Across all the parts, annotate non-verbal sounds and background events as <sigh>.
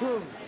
approved.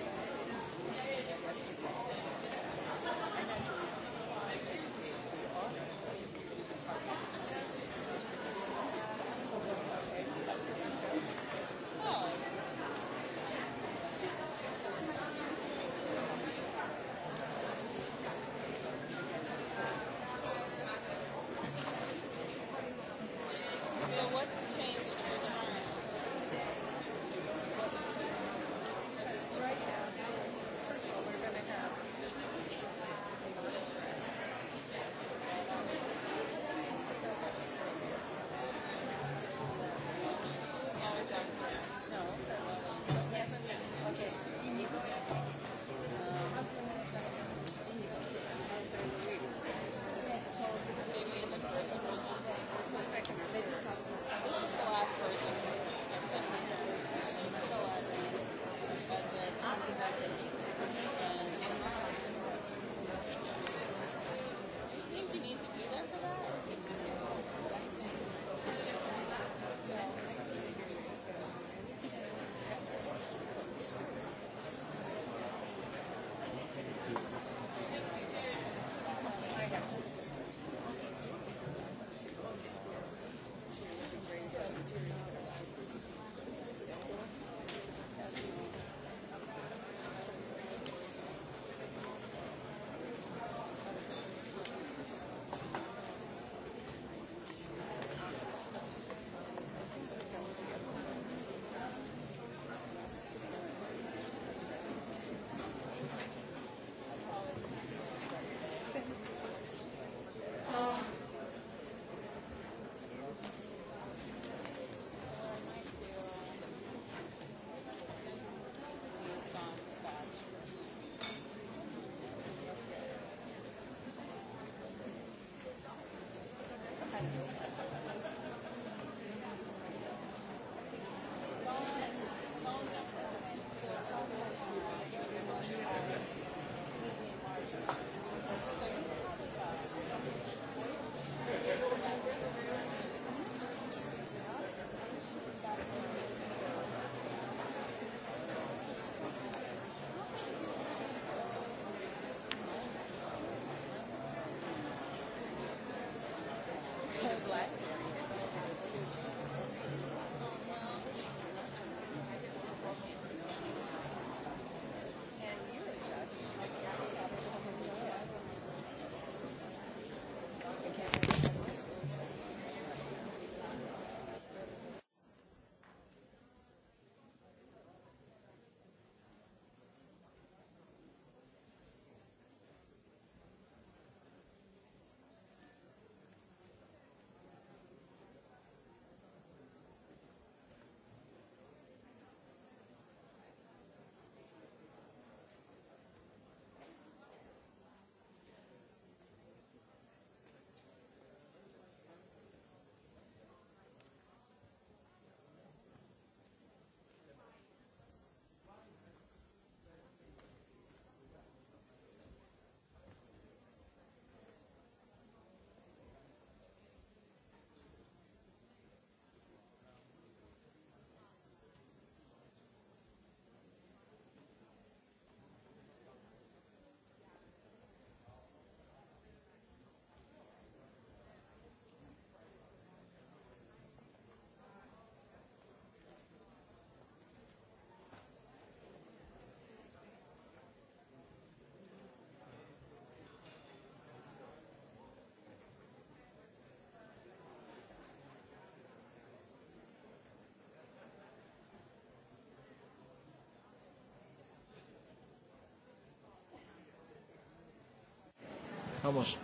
Vamos.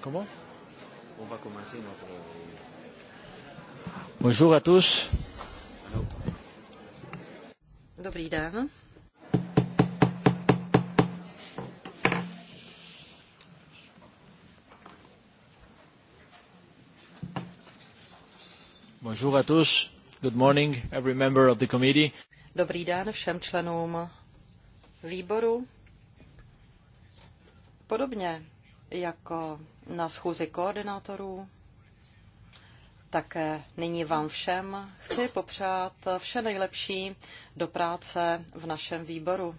¿Cómo? Bonjour à tous. Dobrý den. Bonjour à tous. Good morning, every member of the committee. Dobrý den všem členům výboru. Podobně jako na schůzi koordinátorů, také nyní vám všem chci popřát vše nejlepší do práce v našem výboru.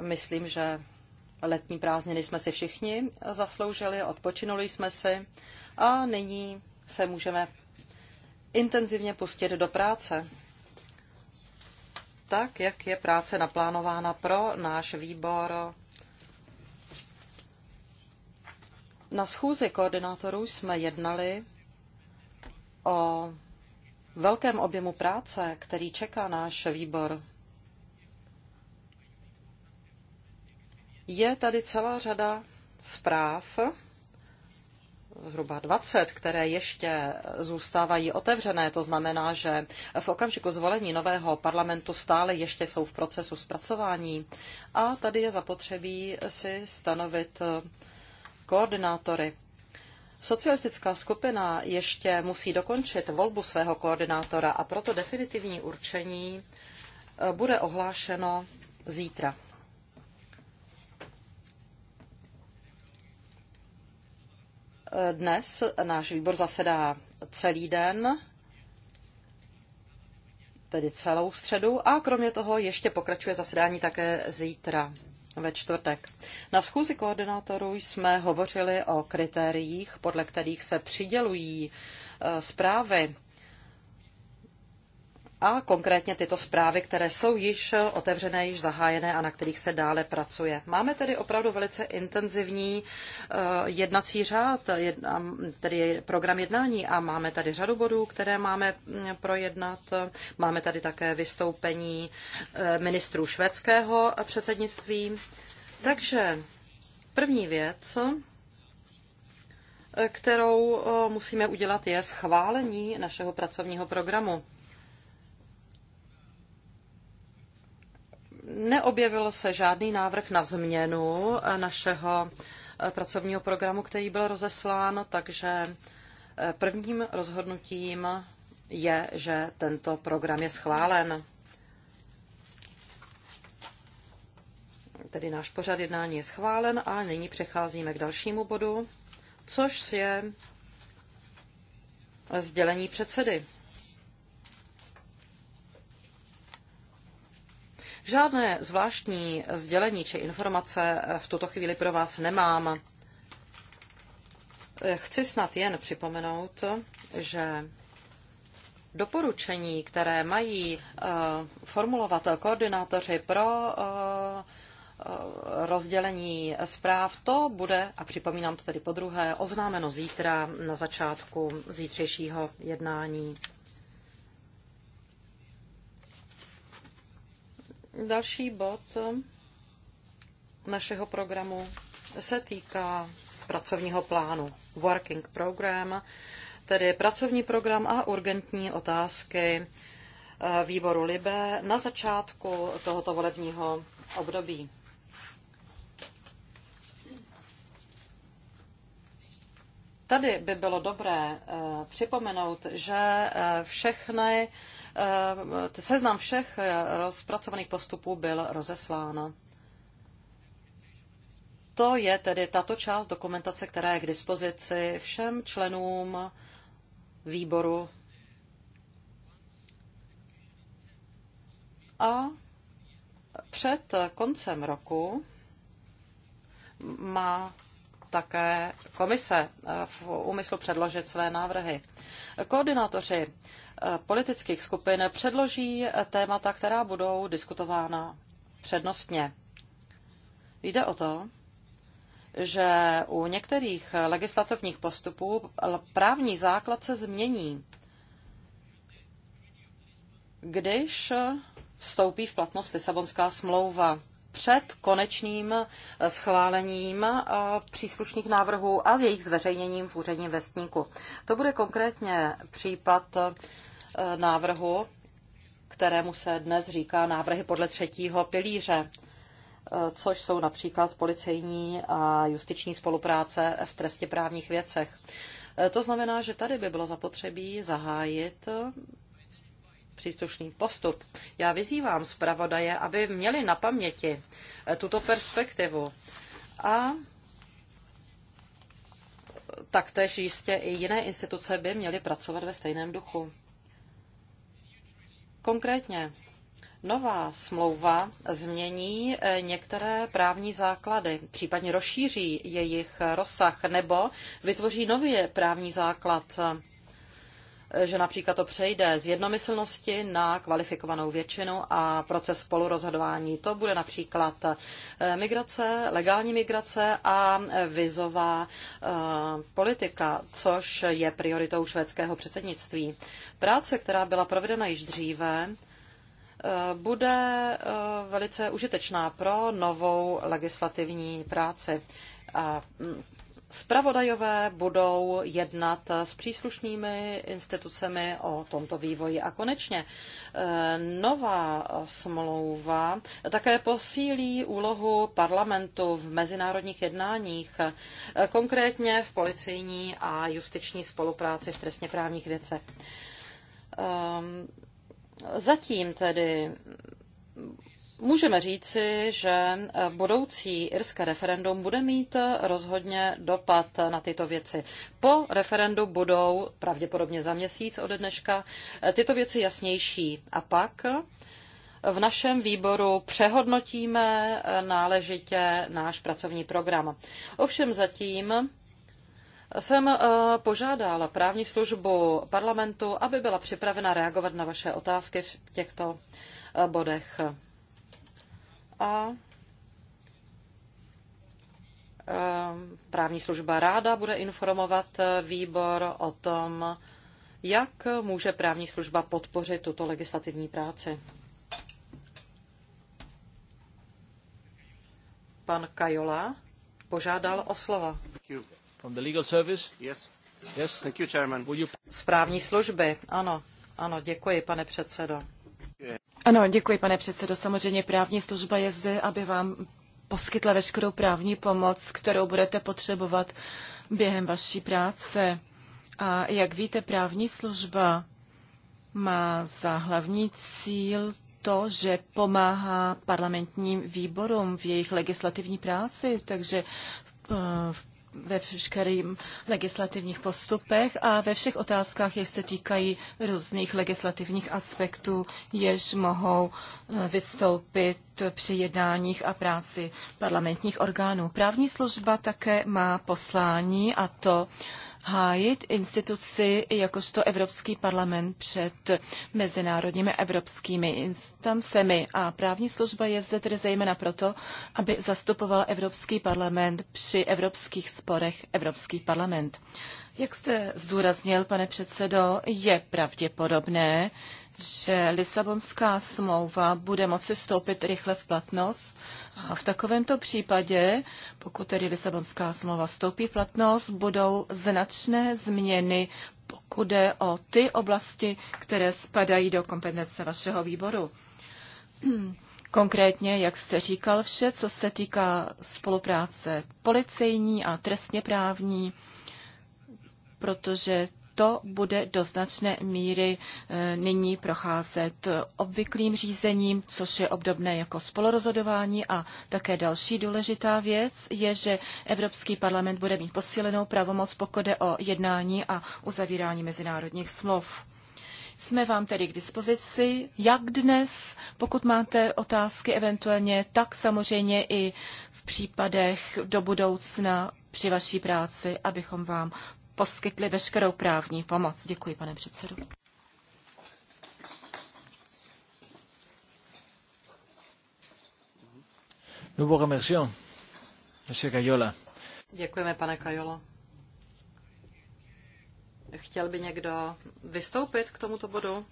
Myslím, že letní prázdniny jsme si všichni zasloužili, odpočinuli jsme si a nyní se můžeme intenzivně pustit do práce. Tak, jak je práce naplánována pro náš výbor Na schůzi koordinátorů jsme jednali o velkém objemu práce, který čeká náš výbor. Je tady celá řada zpráv, zhruba 20, které ještě zůstávají otevřené. To znamená, že v okamžiku zvolení nového parlamentu stále ještě jsou v procesu zpracování. A tady je zapotřebí si stanovit koordinátory. Socialistická skupina ještě musí dokončit volbu svého koordinátora a proto definitivní určení eh, bude ohlášeno zítra. Eh, dnes náš výbor zasedá celý den, tedy celou středu, a kromě toho ještě pokračuje zasedání také zítra ve čtvrtek. Na schůzi koordinátorů jsme hovořili o kritériích, podle kterých se přidělují eh, zprávy a konkrétně tyto zprávy, které jsou již otevřené, již zahájené a na kterých se dále pracuje. Máme tedy opravdu velice intenzivní eh, jednací řád, tedy program jednání a máme tady řadu bodů, které máme mm, projednat. Máme tady také vystoupení eh, ministrů švédského předsednictví. Takže první věc, eh, kterou musíme udělat, je schválení našeho pracovního programu. neobjevilo se žádný návrh na změnu eh, našeho eh, pracovního programu, který byl rozeslán, takže eh, prvním rozhodnutím je, že tento program je schválen. Tedy náš pořad jednání je schválen a nyní přecházíme k dalšímu bodu, což je sdělení předsedy. Žádné zvláštní sdělení či informace eh, v tuto chvíli pro vás nemám. Eh, chci snad jen připomenout, že doporučení, které mají eh, formulovat koordinátoři pro rozdělení zpráv, to bude, a připomínám to tedy po druhé, oznámeno zítra na začátku zítřejšího jednání. Další bod našeho programu se týká pracovního plánu, working program, tedy pracovní program a urgentní otázky eh, výboru Libe na začátku tohoto volebního období. Tady by bylo dobré eh, připomenout, že eh, všechny Eh, seznam všech eh, rozpracovaných postupů byl rozeslán. To je tedy tato část dokumentace, která je k dispozici všem členům výboru. A před koncem roku má také komise eh, v úmyslu předložit své návrhy. Koordinátoři eh, politických skupin předloží témata, která budou diskutována přednostně. Jde o to, že u některých legislativních postupů právní základ se změní, když vstoupí v platnost Lisabonská smlouva před konečným eh, schválením eh, příslušných návrhů a jejich zveřejněním v úředním vestníku. To bude konkrétně případ eh, návrhu, kterému se dnes říká návrhy podle třetího pilíře což jsou například policejní a justiční spolupráce v trestně právních věcech. To znamená, že tady by bylo zapotřebí zahájit příslušný postup. Já vyzývám zpravodaje, aby měli na paměti eh, tuto perspektivu a taktéž jistě i jiné instituce by měly pracovat ve stejném duchu. Konkrétně, nová smlouva změní eh, některé právní základy, případně rozšíří jejich rozsah nebo vytvoří nový právní základ že například to přejde z jednomyslnosti na kvalifikovanou většinu a proces spolurozhodování. To bude například eh, migrace, legální migrace a vizová eh, politika, což je prioritou švédského předsednictví. Práce, která byla provedena již dříve, eh, bude velice užitečná pro novou legislativní práci. A mm, Spravodajové budou jednat s příslušnými institucemi o tomto vývoji. A konečně e, nová smlouva také posílí úlohu parlamentu v mezinárodních jednáních, e, konkrétně v policejní a justiční spolupráci v trestně právních věcech. Ehm, zatím tedy Můžeme říci, že eh, budoucí irské referendum bude mít eh, rozhodně dopad na tyto věci. Po referendu budou pravděpodobně za měsíc ode dneška eh, tyto věci jasnější. A pak v našem výboru přehodnotíme náležitě náš pracovní program. Ovšem zatím jsem požádala právní službu parlamentu, aby byla připravena reagovat na vaše otázky v těchto bodech a právní služba ráda bude informovat e, výbor o tom, jak může právní služba podpořit tuto legislativní práci. Pan Kajola požádal o slovo. From the legal service? Yes. Yes. Thank you, chairman. Správní služby, ano, ano, děkuji, pane předsedo. Ano, děkuji, pane předsedo. Samozřejmě právní služba je zde, aby vám poskytla veškerou právní pomoc, kterou budete potřebovat během vaší práce. A jak víte, právní služba má za hlavní cíl to, že pomáhá parlamentním výborům v jejich legislativní práci, takže eh, v ve všech legislativních postupech a ve všech otázkách, jež se týkají různých legislativních aspektů, jež mohou eh, vystoupit při jednáních a práci parlamentních orgánů. Právní služba také má poslání a to hájit instituci jakožto Evropský parlament před mezinárodními evropskými instancemi. A právní služba je zde tedy zejména proto, aby zastupoval Evropský parlament při evropských sporech Evropský parlament. Jak jste zdůraznil, pane předsedo, je pravděpodobné, že Lisabonská smlouva bude moci vstoupit rychle v platnost. A v takovémto případě, pokud tedy Lisabonská smlouva vstoupí v platnost, budou značné změny, pokud jde o ty oblasti, které spadají do kompetence vašeho výboru. <clears throat> Konkrétně, jak jste říkal, vše, co se týká spolupráce policejní a trestně právní, protože to bude do značné míry e, nyní procházet obvyklým řízením, což je obdobné jako spolorozhodování a také další důležitá věc je, že Evropský parlament bude mít posílenou pravomoc, pokud jde o jednání a uzavírání mezinárodních smluv. Jsme vám tedy k dispozici, jak dnes, pokud máte otázky eventuálně, tak samozřejmě i v případech do budoucna při vaší práci, abychom vám poskytli veškerou právní pomoc. Děkuji, pane předsedo. No Děkujeme, pane Kajolo. Chtěl by někdo vystoupit k tomuto bodu,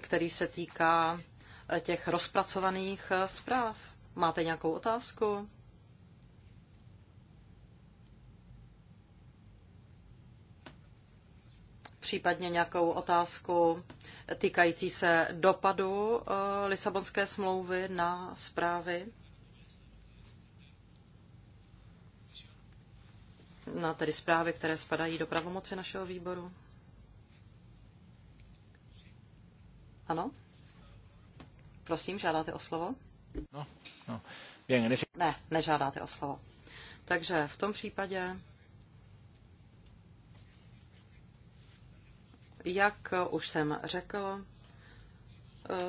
který se týká eh, těch rozpracovaných eh, zpráv? Máte nějakou otázku? případně nějakou otázku týkající se dopadu eh, Lisabonské smlouvy na zprávy? Na tedy zprávy, které spadají do pravomoci našeho výboru? Ano? Prosím, žádáte o slovo? No, no. Ne, nežádáte o slovo. Takže v tom případě Jak už jsem řekl,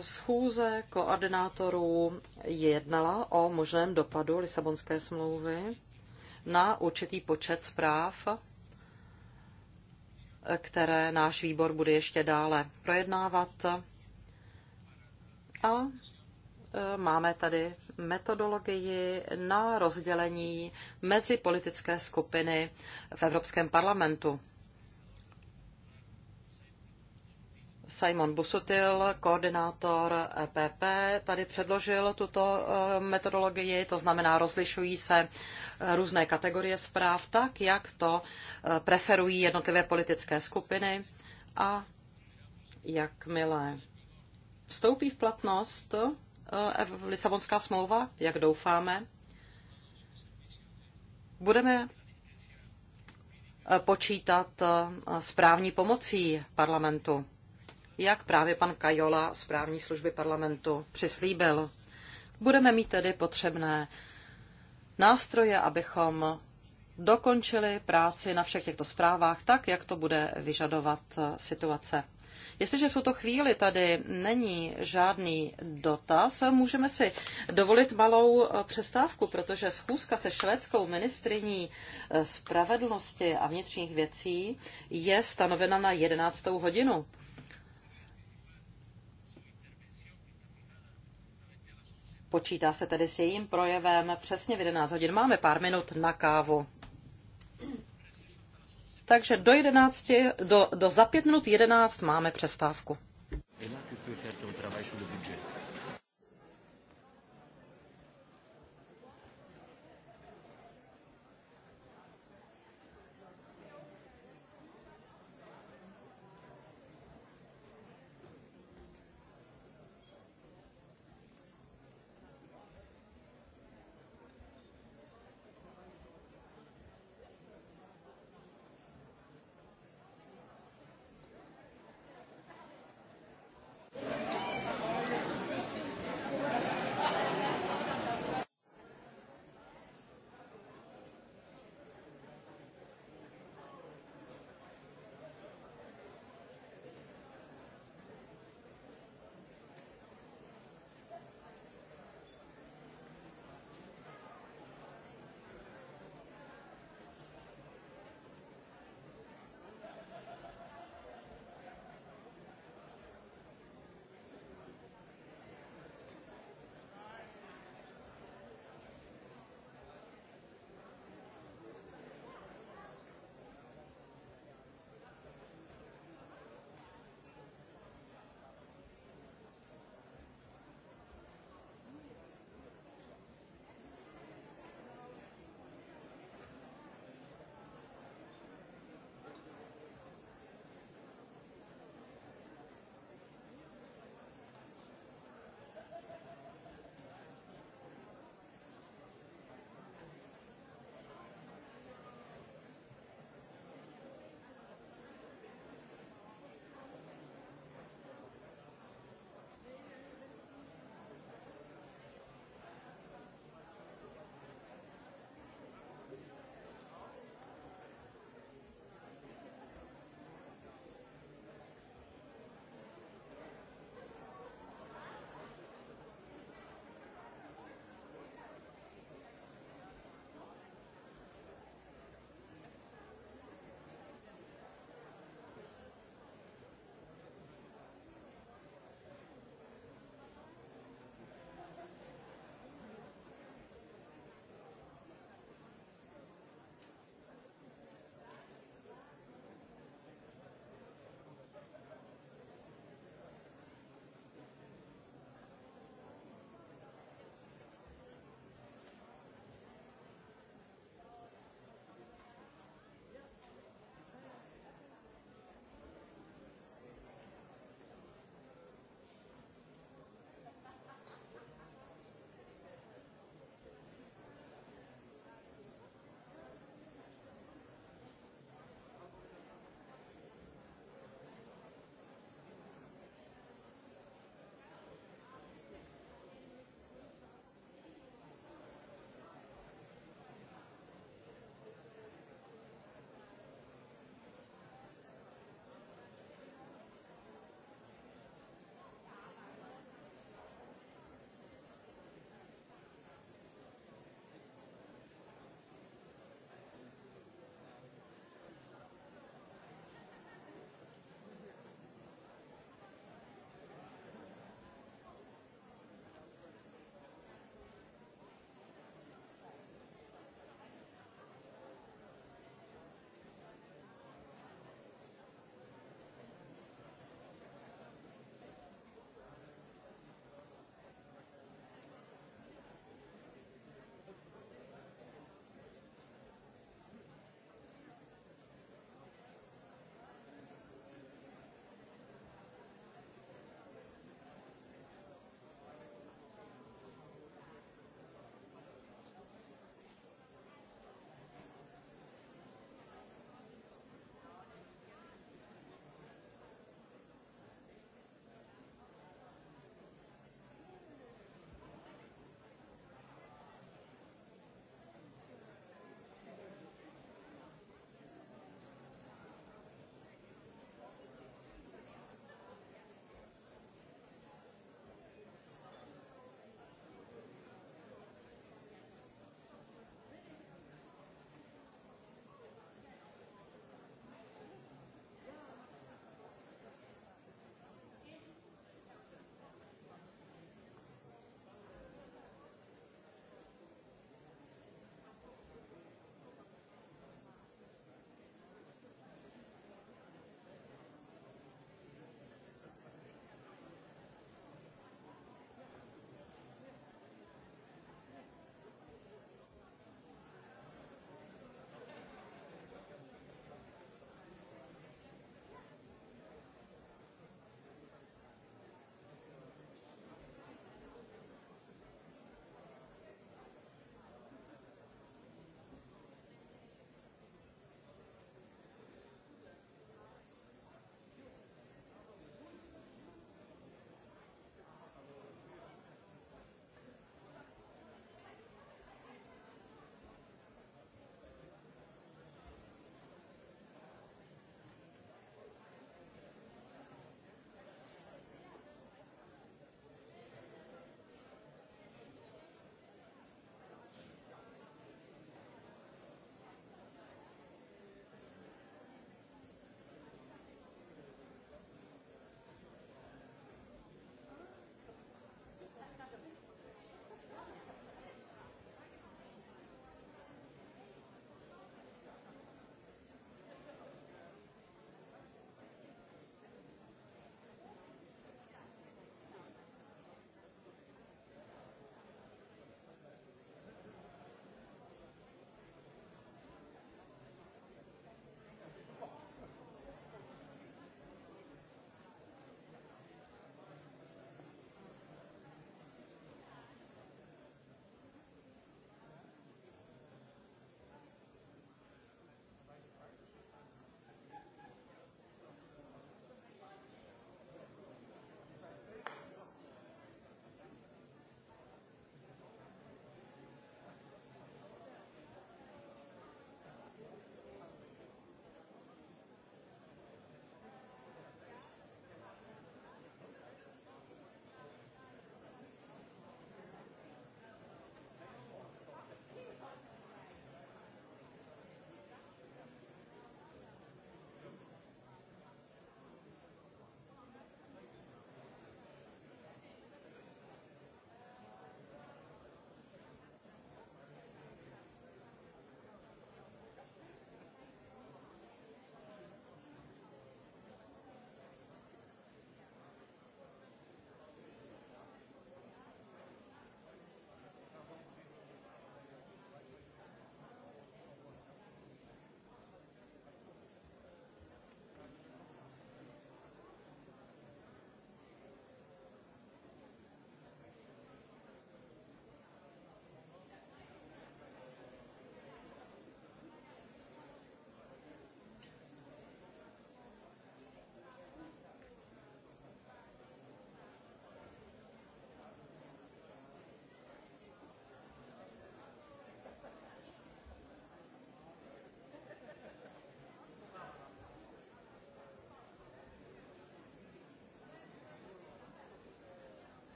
schůze koordinátorů jednala o možném dopadu Lisabonské smlouvy na určitý počet zpráv, které náš výbor bude ještě dále projednávat. A e, máme tady metodologii na rozdělení mezi politické skupiny v Evropském parlamentu. Simon Busutil, koordinátor PP, e tady předložil tuto eh, metodologii, to znamená, rozlišují se eh, různé kategorie zpráv tak, jak to eh, preferují jednotlivé politické skupiny a jakmile vstoupí v platnost Lisabonská smlouva, jak doufáme, budeme počítat s právní pomocí parlamentu jak právě pan Kajola z právní služby parlamentu přislíbil. Budeme mít tedy potřebné nástroje, abychom dokončili práci na všech těchto zprávách tak, jak to bude vyžadovat eh, situace. Jestliže v tuto chvíli tady není žádný dotaz, můžeme si dovolit malou eh, přestávku, protože schůzka se švédskou ministriní eh, spravedlnosti a vnitřních věcí je stanovena na 11. hodinu. Počítá se tedy s jejím projevem přesně v 11 hodin. Máme pár minut na kávu. Takže do 11, do, do za 5 minut 11 máme přestávku. Et là, tu peux faire ton travail sur le budget.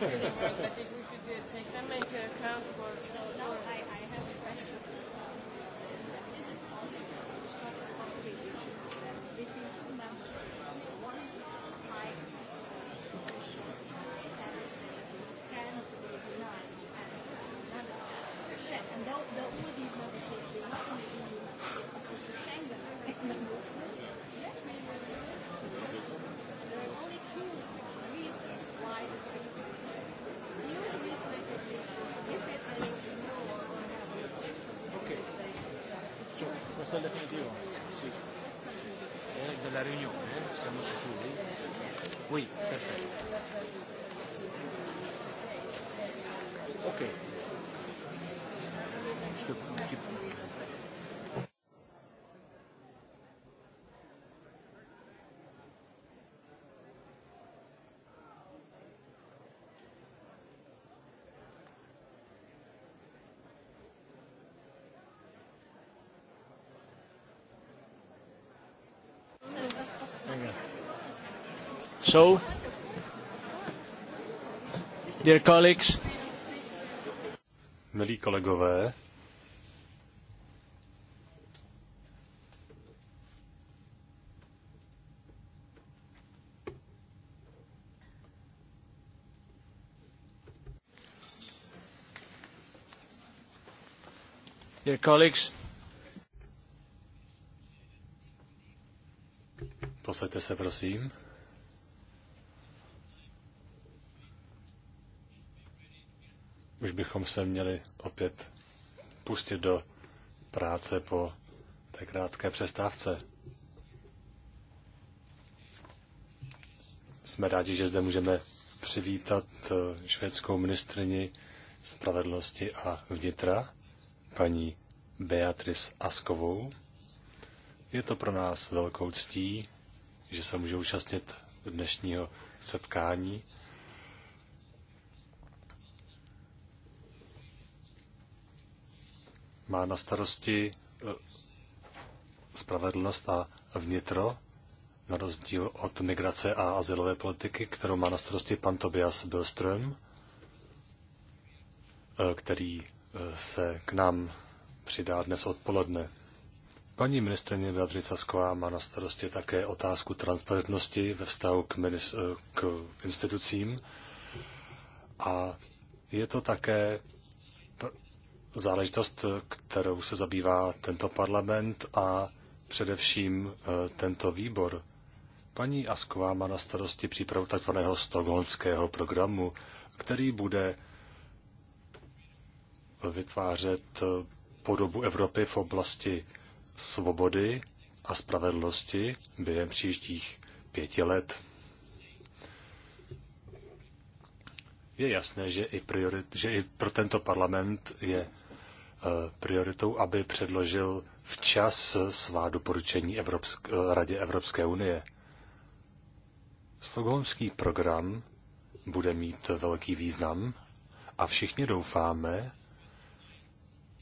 but if we should uh, take them into account for... So now I, I have a question. Is it possible to start a competition between two member states? One high official member state can deny and another. And though, though all these member states do not need questo è il definitivo? Sì. Eh, della riunione, eh? siamo sicuri? Oui, perfetto. Ok. Questo, tipo, So, dear colleagues, milí kolegové, dear colleagues, Posaďte se, prosím. už bychom se měli opět pustit do práce po té krátké přestávce. Jsme rádi, že zde můžeme přivítat eh, švédskou ministrini spravedlnosti a vnitra, paní Beatrice Askovou. Je to pro nás velkou ctí, že se může účastnit dnešního setkání má na starosti eh, spravedlnost a vnitro, na rozdíl od migrace a asilové politiky, kterou má na starosti pan Tobias Bilström, eh, který eh, se k nám přidá dnes odpoledne. Paní ministrině Beatrice Sková má na starosti také otázku transparentnosti ve vztahu k, minis- k institucím a je to také záležitost, kterou se zabývá tento parlament a především eh, tento výbor. Paní Asková má na starosti přípravu tzv. stokholmského programu, který bude vytvářet eh, podobu Evropy v oblasti svobody a spravedlnosti během příštích pěti let. Je jasné, že i, priorit, že i pro tento parlament je Eh, prioritou, aby předložil včas svá doporučení Evropsk, eh, Radě Evropské unie. Stockholmský program bude mít velký význam a všichni doufáme,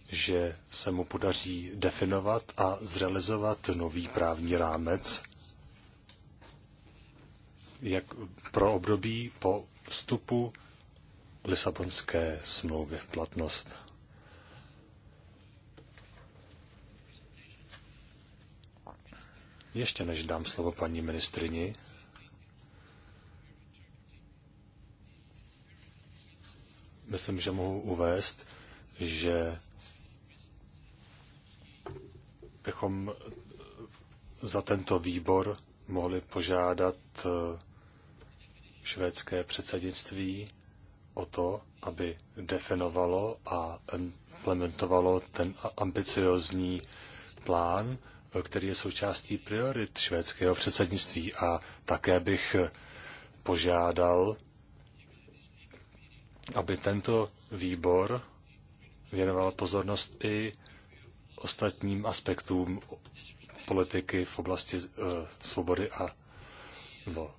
že se mu podaří definovat a zrealizovat nový právní rámec jak pro období po vstupu Lisabonské smlouvy v platnost. Ještě než dám slovo paní ministrini, myslím, že mohu uvést, že bychom za tento výbor mohli požádat eh, švédské předsednictví o to, aby definovalo a implementovalo ten ambiciozní plán, který je součástí priorit švédského předsednictví. A také bych požádal, aby tento výbor věnoval pozornost i ostatním aspektům politiky v oblasti eh, svobody a no,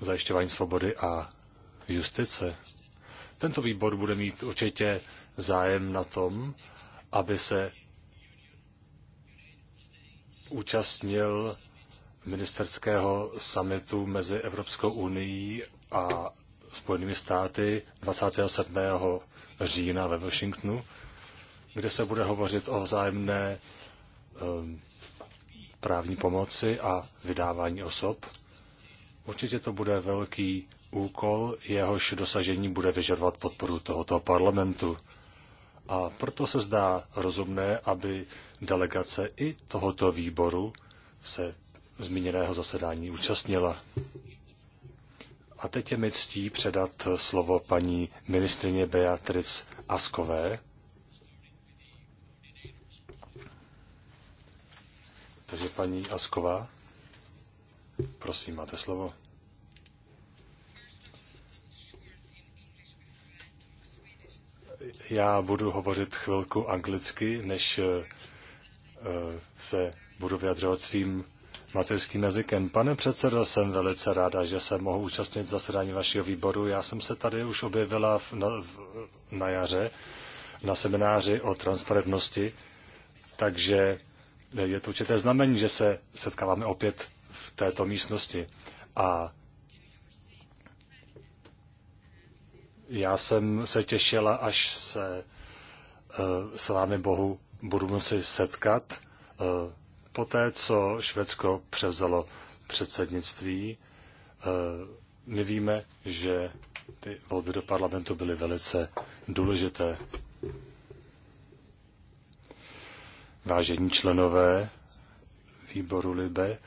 zajišťování svobody a justice. Tento výbor bude mít určitě zájem na tom, aby se účastnil ministerského summitu mezi Evropskou unii a Spojenými státy 27. října ve Washingtonu, kde se bude hovořit o vzájemné ehm, právní pomoci a vydávání osob. Určitě to bude velký úkol, jehož dosažení bude vyžadovat podporu tohoto parlamentu. A proto se zdá rozumné, aby delegace i tohoto výboru se zmíněného zasedání účastnila. A teď je mi ctí předat slovo paní ministrině Beatric Askové. Takže paní Asková, prosím, máte slovo. Já budu hovořit chvilku anglicky, než eh, eh, se budu vyjadřovat svým mateřským jazykem. Pane předsedo, jsem velice ráda, že se mohu účastnit zasedání vašeho výboru. Já jsem se tady už objevila v, na, v, na jaře na semináři o transparentnosti, takže je to určité znamení, že se setkáváme opět v této místnosti. A Já jsem se těšila, až se eh, s vámi Bohu budu moci setkat eh, po té, co Švédsko převzalo předsednictví. Eh, my víme, že ty volby do parlamentu byly velice důležité. Vážení členové výboru Libe,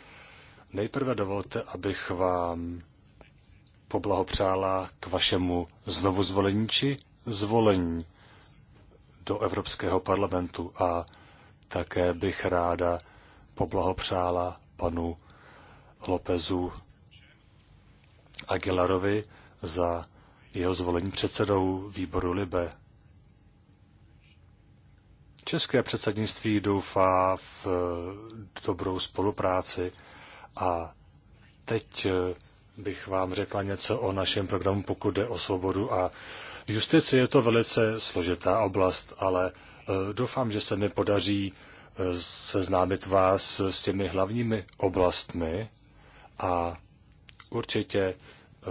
nejprve dovolte, abych vám poblahopřála k vašemu znovuzvolení či zvolení do Evropského parlamentu a také bych ráda poblahopřála panu Lopezu Aguilarovi za jeho zvolení předsedou výboru Libe. České předsednictví doufá v dobrou spolupráci a teď eh, bych vám řekla něco o našem programu, pokud jde o svobodu a justici. Je to velice složitá oblast, ale e, doufám, že se mi podaří e, seznámit vás s těmi hlavními oblastmi a určitě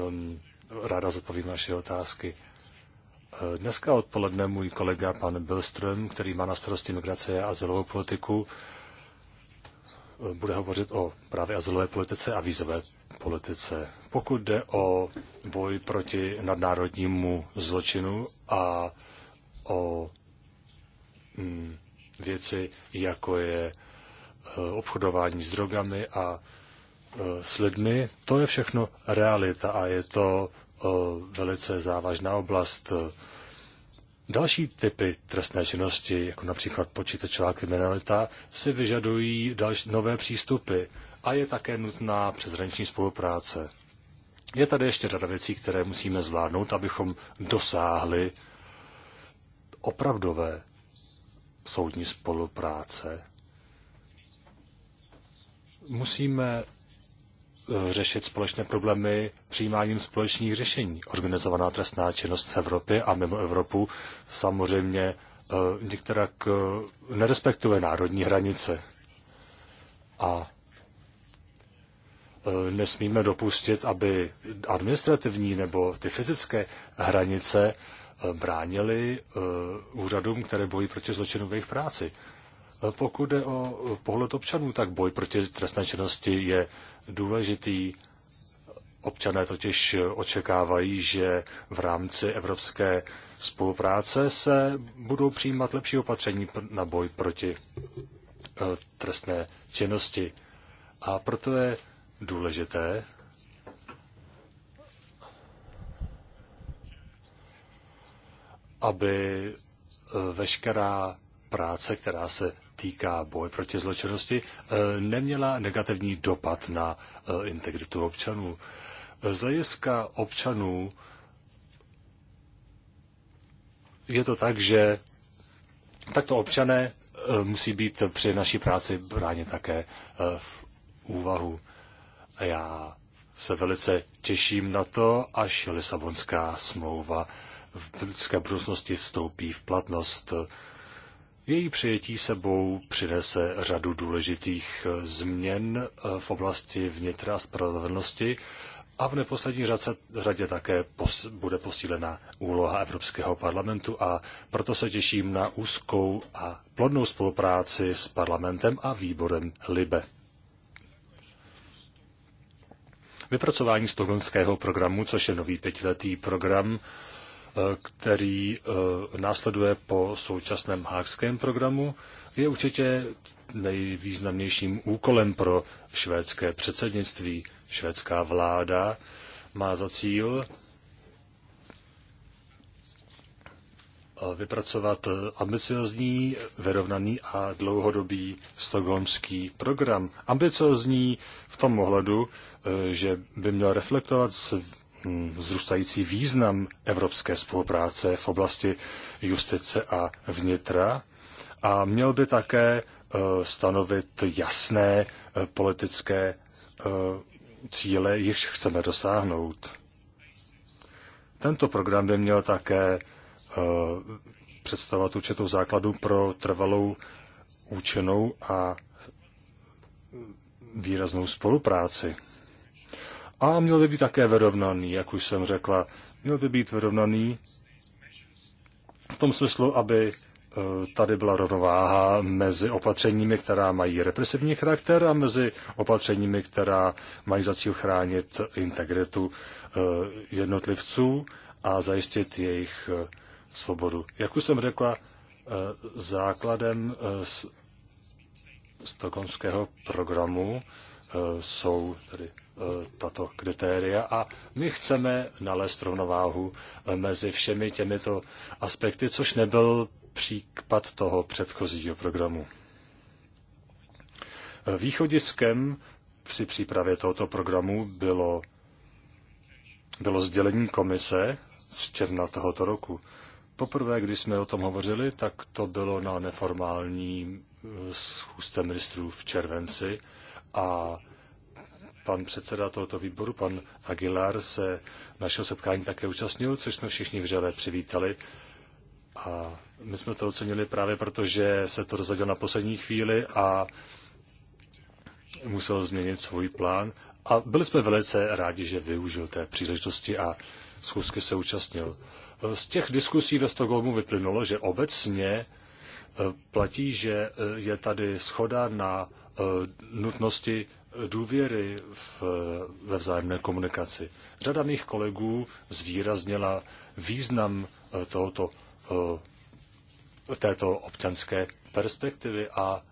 um, ráda zodpovím vaše otázky. E, dneska odpoledne můj kolega pan Bilström, který má na starosti migrace a azylovou politiku, bude hovořit o právě azylové politice a vízové politice. Pokud jde o boj proti nadnárodnímu zločinu a o mm, věci, jako je e, obchodování s drogami a e, s lidmi, to je všechno realita a je to e, velice závažná oblast. Další typy trestné činnosti, jako například počítačová kriminalita, si vyžadují další, nové přístupy a je také nutná přeshraniční spolupráce. Je tady ještě řada věcí, které musíme zvládnout, abychom dosáhli opravdové soudní spolupráce. Musíme eh, řešit společné problémy přijímáním společných řešení. Organizovaná trestná činnost v Evropě a mimo Evropu samozřejmě eh, některá eh, nerespektuje národní hranice. A Eh, nesmíme dopustit, aby administrativní nebo ty fyzické hranice eh, bránily eh, úřadům, které bojí proti zločinu v jejich práci. Pokud jde o pohled občanů, tak boj proti trestné činnosti je důležitý. Občané totiž očekávají, že v rámci evropské spolupráce se budou přijímat lepší opatření na boj proti trestné činnosti. A proto je důležité. aby eh, veškerá práce, která se týká boje proti zločinnosti, eh, neměla negativní dopad na eh, integritu občanů. Z hlediska občanů je to tak, že takto občané musí být při naší práci bráni také v úvahu. Já se velice těším na to, až Lisabonská smlouva v britské budoucnosti vstoupí v platnost. Její přijetí sebou přinese řadu důležitých eh, změn eh, v oblasti vnitra a spravedlnosti a v neposlední řadce, řadě také pos, bude posílena úloha Evropského parlamentu a proto se těším na úzkou a plodnou spolupráci s parlamentem a výborem LIBE. Vypracování stokholmského programu, což je nový pětiletý program, eh, který eh, následuje po současném hákském programu, je určitě nejvýznamnějším úkolem pro švédské předsednictví. Švédská vláda má za cíl vypracovat ambiciozní, vyrovnaný a dlouhodobý stokholmský program. Ambiciozní v tom ohledu, eh, že by měl reflektovat hm, zrůstající význam evropské spolupráce v oblasti justice a vnitra a měl by také eh, stanovit jasné eh, politické cíle, jichž chceme dosáhnout. Tento program by měl také Eh, představovat určitou základu pro trvalou účinnou a výraznou spolupráci. A měl by být také vyrovnaný, jak už jsem řekla. Měl by být vyrovnaný v tom smyslu, aby eh, tady byla rovnováha mezi opatřeními, která mají represivní charakter a mezi opatřeními, která mají za cíl chránit integritu eh, jednotlivců a zajistit jejich svobodu. Jak už jsem řekla, eh, základem eh, stokholmského programu eh, jsou tedy tato kritéria a my chceme nalézt rovnováhu mezi všemi těmito aspekty, což nebyl případ toho předchozího programu. Východiskem při přípravě tohoto programu bylo, bylo sdělení komise z června tohoto roku. Poprvé, když jsme o tom hovořili, tak to bylo na neformální eh, schůzce ministrů v červenci a pan předseda tohoto výboru, pan Aguilar, se našeho setkání také účastnil, což jsme všichni vřele přivítali. A my jsme to ocenili právě proto, že se to rozhodl na poslední chvíli a musel změnit svůj plán. A byli jsme velice rádi, že využil té příležitosti a schůzky se účastnil. Z těch diskusí ve Stockholmu vyplynulo, že obecně e, platí, že e, je tady schoda na e, nutnosti důvěry v, ve vzájemné komunikaci. Řada mých kolegů zvýraznila význam tohoto, této občanské perspektivy a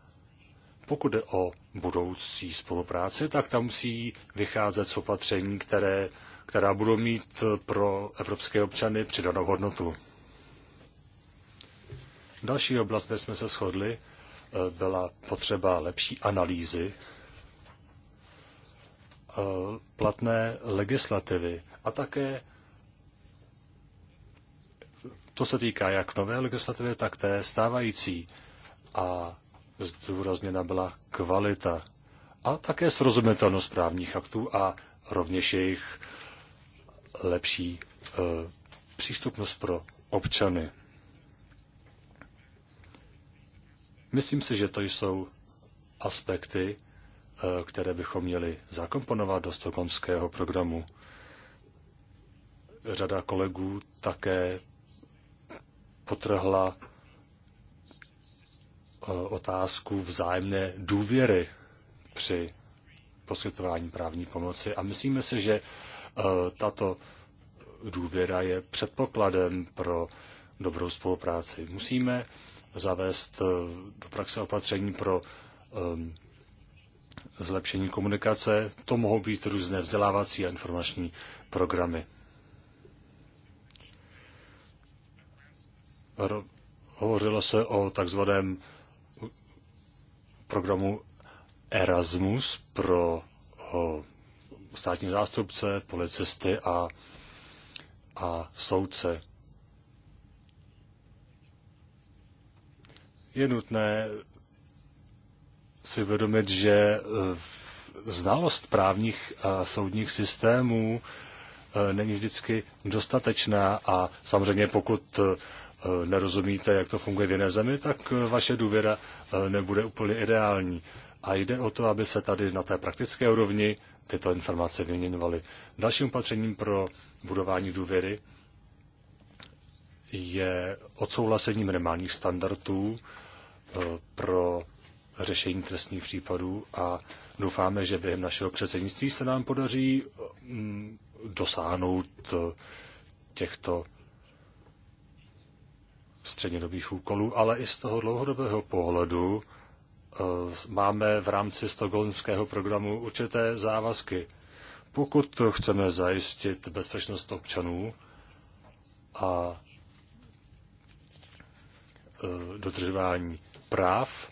pokud jde o budoucí spolupráci, tak tam musí vycházet z opatření, které která budou mít pro evropské občany přidanou hodnotu. Další oblast, kde jsme se shodli, eh, byla potřeba lepší analýzy eh, platné legislativy a také to se týká jak nové legislativy, tak té stávající. A zdůrazněna byla kvalita a také srozumitelnost právních aktů a rovněž jejich lepší eh, přístupnost pro občany. Myslím si, že to jsou aspekty, eh, které bychom měli zakomponovat do stokholmského programu. Řada kolegů také potrhla eh, otázku vzájemné důvěry při poskytování právní pomoci a myslíme si, že eh, tato důvěra je předpokladem pro dobrou spolupráci. Musíme zavést eh, do praxe opatření pro ehm, zlepšení komunikace. To mohou být různé vzdělávací a informační programy. Hovořilo se o takzvaném programu Erasmus pro státní zástupce, policisty a, a soudce. Je nutné si uvědomit, že e, znalost právních a e, soudních systémů e, není vždycky dostatečná a samozřejmě pokud nerozumíte, jak to funguje v jiné zemi, tak vaše důvěra nebude úplně ideální a jde o to, aby se tady na té praktické úrovni tyto informace vyměňovaly. Dalším opatřením pro budování důvěry je odsouhlasení minimálních standardů eh, pro řešení trestních případů a doufáme, že během našeho předsednictví se nám podaří mm, dosáhnout eh, těchto střednědobých úkolů, ale i z toho dlouhodobého pohledu Eh, máme v rámci stokholmského programu určité závazky. Pokud chceme zajistit bezpečnost občanů a eh, dodržování práv,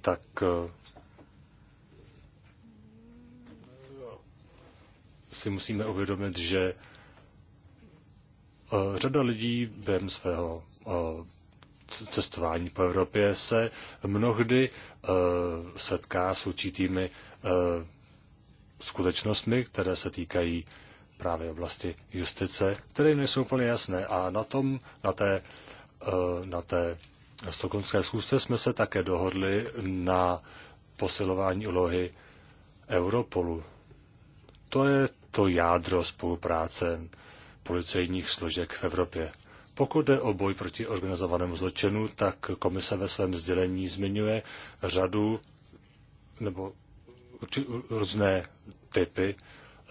tak eh, si musíme uvědomit, že řada lidí během svého cestování po Evropě se mnohdy eh, setká s určitými eh, skutečnostmi, které se týkají právě oblasti justice, které nejsou úplně jasné. A na tom, na té, eh, na té stokonské schůzce jsme se také dohodli na posilování úlohy Europolu. To je to jádro spolupráce policejních složek v Evropě. Pokud jde o boj proti organizovanému zločinu, tak komise ve svém sdělení zmiňuje řadu nebo různé typy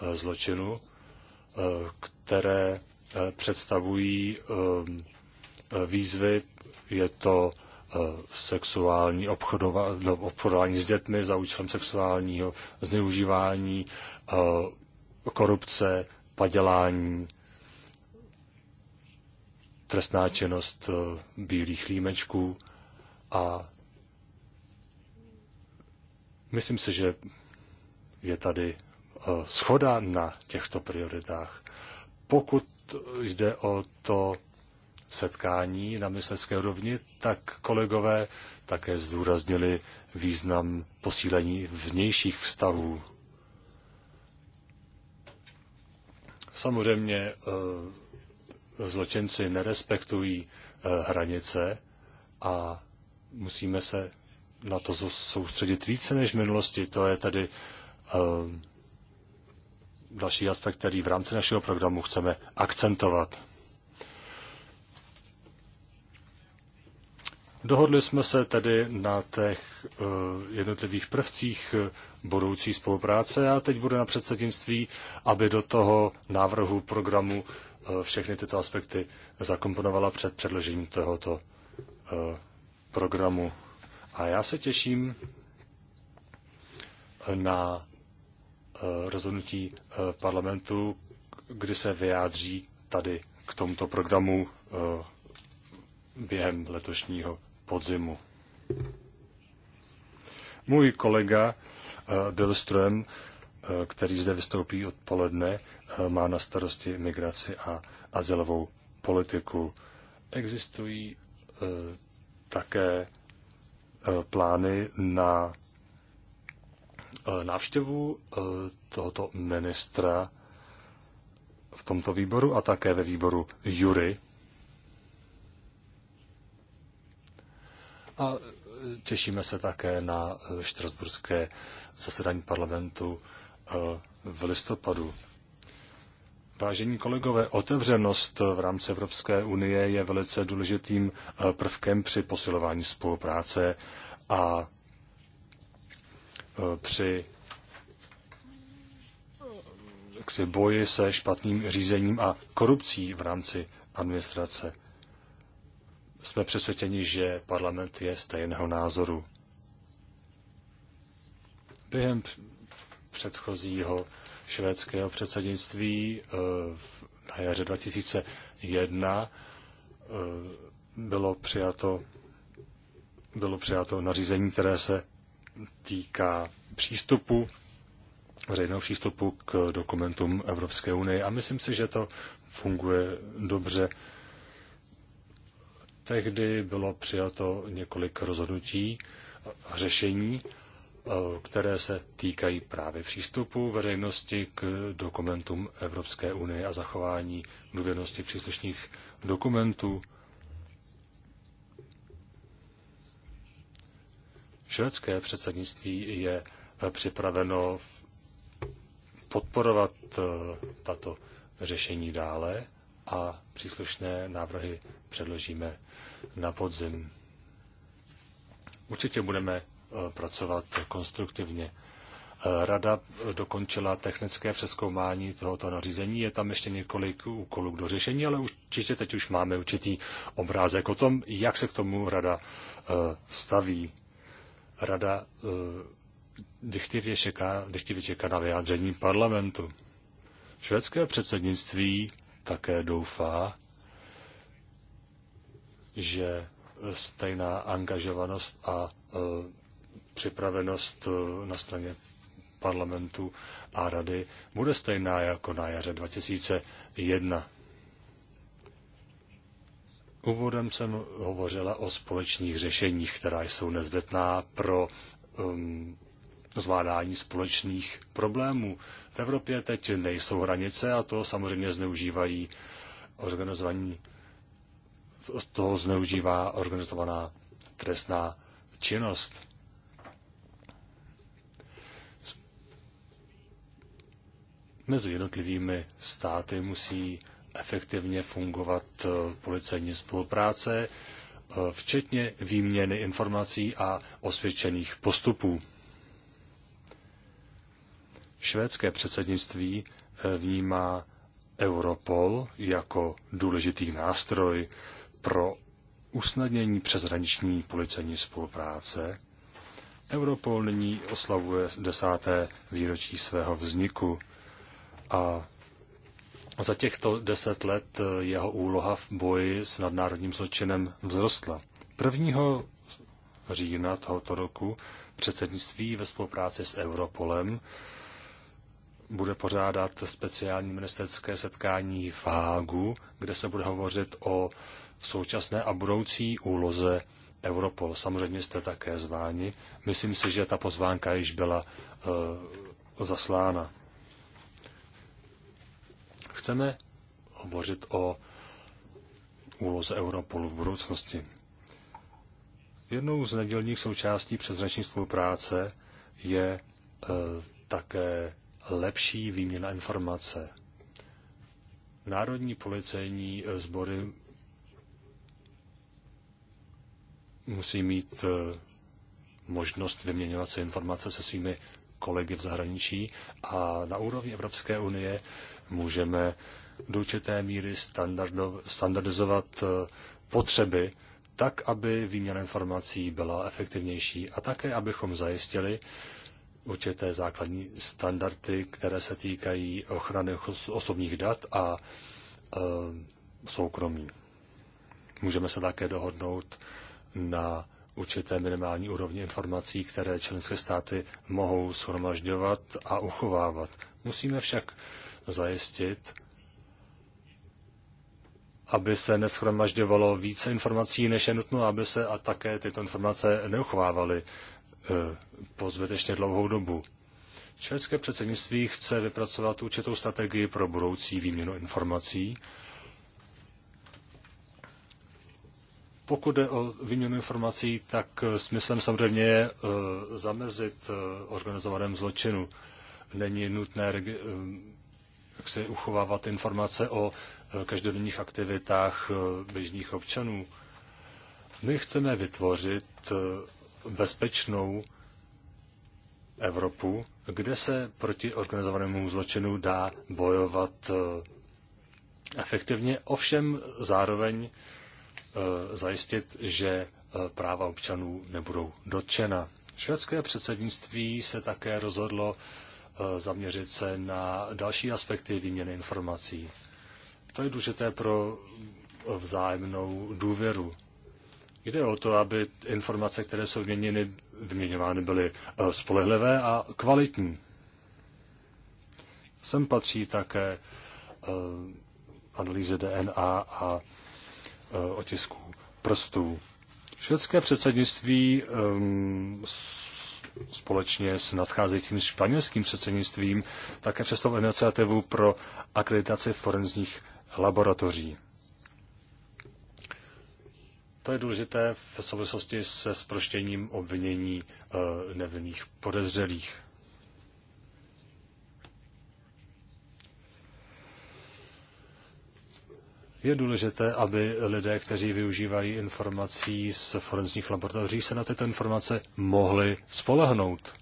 eh, zločinu, eh, které eh, představují výzvy. Je to sexuální obchodování, no, obchodování s dětmi za účelem sexuálního zneužívání, korupce, padělání, trestná činnost eh, bílých límečků a myslím si, že je tady eh, schoda na těchto prioritách. Pokud jde o to setkání na myslecké rovni, tak kolegové také zdůraznili význam posílení vnějších vztahů. Samozřejmě eh, zločinci nerespektují eh, hranice a musíme se na to soustředit více než v minulosti. To je tedy eh, další aspekt, který v rámci našeho programu chceme akcentovat. Dohodli jsme se tedy na těch eh, jednotlivých prvcích budoucí spolupráce a teď bude na předsednictví, aby do toho návrhu programu Eh, všechny tyto aspekty zakomponovala před předložením tohoto eh, programu. A já se těším na eh, rozhodnutí parlamentu, kdy se vyjádří tady k tomuto programu během letošního podzimu. Můj kolega byl strojem který zde vystoupí odpoledne, eh, má na starosti migraci a azylovou politiku. Existují eh, také eh, plány na návštěvu tohoto ministra v tomto výboru a také ve výboru Jury. A těšíme se také na štrasburské zasedání parlamentu v listopadu. Vážení kolegové, otevřenost v rámci Evropské unie je velice důležitým eh, prvkem při posilování spolupráce a eh, při eh, si, boji se špatným řízením a korupcí v rámci administrace. Jsme přesvědčeni, že parlament je stejného názoru. Během předchozího švédského předsednictví eh, na jaře 2001 eh, bylo přijato, bylo přijato nařízení, které se týká přístupu, veřejného přístupu k dokumentům Evropské unie a myslím si, že to funguje dobře. Tehdy bylo přijato několik rozhodnutí, řešení Eh, které se týkají právě přístupu veřejnosti k dokumentům Evropské unie a zachování důvěrnosti příslušných dokumentů. Švédské předsednictví je eh, připraveno podporovat eh, tato řešení dále a příslušné návrhy předložíme na podzim. Určitě budeme Eh, pracovat konstruktivně. Eh, rada dokončila technické přeskoumání tohoto nařízení. Je tam ještě několik úkolů k dořešení, ale určitě teď už máme určitý obrázek o tom, jak se k tomu rada eh, staví. Rada dychtivě čeká, dychtivě čeká na vyjádření parlamentu. Švédské předsednictví také doufá, že stejná angažovanost a připravenost eh, na straně parlamentu a rady bude stejná jako na jaře 2001. Úvodem jsem hovořila o společných řešeních, která jsou nezbytná pro um, zvládání společných problémů. V Evropě teď nejsou hranice a to samozřejmě zneužívají organizovaní, toho zneužívá organizovaná trestná činnost. mezi jednotlivými státy musí efektivně fungovat eh, policejní spolupráce, eh, včetně výměny informací a osvědčených postupů. Švédské předsednictví eh, vnímá Europol jako důležitý nástroj pro usnadnění přeshraniční policejní spolupráce. Europol nyní oslavuje desáté výročí svého vzniku. A za těchto deset let eh, jeho úloha v boji s nadnárodním zločinem vzrostla. 1. října tohoto roku předsednictví ve spolupráci s Europolem bude pořádat speciální ministerské setkání v Hágu, kde se bude hovořit o současné a budoucí úloze Europol. Samozřejmě jste také zváni. Myslím si, že ta pozvánka již byla uh, zaslána. Chceme hovořit o úloze Europolu v budoucnosti. Jednou z nedělních součástí přeshraniční spolupráce je e, také lepší výměna informace. Národní policejní sbory musí mít e, možnost vyměňovat se informace se svými kolegy v zahraničí a na úrovni Evropské unie můžeme do určité míry standardizovat eh, potřeby tak, aby výměna informací byla efektivnější a také, abychom zajistili určité základní standardy, které se týkají ochrany osobních dat a e, soukromí. Můžeme se také dohodnout na určité minimální úrovni informací, které členské státy mohou shromažďovat a uchovávat. Musíme však zajistit, aby se neschromažďovalo více informací, než je nutno, aby se a také tyto informace neuchovávaly eh, po zbytečně dlouhou dobu. Švédské předsednictví chce vypracovat určitou strategii pro budoucí výměnu informací. Pokud jde o výměnu informací, tak eh, smyslem samozřejmě je eh, zamezit organizovanému zločinu. Není nutné jak si uchovávat informace o eh, každodenních aktivitách eh, běžných občanů. My chceme vytvořit eh, bezpečnou Evropu, kde se proti organizovanému zločinu dá bojovat efektivně, ovšem zároveň zajistit, že práva občanů nebudou dotčena. Švédské předsednictví se také rozhodlo Eh, zaměřit se na další aspekty výměny informací. To je důležité pro vzájemnou důvěru. Jde o to, aby informace, které jsou vyměněny, vyměňovány, byly eh, spolehlivé a kvalitní. Sem patří také eh, analýzy DNA a otisků prstů. Švédské předsednictví um, společně s nadcházejícím španělským předsednictvím také představil iniciativu pro akreditaci forenzních laboratoří. To je důležité v souvislosti se sproštěním obvinění eh, nevinných podezřelých. Je důležité, aby lidé, kteří využívají informací z forenzních laboratoří, se na tyto informace mohli spolehnout.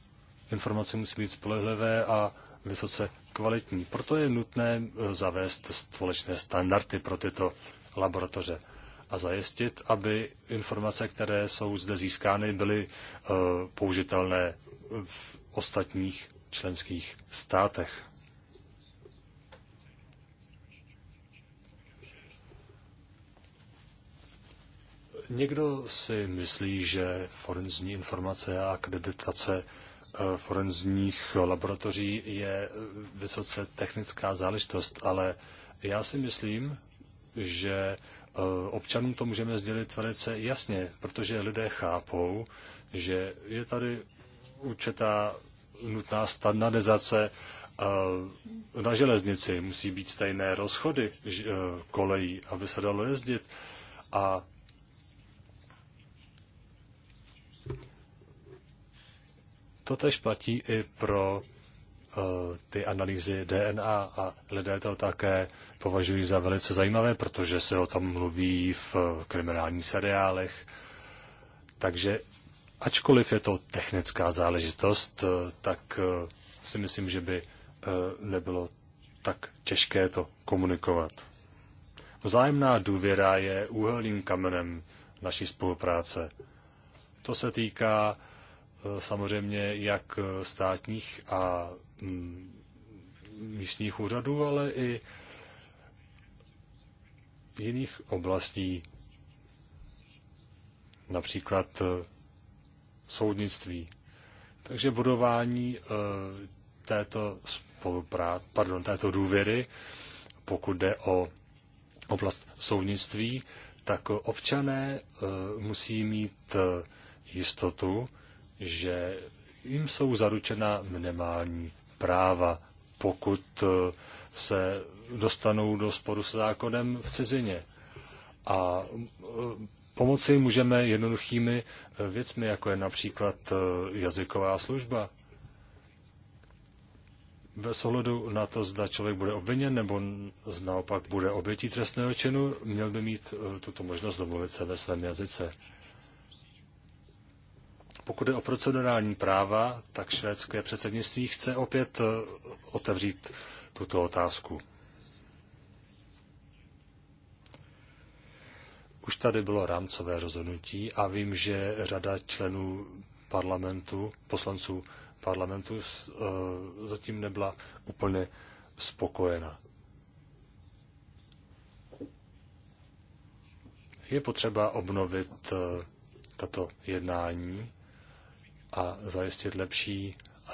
Informace musí být spolehlivé a vysoce kvalitní. Proto je nutné eh, zavést společné standardy pro tyto laboratoře a zajistit, aby informace, které jsou zde získány, byly eh, použitelné v ostatních členských státech. Někdo si myslí, že forenzní informace a akreditace eh, forenzních laboratoří je eh, vysoce technická záležitost, ale já si myslím, že eh, občanům to můžeme sdělit velice jasně, protože lidé chápou, že je tady určitá nutná standardizace na železnici. Musí být stejné rozchody kolejí, aby se dalo jezdit. A To tež platí i pro eh, ty analýzy DNA a lidé to také považují za velice zajímavé, protože se o tom mluví v kriminálních seriálech. Takže ačkoliv je to technická záležitost, eh, tak eh, si myslím, že by nebylo tak těžké to komunikovat. Vzájemná důvěra je úhelným kamenem naší spolupráce. To se týká samozřejmě jak státních a mm, místních úřadů, ale i jiných oblastí, například eh, soudnictví. Takže budování eh, této spolupráce, pardon, této důvěry, pokud jde o oblast soudnictví, tak občané eh, musí mít jistotu, že jim jsou zaručena minimální práva, pokud eh, se dostanou do sporu s zákonem v cizině. A eh, pomoci můžeme jednoduchými eh, věcmi, jako je například jazyková služba. Ve ohledu na to, zda člověk bude obviněn nebo naopak bude obětí trestného činu, měl by mít tuto možnost domluvit se ve svém jazyce. Pokud je o procedurální práva, tak švédské předsednictví chce opět eh, otevřít tuto otázku. Už tady bylo rámcové rozhodnutí a vím, že řada členů parlamentu, poslanců parlamentu eh, zatím nebyla úplně spokojena. Je potřeba obnovit eh, tato jednání a zajistit lepší eh,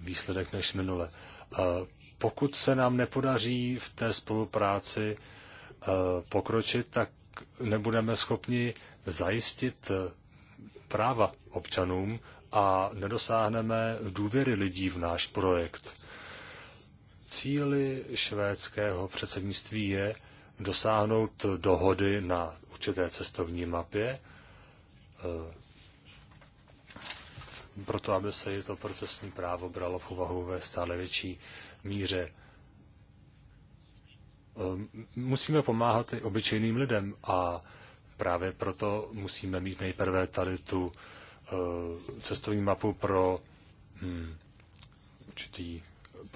výsledek než minule. Eh, pokud se nám nepodaří v té spolupráci eh, pokročit, tak nebudeme schopni zajistit práva občanům a nedosáhneme důvěry lidí v náš projekt. Cíly švédského předsednictví je dosáhnout dohody na určité cestovní mapě, proto aby se to procesní právo bralo v úvahu ve stále větší míře. Ehm, musíme pomáhat i obyčejným lidem a právě proto musíme mít nejprve tady tu eh, cestovní mapu pro hm, určitý,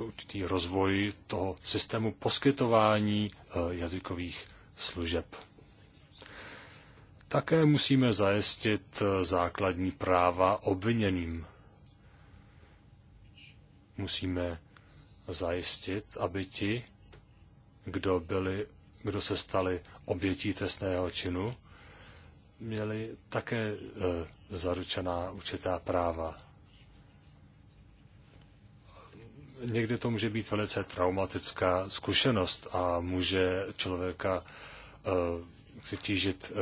určitý rozvoj toho systému poskytování eh, jazykových služeb. Také musíme zajistit eh, základní práva obviněným. Musíme zajistit, aby ti, kdo, byli, kdo se stali obětí trestného činu, měli také eh, zaručená určitá práva. Někdy to může být velice traumatická zkušenost a může člověka e, eh, tížit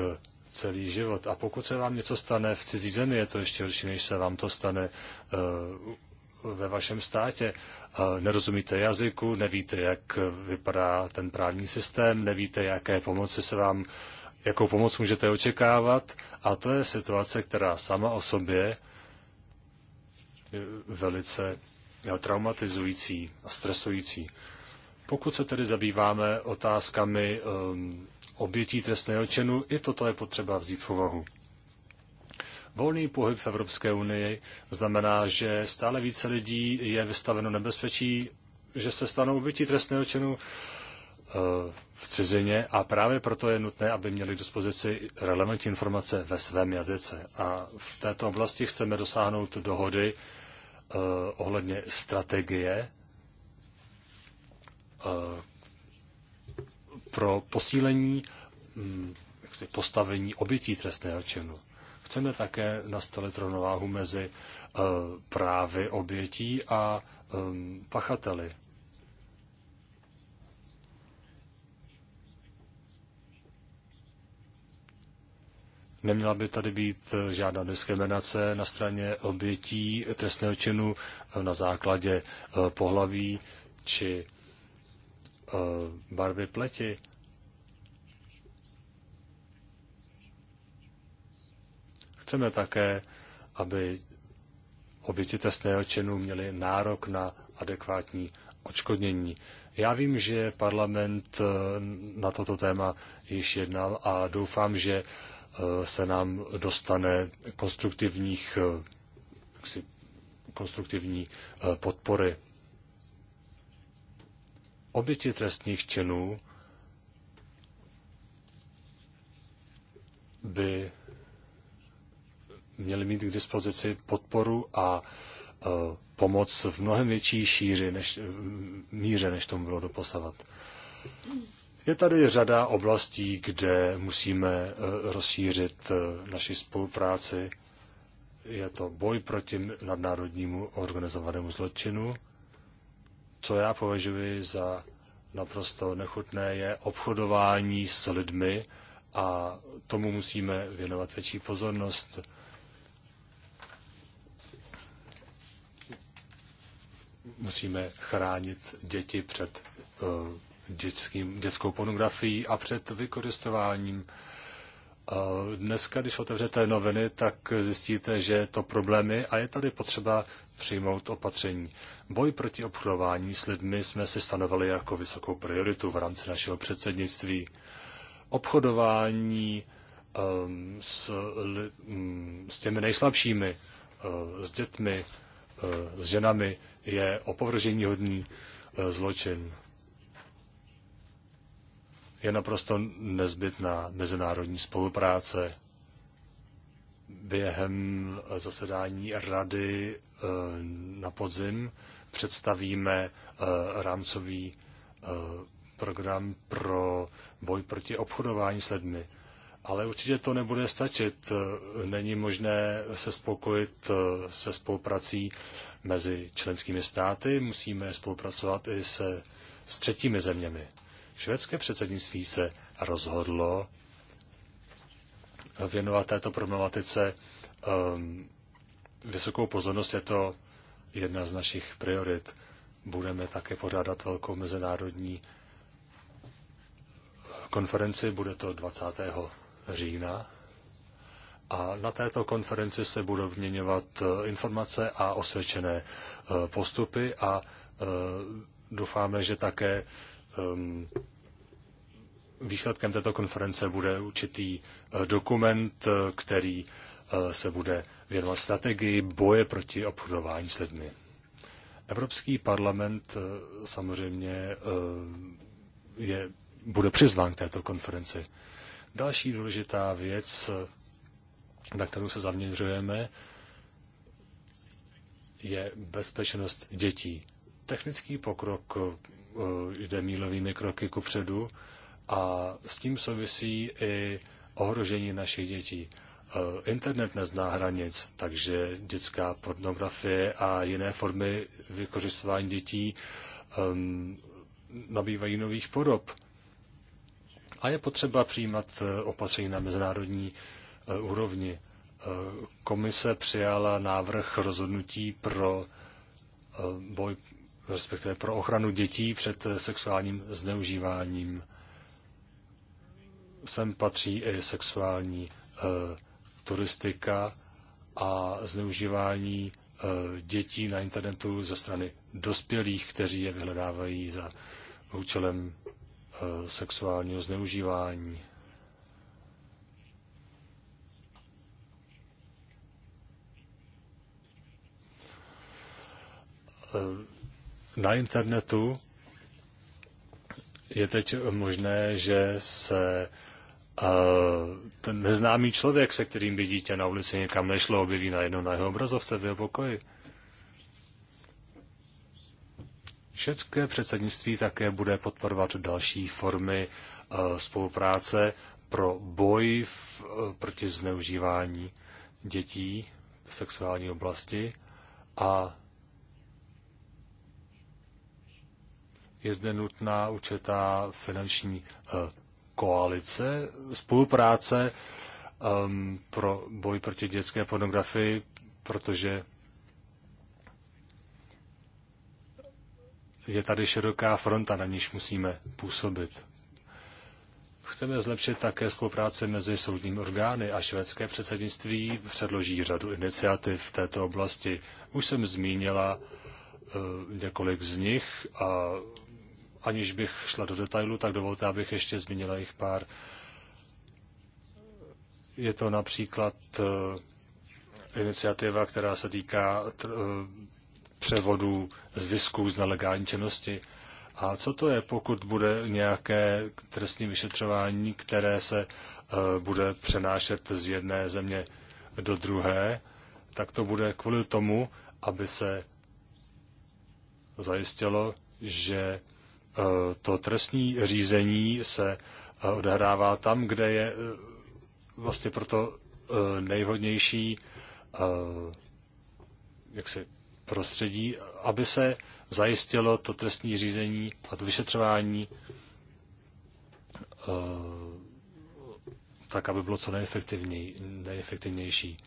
celý život. A pokud se vám něco stane v cizí zemi, je to ještě horší, než se vám to stane eh, ve vašem státě. Eh, nerozumíte jazyku, nevíte, jak vypadá ten právní systém, nevíte, jaké pomoci se vám, jakou pomoc můžete očekávat. A to je situace, která sama o sobě je velice eh, traumatizující a stresující. Pokud se tedy zabýváme otázkami um, obětí trestného činu, i toto je potřeba vzít v úvahu. Volný pohyb v Evropské unii znamená, že stále více lidí je vystaveno nebezpečí, že se stanou obětí trestného činu eh, v cizině a právě proto je nutné, aby měli k dispozici relevantní informace ve svém jazyce. A v této oblasti chceme dosáhnout dohody eh, ohledně strategie, eh, pro posílení mm, jaksi, postavení obětí trestného činu. Chceme také nastolit rovnováhu mezi e, právy obětí a e, pachateli. Neměla by tady být žádná diskriminace na straně obětí trestného činu na základě e, pohlaví či Eh, barvy pleti. Chceme také, aby oběti trestného činu měli nárok na adekvátní odškodnění. Já vím, že parlament eh, na toto téma již jednal a doufám, že eh, se nám dostane konstruktivních, konstruktivní podpory oběti trestních činů by měly mít k dispozici podporu a e, pomoc v mnohem větší šíři než, míře, než tomu bylo doposavat. Je tady řada oblastí, kde musíme e, rozšířit e, naši spolupráci. Je to boj proti nadnárodnímu organizovanému zločinu, co já považuji za naprosto nechutné, je obchodování s lidmi a tomu musíme věnovat větší pozornost. Musíme chránit děti před eh, dětským, dětskou pornografií a před vykořistováním. Eh, dneska, když otevřete noviny, tak zjistíte, že to problémy a je tady potřeba přijmout opatření. Boj proti obchodování s lidmi jsme si stanovali jako vysokou prioritu v rámci našeho předsednictví. Obchodování um, s, li, um, s těmi nejslabšími, uh, s dětmi, uh, s ženami je opovržení hodný uh, eh, zločin. Je naprosto nezbytná mezinárodní spolupráce během zasedání rady eh, na podzim představíme eh, rámcový eh, program pro boj proti obchodování s lidmi. Ale určitě to nebude stačit. Není možné se spokojit se spoluprací mezi členskými státy, musíme spolupracovat i se s třetími zeměmi. Švédské předsednictví se rozhodlo věnovat této problematice ehm, vysokou pozornost. Je to jedna z našich priorit. Budeme také pořádat velkou mezinárodní konferenci, bude to 20. října. A na této konferenci se budou vyměňovat e, informace a osvědčené e, postupy a e, doufáme, že také ehm, Výsledkem této konference bude určitý eh, dokument, eh, který eh, se bude věnovat strategii boje proti obchodování s lidmi. Evropský parlament samozřejmě je, bude přizván k této konferenci. Další důležitá věc, na kterou se zaměřujeme, je bezpečnost dětí. Technický pokrok jde mílovými kroky kupředu, a s tím souvisí i ohrožení našich dětí. E, internet nezná hranic, takže dětská pornografie a jiné formy vykořistování dětí um, nabývají nových podob. A je potřeba přijímat e, opatření na mezinárodní e, úrovni. Komise přijala návrh rozhodnutí pro boj, respektive pro ochranu dětí před sexuálním zneužíváním sem patří i sexuální eh, turistika a zneužívání eh, dětí na internetu ze strany dospělých, kteří je vyhledávají za účelem eh, sexuálního zneužívání. Na internetu je teď možné, že se ten neznámý člověk, se kterým by dítě na ulici někam nešlo, objeví najednou na jeho obrazovce v jeho pokoji. Švédské předsednictví také bude podporovat další formy e, spolupráce pro boj v, e, proti zneužívání dětí v sexuální oblasti a je zde nutná určitá finanční e, koalice, spolupráce um, pro boj proti dětské pornografii, protože je tady široká fronta, na níž musíme působit. Chceme zlepšit také spolupráci mezi soudními orgány a švédské předsednictví předloží řadu iniciativ v této oblasti. Už jsem zmínila eh, několik z nich a aniž bych šla do detailu, tak dovolte, abych ještě zmínila jich pár. Je to například eh, iniciativa, která se týká eh, převodu zisků z nelegální činnosti. A co to je, pokud bude nějaké trestní vyšetřování, které se eh, bude přenášet z jedné země do druhé, tak to bude kvůli tomu, aby se zajistilo, že Eh, to trestní řízení se eh, odehrává tam, kde je eh, vlastně proto nejvhodnější jaksi prostředí, aby se zajistilo to trestní řízení a to vyšetřování tak, aby bylo co nejefektivnější.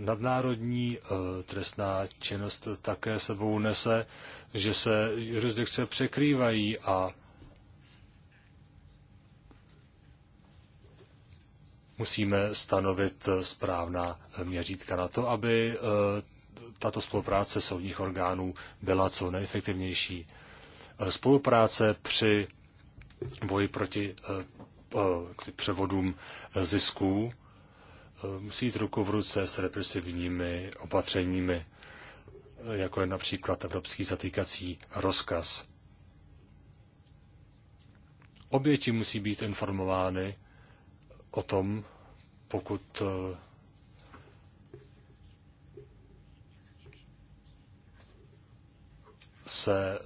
Nadnárodní e, trestná činnost také sebou nese, že se jurisdikce překrývají a musíme stanovit správná měřítka na to, aby e, tato spolupráce soudních orgánů byla co nejefektivnější. E, spolupráce při boji proti převodům zisků Eh, musí jít ruku v ruce s represivními opatřeními, eh, jako je například evropský zatýkací rozkaz. Oběti musí být informovány o tom, pokud eh, se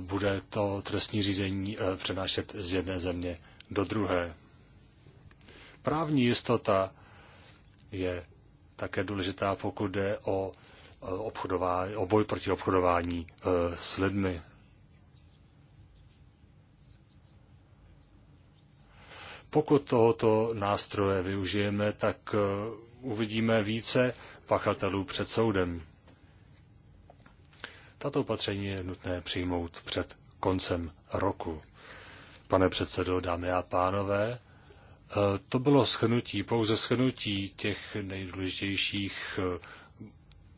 bude to trestní řízení přenášet z jedné země do druhé. Právní jistota je také důležitá, pokud jde o, e, obchodování, o boj proti obchodování e, s lidmi. Pokud tohoto nástroje využijeme, tak e, uvidíme více pachatelů před soudem. Tato opatření je nutné přijmout před koncem roku. Pane předsedo, dámy a pánové, to bylo schnutí, pouze schnutí těch nejdůležitějších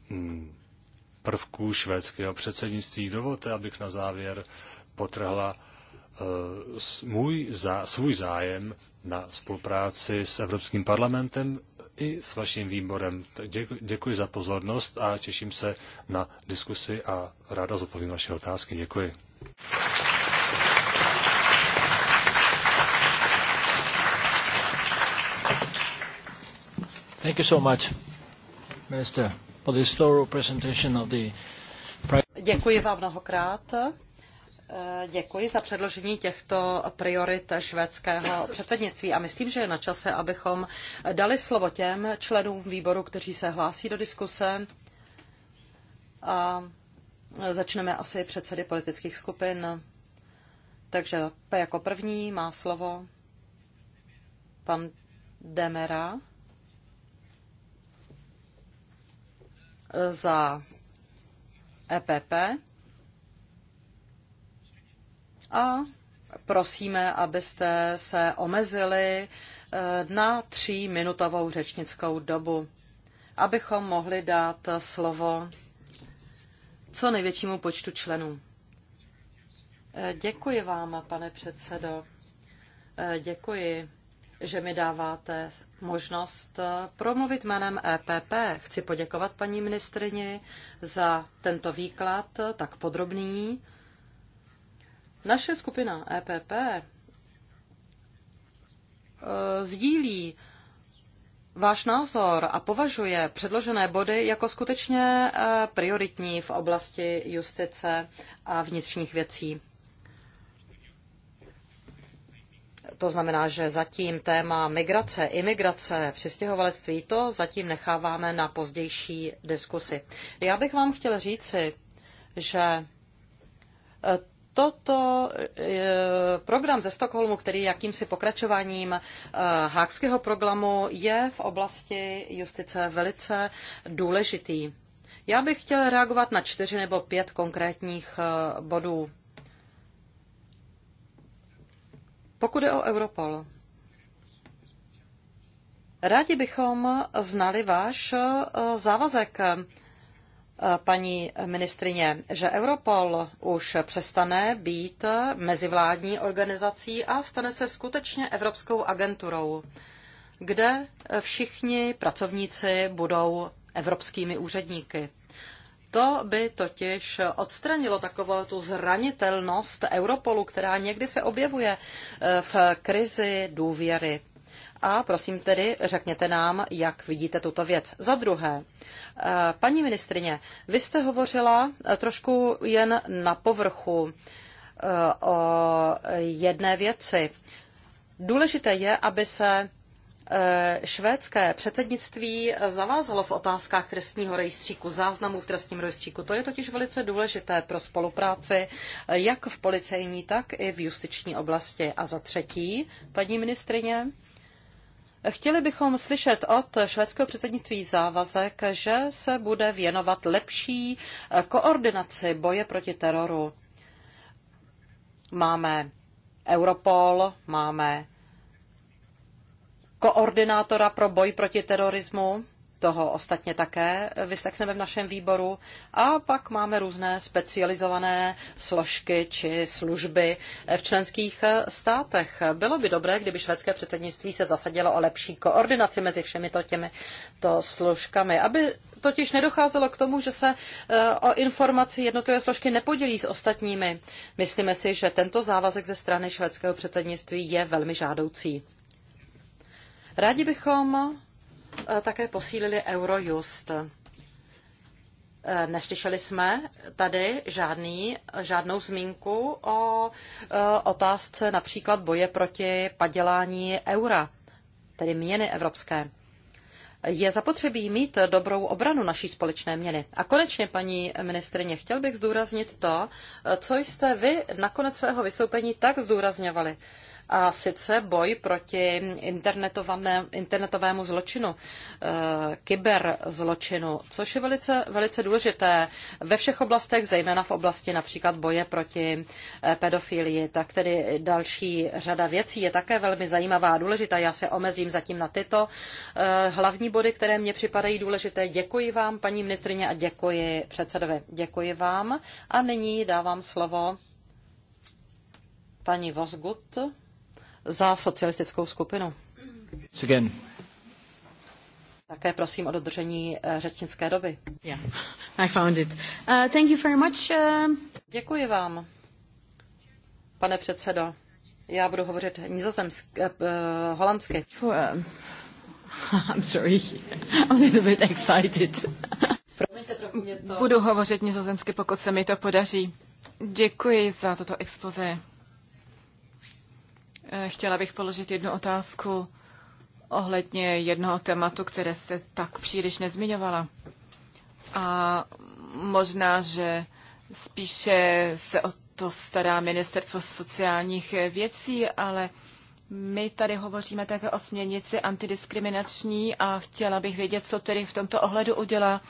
mm, prvků švédského předsednictví. Dovolte, abych na závěr potrhla e, můj zá, svůj zájem na spolupráci s Evropským parlamentem i s vaším výborem. Děkuji, děkuji za pozornost a těším se na diskusi a ráda zodpovím vaše otázky. Děkuji. Thank you so much, Minister, for this thorough presentation of the... Děkuji vám mnohokrát. Eh, děkuji za předložení těchto priorit švédského předsednictví a myslím, že je na čase, abychom dali slovo těm členům výboru, kteří se hlásí do diskuse. A začneme asi předsedy politických skupin. Takže jako první má slovo pan Demera za EPP a prosíme, abyste se omezili eh, na tříminutovou řečnickou dobu, abychom mohli dát slovo co největšímu počtu členů. Eh, děkuji vám, pane předsedo. Eh, děkuji že mi dáváte možnost eh, promluvit jménem EPP. Chci poděkovat paní ministrini za tento výklad eh, tak podrobný. Naše skupina EPP eh, sdílí váš názor a považuje předložené body jako skutečně prioritní v oblasti justice a vnitřních věcí. To znamená, že zatím téma migrace, imigrace, přistěhovalectví, to zatím necháváme na pozdější diskusy. Já bych vám chtěl říci, že e, toto e, program ze Stockholmu, který je jakýmsi pokračováním e, hákského programu, je v oblasti justice velice důležitý. Já bych chtěla reagovat na čtyři nebo pět konkrétních bodů. Pokud je o Europol, rádi bychom znali váš eh, závazek, eh, paní ministrině, že Europol už přestane být mezivládní organizací a stane se skutečně evropskou agenturou, kde všichni pracovníci budou evropskými úředníky. To by totiž odstranilo takovou tu zranitelnost Europolu, která někdy se objevuje eh, v krizi důvěry. A prosím tedy, řekněte nám, jak vidíte tuto věc. Za druhé, eh, paní ministrině, vy jste hovořila eh, trošku jen na povrchu o jedné věci. Důležité je, aby se Eh, švédské předsednictví zavázalo v otázkách trestního rejstříku, záznamů v trestním rejstříku. To je totiž velice důležité pro spolupráci eh, jak v policejní, tak i v justiční oblasti. A za třetí, paní ministrině, Chtěli bychom slyšet od švédského předsednictví závazek, že se bude věnovat lepší eh, koordinaci boje proti teroru. Máme Europol, máme koordinátora pro boj proti terorismu, toho ostatně také vyslechneme v našem výboru. A pak máme různé specializované složky či služby v členských státech. Bylo by dobré, kdyby švédské předsednictví se zasadilo o lepší koordinaci mezi všemi to těmito složkami, aby totiž nedocházelo k tomu, že se eh, o informaci jednotlivé složky nepodělí s ostatními. Myslíme si, že tento závazek ze strany švédského předsednictví je velmi žádoucí. Rádi bychom eh, také posílili Eurojust. Eh, neslyšeli jsme tady žádný, žádnou zmínku o eh, otázce například boje proti padělání eura, tedy měny evropské. Je zapotřebí mít dobrou obranu naší společné měny. A konečně, paní ministrině, chtěl bych zdůraznit to, co jste vy na svého vystoupení tak zdůrazňovali a sice boj proti internetovému zločinu, eh, kyberzločinu, což je velice, velice důležité ve všech oblastech, zejména v oblasti například boje proti eh, pedofilii. Tak tedy další řada věcí je také velmi zajímavá a důležitá. Já se omezím zatím na tyto eh, hlavní body, které mě připadají důležité. Děkuji vám, paní ministrině, a děkuji předsedovi. Děkuji vám. A nyní dávám slovo paní Vosgut za socialistickou skupinu. Again. Také prosím o dodržení eh, řečnické doby. Yeah, <laughs> I found it. Uh, thank you very much. Uh... Děkuji vám, pane předsedo. Já budu hovořit nizozemsk, eh, eh, uh, holandsky. <laughs> I'm sorry, <laughs> I'm a little bit excited. Budu hovořit nizozemsky, pokud se mi to podaří. Děkuji za toto expoze. Eh, chtěla bych položit jednu otázku ohledně jednoho tématu, které se tak příliš nezmiňovala. A možná, že spíše se o to stará Ministerstvo sociálních věcí, ale my tady hovoříme také o směnici antidiskriminační a chtěla bych vědět, co tedy v tomto ohledu udělá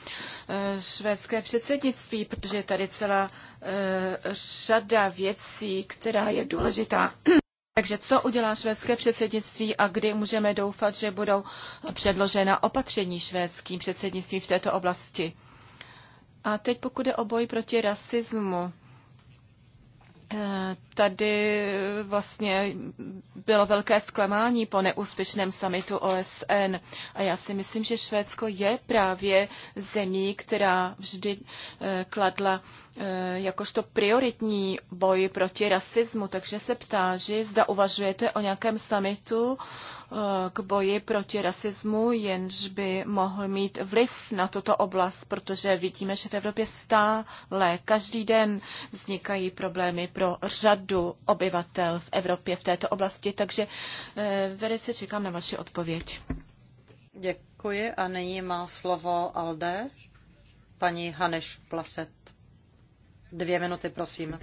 eh, švédské předsednictví, protože je tady celá eh, řada věcí, která je důležitá takže co udělá švédské předsednictví a kdy můžeme doufat, že budou předložena opatření švédským předsednictvím v této oblasti? A teď pokud je o boj proti rasismu, eh, Tady vlastně bylo velké zklamání po neúspěšném samitu OSN a já si myslím, že Švédsko je právě zemí, která vždy eh, kladla E, jakožto prioritní boj proti rasismu, takže se že zda uvažujete o nějakém samitu e, k boji proti rasismu, jenž by mohl mít vliv na tuto oblast, protože vidíme, že v Evropě stále každý den vznikají problémy pro řadu obyvatel v Evropě v této oblasti, takže e, velice čekám na vaši odpověď. Děkuji a nyní má slovo Alde, paní Haneš Plaset. Dvě minuty, prosím.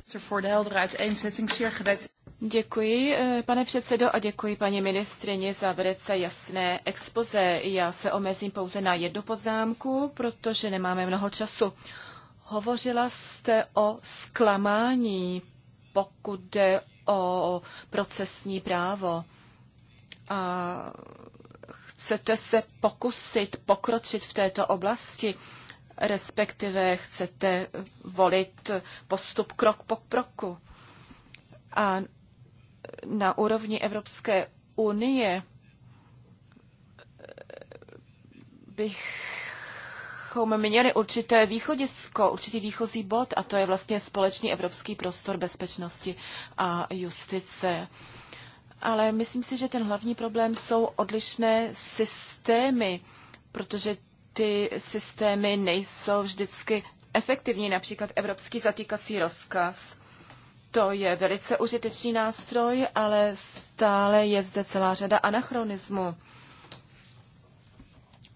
Děkuji, eh, pane předsedo, a děkuji paní ministrině za velice jasné expoze. Já se omezím pouze na jednu poznámku, protože nemáme mnoho času. Hovořila jste o zklamání, pokud jde o procesní právo. A chcete se pokusit pokročit v této oblasti? respektive chcete volit postup krok po kroku. A na úrovni Evropské unie bychom měli určité východisko, určitý výchozí bod, a to je vlastně společný evropský prostor bezpečnosti a justice. Ale myslím si, že ten hlavní problém jsou odlišné systémy, protože ty systémy nejsou vždycky efektivní, například evropský zatýkací rozkaz. To je velice užitečný nástroj, ale stále je zde celá řada anachronismu.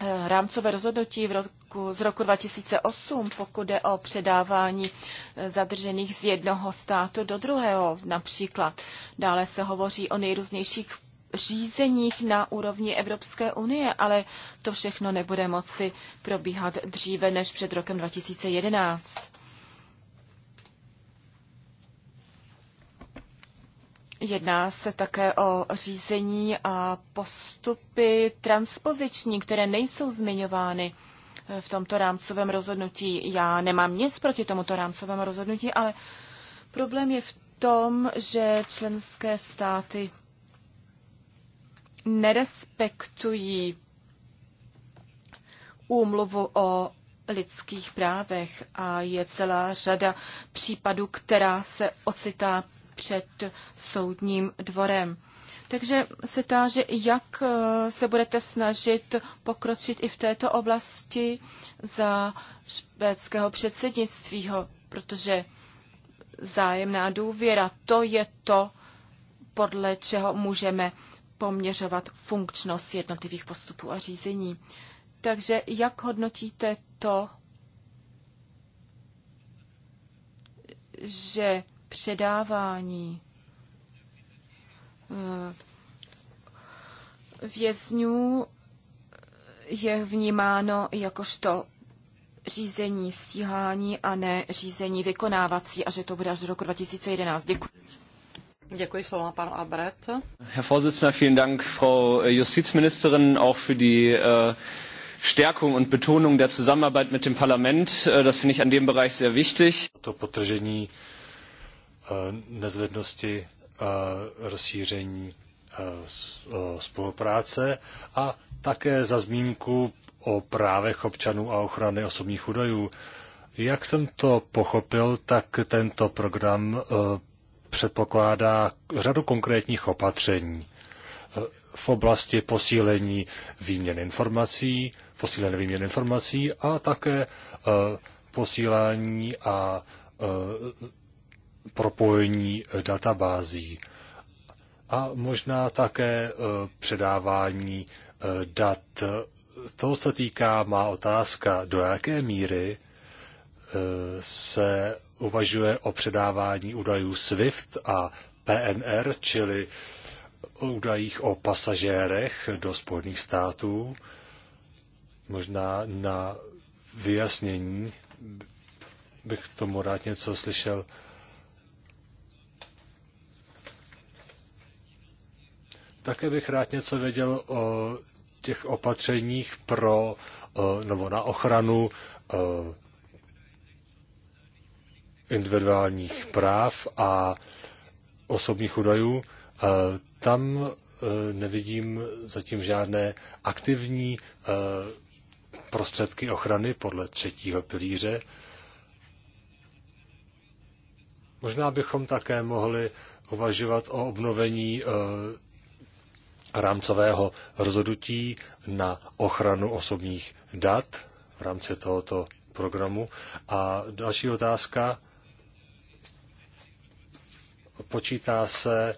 Eh, rámcové rozhodnutí v roku, z roku 2008, pokud jde o předávání eh, zadržených z jednoho státu do druhého například. Dále se hovoří o nejrůznějších řízeních na úrovni Evropské unie, ale to všechno nebude moci probíhat dříve než před rokem 2011. Jedná se také o řízení a postupy transpoziční, které nejsou zmiňovány v tomto rámcovém rozhodnutí. Já nemám nic proti tomuto rámcovému rozhodnutí, ale problém je v tom, že členské státy nerespektují úmluvu o lidských právech a je celá řada případů, která se ocitá před soudním dvorem. Takže se táže, jak eh, se budete snažit pokročit i v této oblasti za švédského předsednictví, protože zájemná důvěra, to je to, podle čeho můžeme poměřovat funkčnost jednotlivých postupů a řízení. Takže jak hodnotíte to, že předávání eh, vězňů je vnímáno jakožto řízení stíhání a ne řízení vykonávací a že to bude až do roku 2011. Děkuji. Děkuji slova pan Abret. Herr Vorsitzender, vielen Dank, Frau äh, Justizministerin, auch für die uh, Stärkung und Betonung der Zusammenarbeit mit dem Parlament. Äh, das finde ich an dem Bereich sehr wichtig. To potržení nezvednosti rozšíření spolupráce a také za zmínku o právech občanů a ochrany osobních údajů. Jak jsem to pochopil, tak tento program předpokládá řadu konkrétních opatření v oblasti posílení výměn informací, posílení výměn informací a také e, posílání a e, propojení databází a možná také e, předávání dat. Toho se týká má otázka, do jaké míry se uvažuje o předávání údajů SWIFT a PNR, čili údajích o pasažérech do Spojených států. Možná na vyjasnění bych tomu rád něco slyšel. Také bych rád něco věděl o těch opatřeních pro, nebo na ochranu individuálních práv a osobních údajů, e, tam e, nevidím zatím žádné aktivní e, prostředky ochrany podle třetího pilíře. Možná bychom také mohli uvažovat o obnovení rámcového rozhodnutí na ochranu osobních dat v rámci tohoto programu. A další otázka, počítá se e,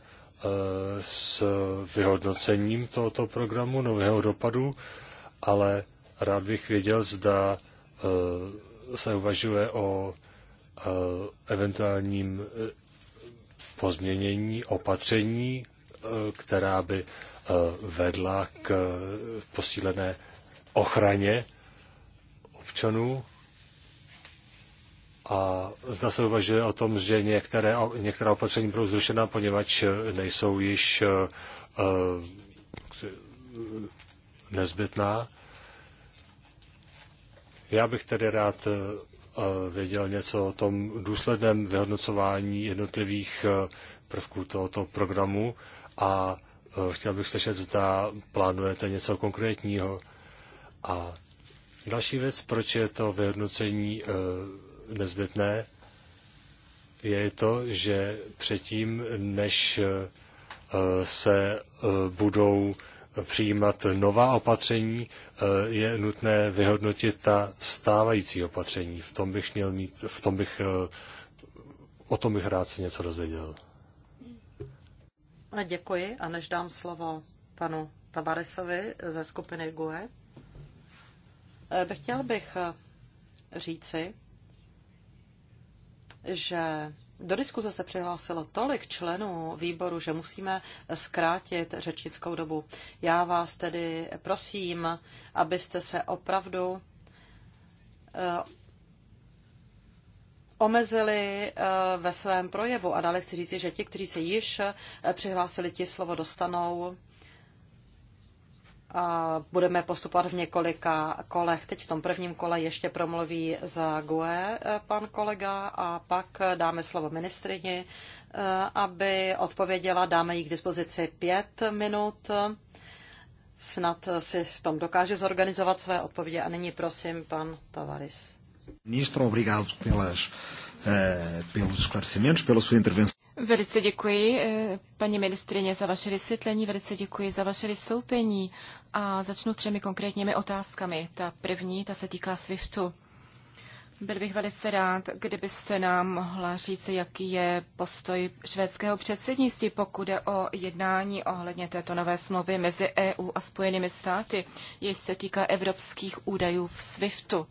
s vyhodnocením tohoto programu, nového dopadu, ale rád bych věděl, zda e, se uvažuje o e, eventuálním pozměnění opatření, která by vedla k posílené ochraně občanů a zda se uvažuje o tom, že některé, některá opatření budou zrušena, poněvadž nejsou již uh, nezbytná. Já bych tedy rád uh, věděl něco o tom důsledném vyhodnocování jednotlivých uh, prvků tohoto programu a chtěl bych slyšet, zda plánujete něco konkrétního. A další věc, proč je to vyhodnocení nezbytné, je to, že předtím, než eh, se eh, budou přijímat nová opatření, eh, je nutné vyhodnotit ta stávající opatření. V tom bych měl mít, v tom bych, o tom bych rád se něco dozvěděl. A děkuji a než dám slovo panu Tavaresovi ze skupiny GUE, bych chtěl bych říci, že do diskuze se přihlásilo tolik členů výboru, že musíme zkrátit řečnickou dobu. Já vás tedy prosím, abyste se opravdu eh, omezili eh, ve svém projevu. A dále chci říct, že ti, kteří se již eh, přihlásili, ti slovo dostanou budeme postupovat v několika kolech. Teď v tom prvním kole ještě promluví za GUE eh, pan kolega a pak dáme slovo ministrini, eh, aby odpověděla. Dáme jí k dispozici pět minut. Snad si v tom dokáže zorganizovat své odpovědi. A nyní prosím pan Tavares. Ministro, obrigado pelas, eh, pelos esclarecimentos, pela sua intervenção. Velice děkuji, eh, paní ministrině, za vaše vysvětlení, velice děkuji za vaše vystoupení a začnu třemi konkrétními otázkami. Ta první, ta se týká SWIFTu. Byl bych velice rád, kdybyste nám mohla říct, jaký je postoj švédského předsednictví, pokud je o jednání ohledně této nové smlouvy mezi EU a Spojenými státy, jež se týká evropských údajů v SWIFTu.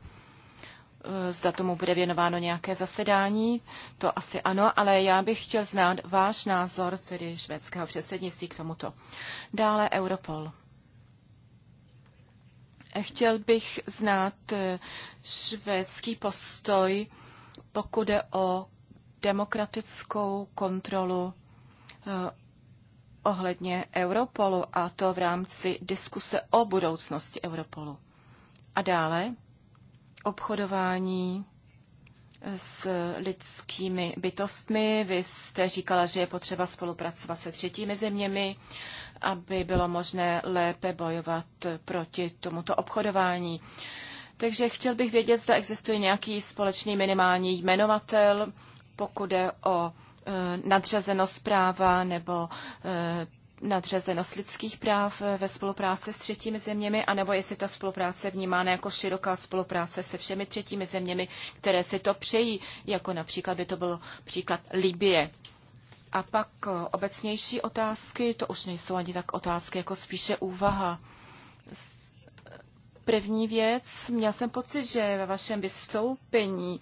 Eh, zda tomu bude věnováno nějaké zasedání, to asi ano, ale já bych chtěl znát váš názor, tedy švédského předsednictví k tomuto. Dále Europol. Eh, chtěl bych znát eh, švédský postoj, pokud jde o demokratickou kontrolu ohledně Europolu a to v rámci diskuse o budoucnosti Europolu. A dále obchodování s lidskými bytostmi. Vy jste říkala, že je potřeba spolupracovat se třetími zeměmi, aby bylo možné lépe bojovat proti tomuto obchodování. Takže chtěl bych vědět, zda existuje nějaký společný minimální jmenovatel, pokud je o e, nadřazenost práva nebo e, nadřazenost lidských práv eh, ve spolupráci s třetími zeměmi, anebo jestli ta spolupráce vnímána jako široká spolupráce se všemi třetími zeměmi, které si to přejí, jako například by to bylo příklad Libie. A pak eh, obecnější otázky, to už nejsou ani tak otázky, jako spíše úvaha. Eh, první věc, měl jsem pocit, že ve vašem vystoupení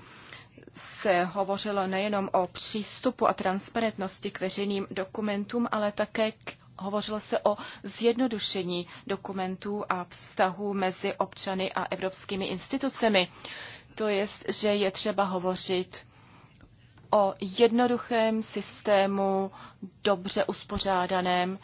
se hovořilo nejenom o přístupu a transparentnosti k veřejným dokumentům, ale také k hovořilo se o zjednodušení dokumentů a vztahů mezi občany a evropskými institucemi. To je, že je třeba hovořit o jednoduchém systému, dobře uspořádaném,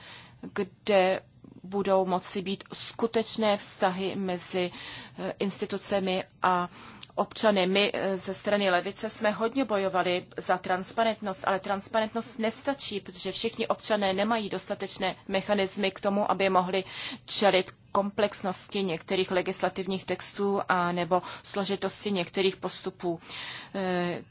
kde budou moci být skutečné vztahy mezi eh, institucemi a občany. My eh, ze strany levice jsme hodně bojovali za transparentnost, ale transparentnost nestačí, protože všichni občané nemají dostatečné mechanismy k tomu, aby mohli čelit komplexnosti některých legislativních textů a nebo složitosti některých postupů. Eh,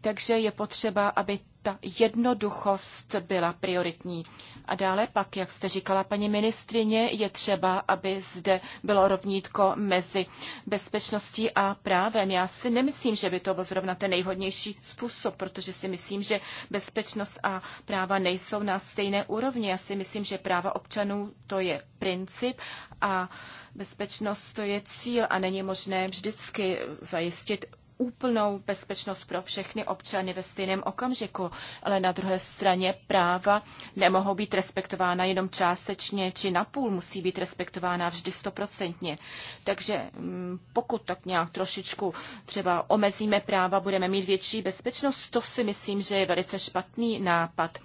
takže je potřeba, aby ta jednoduchost byla prioritní a dále pak, jak jste říkala, paní ministrině, je třeba, aby zde bylo rovnítko mezi bezpečností a právem. Já si nemyslím, že by to byl zrovna ten nejhodnější způsob, protože si myslím, že bezpečnost a práva nejsou na stejné úrovni. Já si myslím, že práva občanů to je princip a bezpečnost to je cíl a není možné vždycky zajistit úplnou bezpečnost pro všechny občany ve stejném okamžiku, ale na druhé straně práva nemohou být respektována jenom částečně či napůl, musí být respektována vždy stoprocentně. Takže mm, pokud tak nějak trošičku třeba omezíme práva, budeme mít větší bezpečnost, to si myslím, že je velice špatný nápad.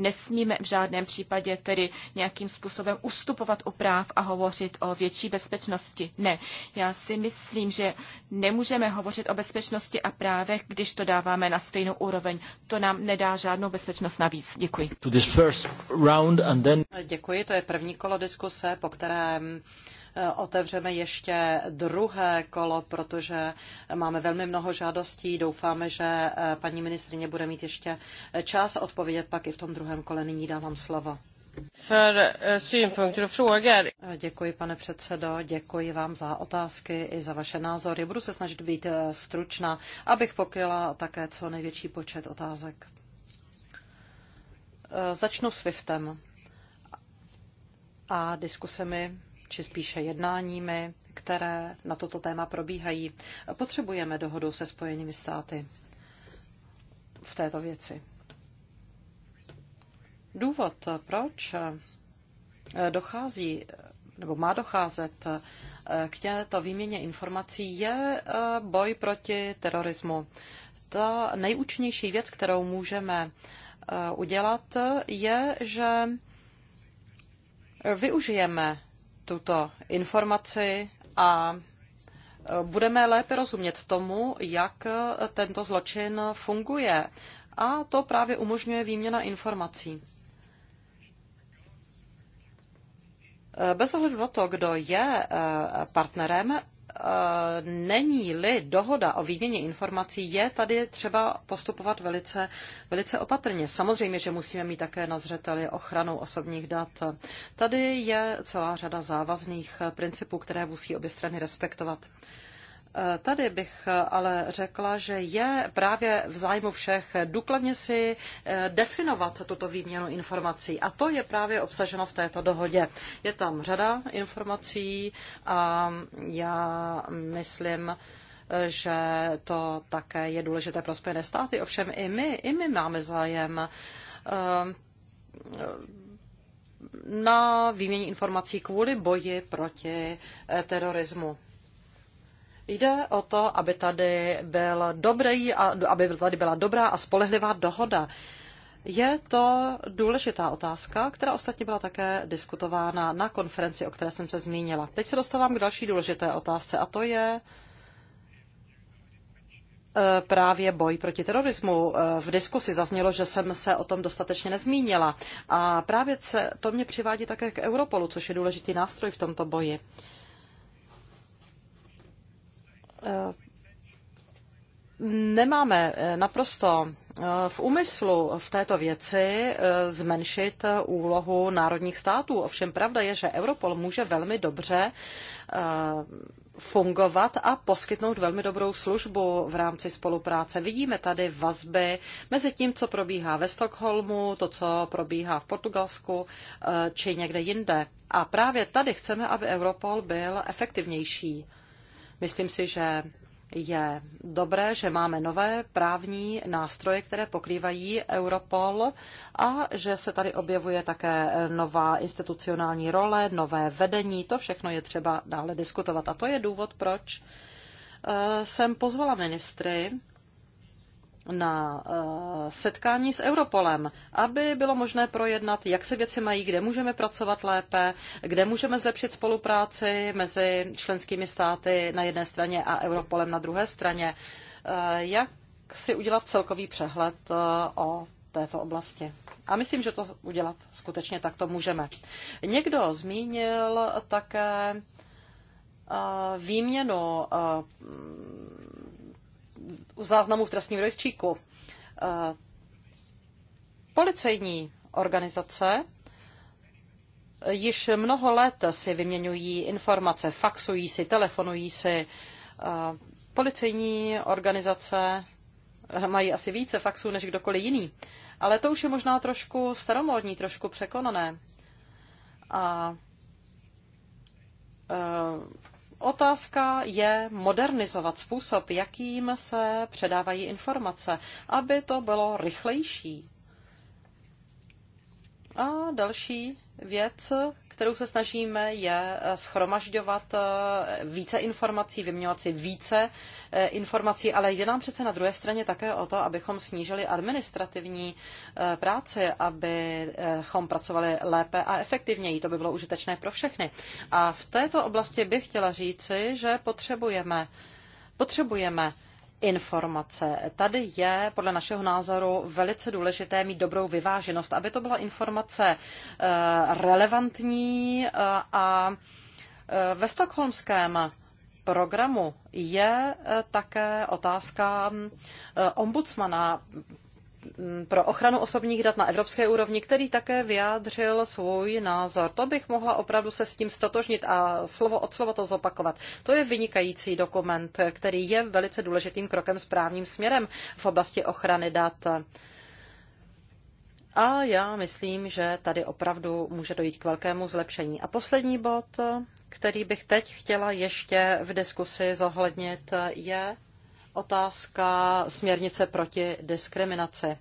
Nesmíme v žádném případě tedy nějakým způsobem ustupovat u práv a hovořit o větší bezpečnosti. Ne, já si myslím, že nemůžeme hovořit o bezpečnosti a právech, když to dáváme na stejnou úroveň. To nám nedá žádnou bezpečnost navíc. Děkuji. Děkuji, to je první kolo diskuse, po kterém Eh, otevřeme ještě druhé kolo, protože máme velmi mnoho žádostí. Doufáme, že eh, paní ministrině bude mít ještě čas odpovědět pak i v tom druhém kole. Nyní dávám slovo. Eh, děkuji, pane předsedo, děkuji vám za otázky i za vaše názory. Budu se snažit být stručná, abych pokryla také co největší počet otázek. Začnu s Swiftem a diskusemi či spíše jednáními, které na toto téma probíhají. Potřebujeme dohodu se Spojenými státy v této věci. Důvod, proč dochází nebo má docházet k této výměně informací, je eh, boj proti terorismu. Ta nejúčinnější věc, kterou můžeme eh, udělat, je, že využijeme tuto informaci a e, budeme lépe rozumět tomu, jak e, tento zločin funguje. A to právě umožňuje výměna informací. E, bez ohledu na to, kdo je partnerem, není-li dohoda o výměně informací, je tady třeba postupovat velice, velice opatrně. Samozřejmě, že musíme mít také na zřeteli ochranu osobních dat. Tady je celá řada závazných principů, které musí obě strany respektovat. Eh, tady bych eh, ale řekla, že je právě v zájmu všech důkladně si eh, definovat tuto výměnu informací. A to je právě obsaženo v této dohodě. Je tam řada informací a já myslím, že to také je důležité pro Spojené státy. Ovšem i my, i my máme zájem na výměně informací kvůli boji proti terorismu. Jde o to, aby tady, byl dobrý, a aby tady byla dobrá a spolehlivá dohoda. Je to důležitá otázka, která ostatně byla také diskutována na konferenci, o které jsem se zmínila. Teď se dostávám k další důležité otázce a to je e, právě boj proti terorismu. E, v diskusi zaznělo, že jsem se o tom dostatečně nezmínila. A právě se, to mě přivádí také k Europolu, což je důležitý nástroj v tomto boji. Uh, Eh, nemáme eh, naprosto eh, v úmyslu v této věci zmenšit úlohu národních států. Ovšem pravda je, že Europol může velmi dobře fungovat a poskytnout velmi dobrou službu v rámci spolupráce. Vidíme tady vazby mezi tím, co probíhá ve Stockholmu, to, co probíhá v Portugalsku či někde jinde. A právě tady chceme, aby Europol byl efektivnější. Myslím si, že je dobré, že máme nové právní nástroje, které pokrývají Europol a že se tady objevuje také nová institucionální role, nové vedení. To všechno je třeba dále diskutovat. A to je důvod, proč eh, jsem pozvala ministry na eh, setkání s Europolem, aby bylo možné projednat, jak se věci mají, kde můžeme pracovat lépe, kde můžeme zlepšit spolupráci mezi členskými státy na jedné straně a Europolem na druhé straně. Eh, jak si udělat celkový přehled eh, o této oblasti. A myslím, že to udělat skutečně takto můžeme. Někdo zmínil také výměnu záznamů v trestním rejstříku. Eh, policejní organizace již mnoho let si vyměňují informace, faxují si, telefonují si. Eh, policejní organizace mají asi více faxů než kdokoliv jiný. Ale to už je možná trošku staromódní, trošku překonané. A eh, Otázka je modernizovat způsob, jakým se předávají informace, aby to bylo rychlejší. A další věc, kterou se snažíme, je eh, schromažďovat eh, více informací, vyměňovat si více eh, informací, ale jde nám přece na druhé straně také o to, abychom snížili administrativní práci, abychom pracovali lépe a efektivněji. To by bylo užitečné pro všechny. A v této oblasti bych chtěla říci, že potřebujeme potřebujeme informace. Tady je podle našeho názoru velice důležité mít dobrou vyváženost, aby to byla informace eh, relevantní eh, a eh, ve stokholmském programu je také otázka mm, ombudsmana pro ochranu osobních dat na evropské úrovni, který také vyjádřil svůj názor. To bych mohla opravdu se s tím stotožnit a slovo od slova to zopakovat. To je vynikající dokument, který je velice důležitým krokem správným směrem v oblasti ochrany dat. A já myslím, že tady opravdu může dojít k velkému zlepšení. A poslední bod, který bych teď chtěla ještě v diskusi zohlednit, je otázka směrnice proti diskriminaci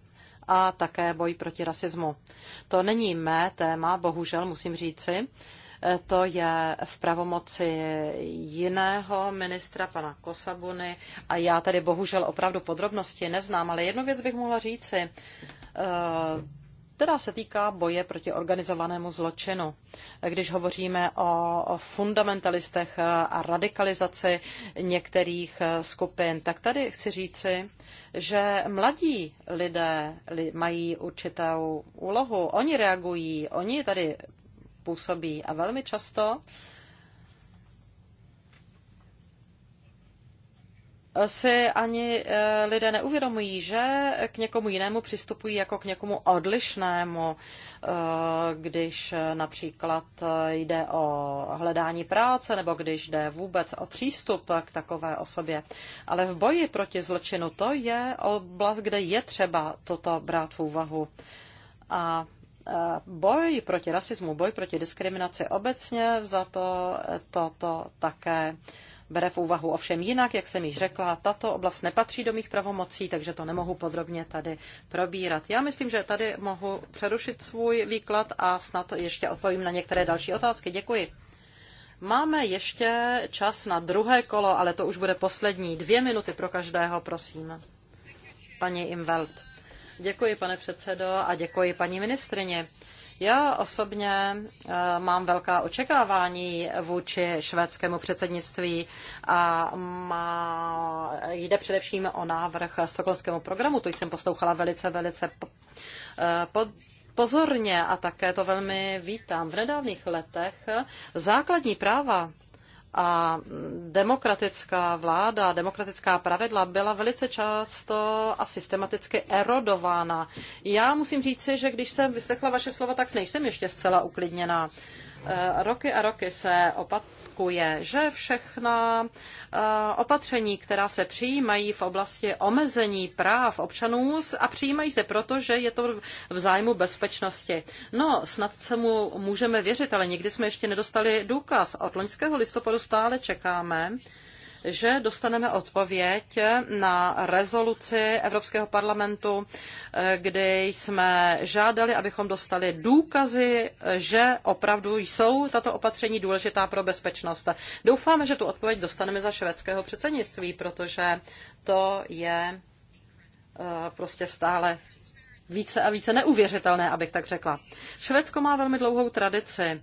a také boj proti rasismu. To není mé téma, bohužel musím říci. E, to je v pravomoci jiného ministra, pana Kosabuny, a já tady bohužel opravdu podrobnosti neznám, ale jednu věc bych mohla říci e, která se týká boje proti organizovanému zločinu. Když hovoříme o fundamentalistech a radikalizaci některých skupin, tak tady chci říci, že mladí lidé mají určitou úlohu. Oni reagují, oni tady působí a velmi často uh, si ani eh, lidé neuvědomují, že k někomu jinému přistupují jako k někomu odlišnému, eh, když eh, například jde o hledání práce nebo když jde vůbec o přístup k takové osobě. Ale v boji proti zločinu to je oblast, kde je třeba toto brát v úvahu. A boj proti rasismu, boj proti diskriminaci obecně za to toto také bere v úvahu. Ovšem jinak, jak jsem již řekla, tato oblast nepatří do mých pravomocí, takže to nemohu podrobně tady probírat. Já myslím, že tady mohu přerušit svůj výklad a snad ještě odpovím na některé další otázky. Děkuji. Máme ještě čas na druhé kolo, ale to už bude poslední. Dvě minuty pro každého, prosím. Paní Imwelt. Děkuji, pane předsedo, a děkuji paní ministrině. Já osobně eh, mám velká očekávání vůči švédskému předsednictví a má, jde především o návrh stokholmskému programu. To jsem poslouchala velice, velice pod, eh, pozorně a také to velmi vítám. V nedávných letech základní práva a demokratická vláda, demokratická pravidla byla velice často a systematicky erodována. Já musím říci, že když jsem vyslechla vaše slova, tak nejsem ještě zcela uklidněná. Eh, roky a roky se opakuje, že všechna eh, opatření, která se přijímají v oblasti omezení práv občanů a přijímají se proto, že je to v zájmu bezpečnosti. No, snad se mu můžeme věřit, ale nikdy jsme ještě nedostali důkaz. Od loňského listopadu stále čekáme že dostaneme odpověď na rezoluci Evropského parlamentu, eh, kdy jsme žádali, abychom dostali důkazy, že opravdu jsou tato opatření důležitá pro bezpečnost. Doufáme, že tu odpověď dostaneme za švédského předsednictví, protože to je eh, prostě stále více a více neuvěřitelné, abych tak řekla. Švédsko má velmi dlouhou tradici eh,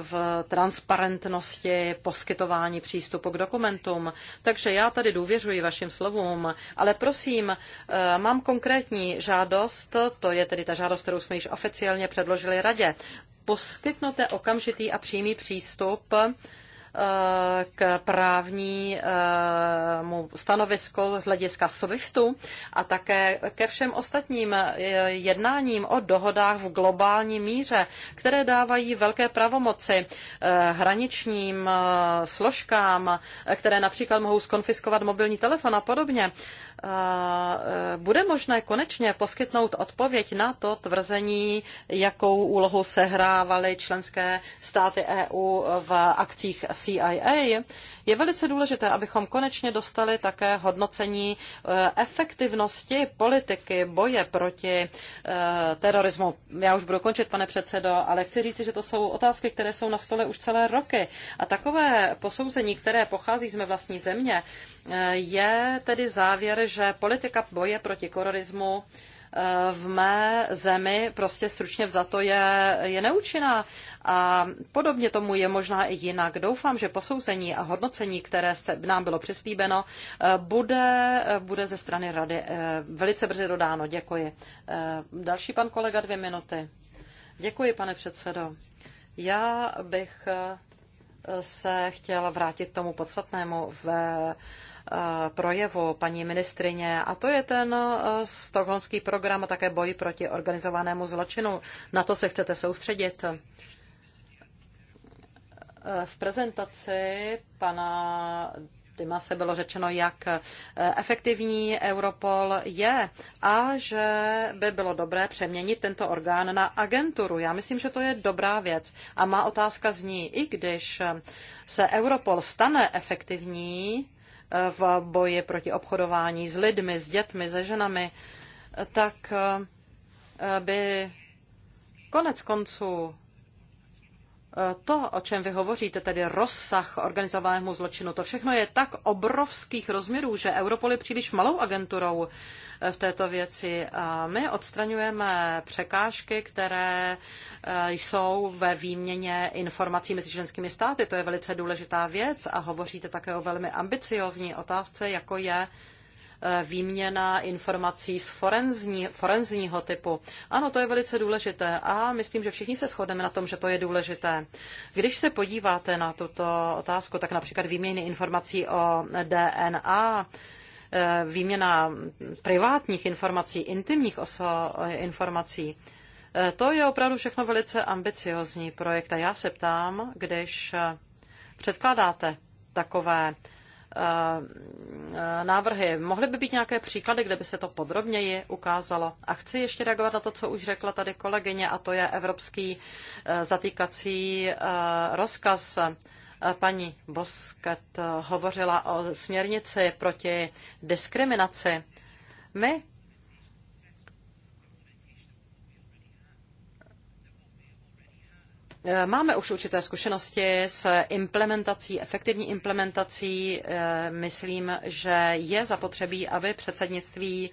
v transparentnosti poskytování přístupu k dokumentům, takže já tady důvěřuji vašim slovům, ale prosím, eh, mám konkrétní žádost, to je tedy ta žádost, kterou jsme již oficiálně předložili radě. Poskytnete okamžitý a přímý přístup Eh, k právnímu stanovisku z hlediska SWIFTu a také ke všem ostatním eh, jednáním o dohodách v globální míře, které dávají velké pravomoci eh, hraničním složkám, které například mohou skonfiskovat mobilní telefon a podobně. E, bude možné konečně poskytnout odpověď na to tvrzení, jakou úlohu sehrávaly členské státy EU v akcích CIA. Je velice důležité, abychom konečně dostali také hodnocení eh, efektivnosti politiky boje proti eh, terorismu. Já už budu končit, pane předsedo, ale chci říct, že to jsou otázky, které jsou na stole už celé roky. A takové posouzení, které pochází z mé vlastní země, eh, je tedy závěr, že politika boje proti terorismu Eh, v mé zemi prostě stručně vzato je, je neúčinná. A podobně tomu je možná i jinak. Doufám, že posouzení a hodnocení, které jste, nám bylo přislíbeno, eh, bude, eh, bude ze strany rady velice brzy dodáno. Děkuji. Další pan kolega, dvě minuty. Děkuji, pane předsedo. Já bych se chtěla vrátit k tomu podstatnému v Eh, projevu paní ministrině, a to je ten eh, stokholmský program a také boj proti organizovanému zločinu. Na to se chcete soustředit. Eh, v prezentaci pana Dima se bylo řečeno, jak efektivní Europol je a že by bylo dobré přeměnit tento orgán na agenturu. Já myslím, že to je dobrá věc. A má otázka zní, i když se Europol stane efektivní, v boji proti obchodování s lidmi, s dětmi, se ženami, tak eh, by konec konců eh, to, o čem vy hovoříte, tedy rozsah organizovaného zločinu, to všechno je tak obrovských rozměrů, že Europol je příliš malou agenturou v této věci. A my odstraňujeme překážky, které eh, jsou ve výměně informací mezi členskými státy. To je velice důležitá věc a hovoříte také o velmi ambiciozní otázce, jako je eh, výměna informací z forenzní, forenzního typu. Ano, to je velice důležité a myslím, že všichni se shodneme na tom, že to je důležité. Když se podíváte na tuto otázku, tak například výměny informací o DNA, Eh, výměna privátních informací, intimních oso- eh, informací, eh, to je opravdu všechno velice ambiciozní projekt a já se ptám, když předkládáte takové návrhy. Mohly by být nějaké příklady, kde by se to podrobněji ukázalo. A chci ještě reagovat na to, co už řekla tady kolegyně, a to je evropský zatýkací rozkaz. Paní Boskat hovořila o směrnici proti diskriminaci. My Máme už určité zkušenosti s implementací, efektivní implementací. Myslím, že je zapotřebí, aby předsednictví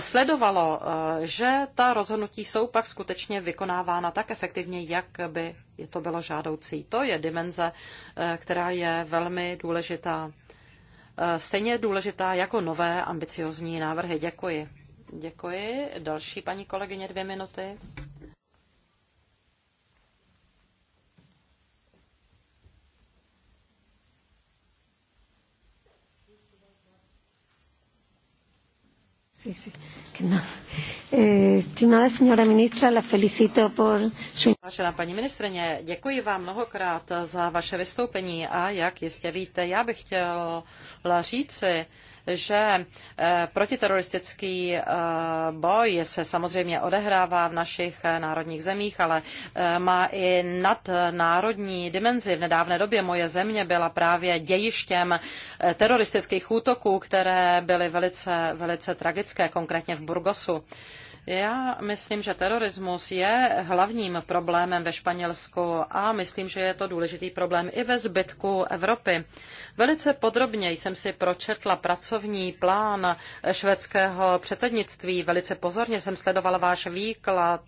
sledovalo, eh, že ta rozhodnutí jsou pak skutečně vykonávána tak efektivně, jak by je to bylo žádoucí. To je dimenze, eh, která je velmi důležitá. Eh, stejně důležitá jako nové ambiciozní návrhy. Děkuji. Děkuji. Další paní kolegyně dvě minuty. Sí, sí, que no. Estimada señora ministra, la felicito por su... Vážená paní ministrině, děkuji vám mnohokrát za vaše vystoupení a jak jistě víte, já bych chtěla říci, že eh, protiteroristický eh, boj se samozřejmě odehrává v našich eh, národních zemích, ale má i nadnárodní dimenzi. V nedávné době moje země byla právě dějištěm teroristických útoků, které byly velice, velice tragické, konkrétně v Burgosu. Já myslím, že terorismus je hlavním problémem ve Španělsku a myslím, že je to důležitý problém i ve zbytku Evropy. Velice podrobně jsem si pročetla pracovní plán švédského předsednictví. Velice pozorně jsem sledovala váš výklad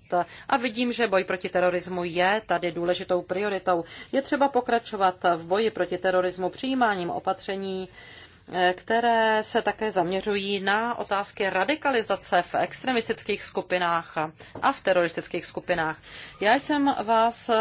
a vidím, že boj proti terorismu je tady důležitou prioritou. Je třeba pokračovat v boji proti terorismu přijímáním opatření, které se také zaměřují na otázky radikalizace v extremistických skupinách a v teroristických skupinách. Já jsem vás eh,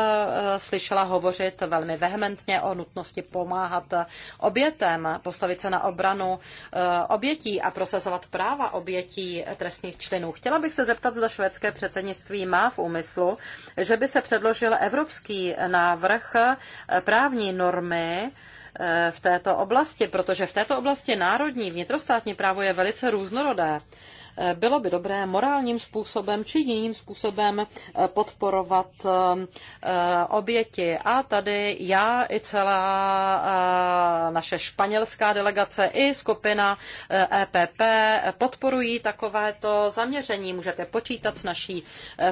slyšela hovořit velmi vehementně o nutnosti pomáhat obětem, postavit se na obranu eh, obětí a prosazovat práva obětí trestných členů. Chtěla bych se zeptat, zda švédské předsednictví má v úmyslu, že by se předložil evropský návrh eh, právní normy, Eh, v této oblasti, protože v této oblasti národní vnitrostátní právo je velice různorodé. Eh, bylo by dobré morálním způsobem či jiným způsobem eh, podporovat eh, oběti. A tady já i celá naše španělská delegace i skupina EPP e podporují takovéto zaměření. Můžete počítat s naší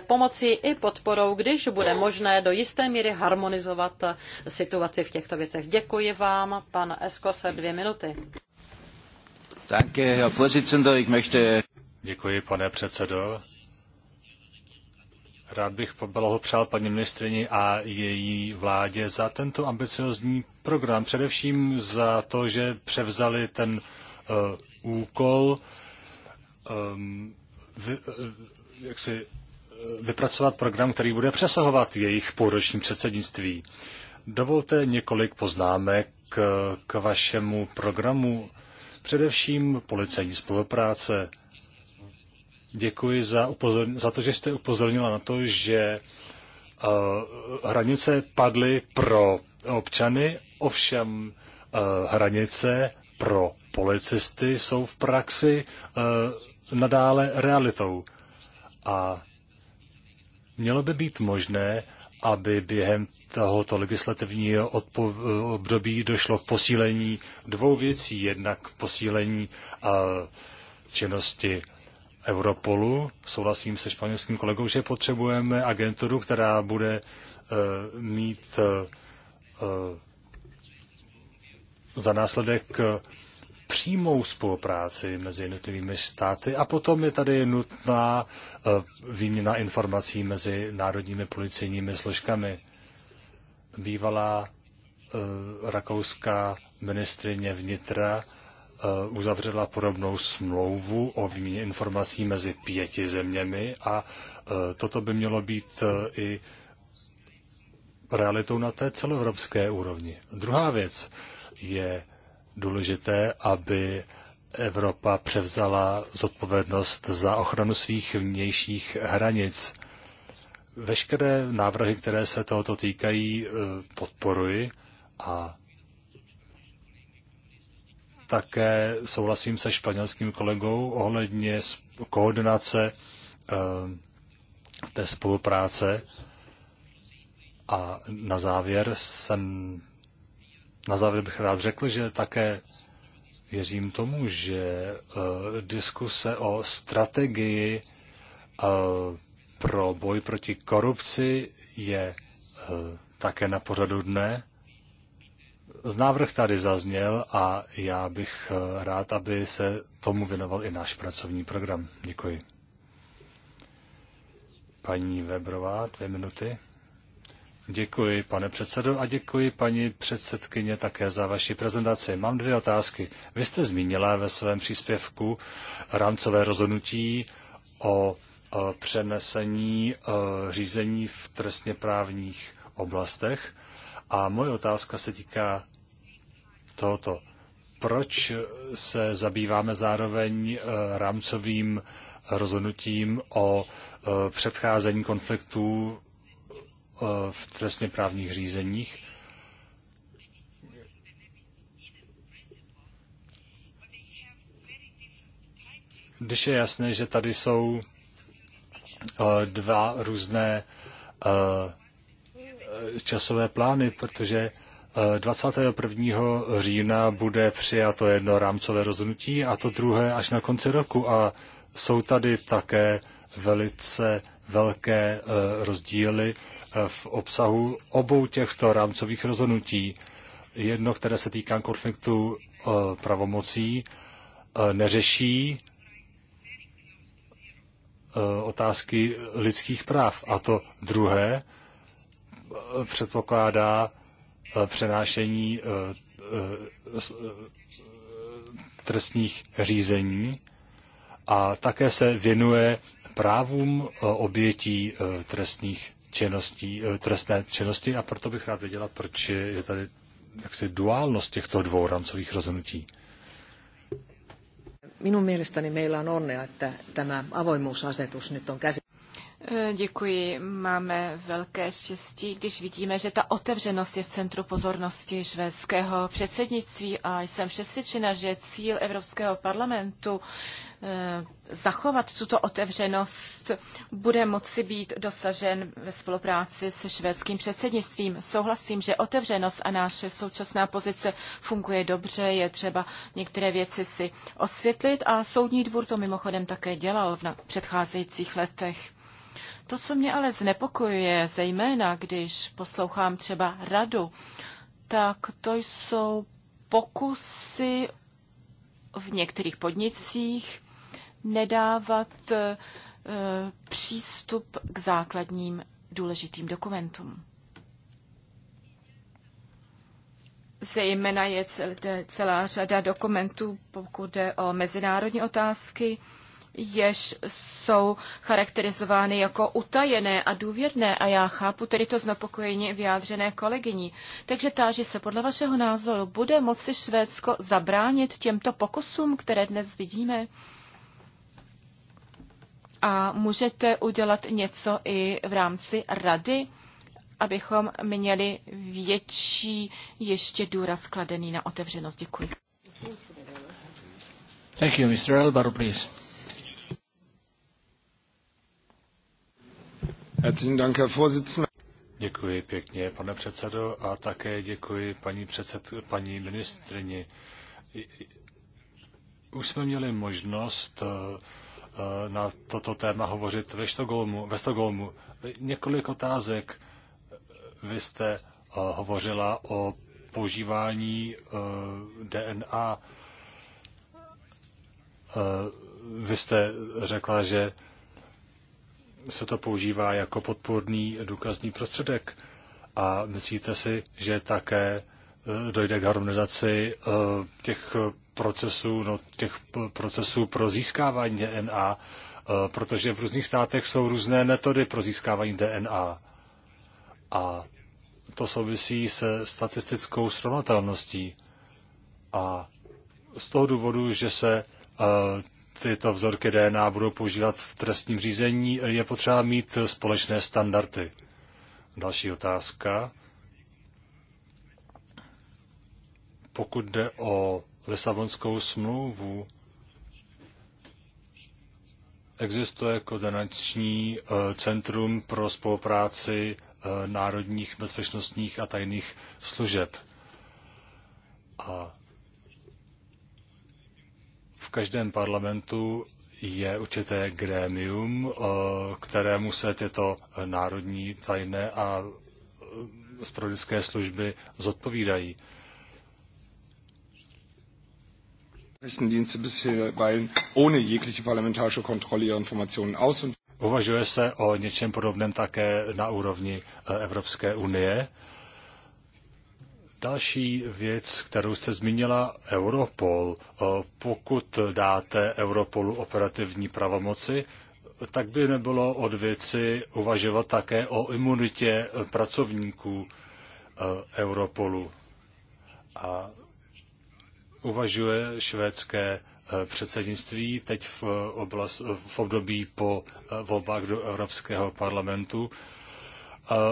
pomocí i podporou, když bude možné do jisté míry harmonizovat situaci v těchto věcech. Děkuji vám, pan Esko, dvě minuty. Danke, Herr Vorsitzender. Ich möchte Děkuji, pane předsedo. Rád bych poblahopřál paní ministrině a její vládě za tento ambiciozní program. Především za to, že převzali ten uh, úkol um, vy, uh, jak si, eh, vypracovat program, který bude přesahovat jejich půlroční předsednictví. Dovolte několik poznámek k, k vašemu programu, především policejní spolupráce. Děkuji za, upozor- za to, že jste upozornila na to, že uh, hranice padly pro občany, ovšem uh, hranice pro policisty jsou v praxi uh, nadále realitou. A mělo by být možné, aby během tohoto legislativního období došlo k posílení dvou věcí. Jednak posílení uh, činnosti Europolu. Souhlasím se španělským kolegou, že potřebujeme agenturu, která bude eh, mít eh, eh, za následek přímou spolupráci mezi jednotlivými státy a potom je tady nutná výměna informací mezi národními policejními složkami. Bývalá rakouská ministrině vnitra Eh, uzavřela podobnou smlouvu o výměně informací mezi pěti zeměmi a eh, toto by mělo být eh, i realitou na té celoevropské úrovni. Druhá věc je důležité, aby Evropa převzala zodpovědnost za ochranu svých vnějších hranic. Veškeré návrhy, které se tohoto týkají, podporuji a také souhlasím se španělským kolegou ohledně koordinace eh, té spolupráce. A na závěr jsem, na závěr bych rád řekl, že také věřím tomu, že eh, diskuse o strategii eh, pro boj proti korupci je také na pořadu dne z návrh tady zazněl a já bych eh, rád, aby se tomu věnoval i náš pracovní program. Děkuji. Paní Webrová, dvě minuty. Děkuji, pane předsedo, a děkuji, paní předsedkyně, také za vaši prezentaci. Mám dvě otázky. Vy jste zmínila ve svém příspěvku rámcové rozhodnutí o přenesení řízení v trestně právních oblastech. A moje otázka se týká tohoto. Proč se zabýváme zároveň eh, rámcovým rozhodnutím o eh, předcházení konfliktů eh, v trestně právních řízeních? Když je jasné, že tady jsou dva různé časové plány, protože 21. října bude přijato jedno rámcové rozhodnutí a to druhé až na konci roku a jsou tady také velice velké e, rozdíly e, v obsahu obou těchto rámcových rozhodnutí. Jedno, které se týká konfliktu e, pravomocí, neřeší otázky lidských práv. A to druhé předpokládá Eh, přenášení eh, eh, trestních řízení a také se věnuje právům obětí trestných činností, trestné činnosti a proto bych rád věděla, proč je tady jaksi duálnost těchto dvou rámcových rozhodnutí. Minun mielestäni meillä on onnea, että tämä avoimuusasetus nyt on käsitelty. Eh, děkuji. Máme velké štěstí, když vidíme, že ta otevřenost je v centru pozornosti švédského předsednictví a jsem přesvědčena, že cíl Evropského parlamentu eh, zachovat tuto otevřenost bude moci být dosažen ve spolupráci se švédským předsednictvím. Souhlasím, že otevřenost a naše současná pozice funguje dobře, je třeba některé věci si osvětlit a Soudní dvůr to mimochodem také dělal v předcházejících letech. To, co mě ale znepokojuje, zejména když poslouchám třeba radu, tak to jsou pokusy v některých podnicích nedávat e, přístup k základním důležitým dokumentům. Zejména je celá řada dokumentů, pokud jde o mezinárodní otázky, jež jsou charakterizovány jako utajené a důvěrné a já chápu tedy to znepokojení vyjádřené kolegyní. Takže táži se, podle vašeho názoru, bude moci Švédsko zabránit těmto pokusům, které dnes vidíme? A můžete udělat něco i v rámci rady, abychom měli větší ještě důraz kladený na otevřenost. Děkuji. Thank you, Mr. Elbaru, please. Děkuji pěkně, pane předsedo, a také děkuji paní, předsed, paní ministrini. Už jsme měli možnost eh, eh, na toto téma hovořit ve Štokholmu. Ve Štokholmu. Několik otázek. Vy jste eh, hovořila o používání DNA. Vy jste řekla, že se to používá jako podpůrný důkazní prostředek. A myslíte si, že také e, dojde k harmonizaci e, těch procesů, no, těch procesů pro získávání DNA, e, protože v různých státech jsou různé metody pro získávání DNA. A to souvisí se statistickou srovnatelností. A z toho důvodu, že se tyto vzorky DNA budou používat v trestním řízení, je potřeba mít společné standardy. Další otázka. Pokud jde o Lisabonskou smlouvu, existuje koordinační eh, centrum pro spolupráci eh, národních bezpečnostních a tajných služeb. A každém parlamentu je určité grémium, eh, kterému se tyto národní tajné a eh, zpravodajské služby zodpovídají. Uvažuje se o něčem podobném také na úrovni eh, Evropské unie. Další věc, kterou jste zmínila, Europol. Eh, pokud dáte Europolu operativní pravomoci, tak by nebylo od věci uvažovat také o imunitě pracovníků eh, Europolu. A uvažuje švédské eh, předsednictví teď v, oblast, v období po volbách do Evropského parlamentu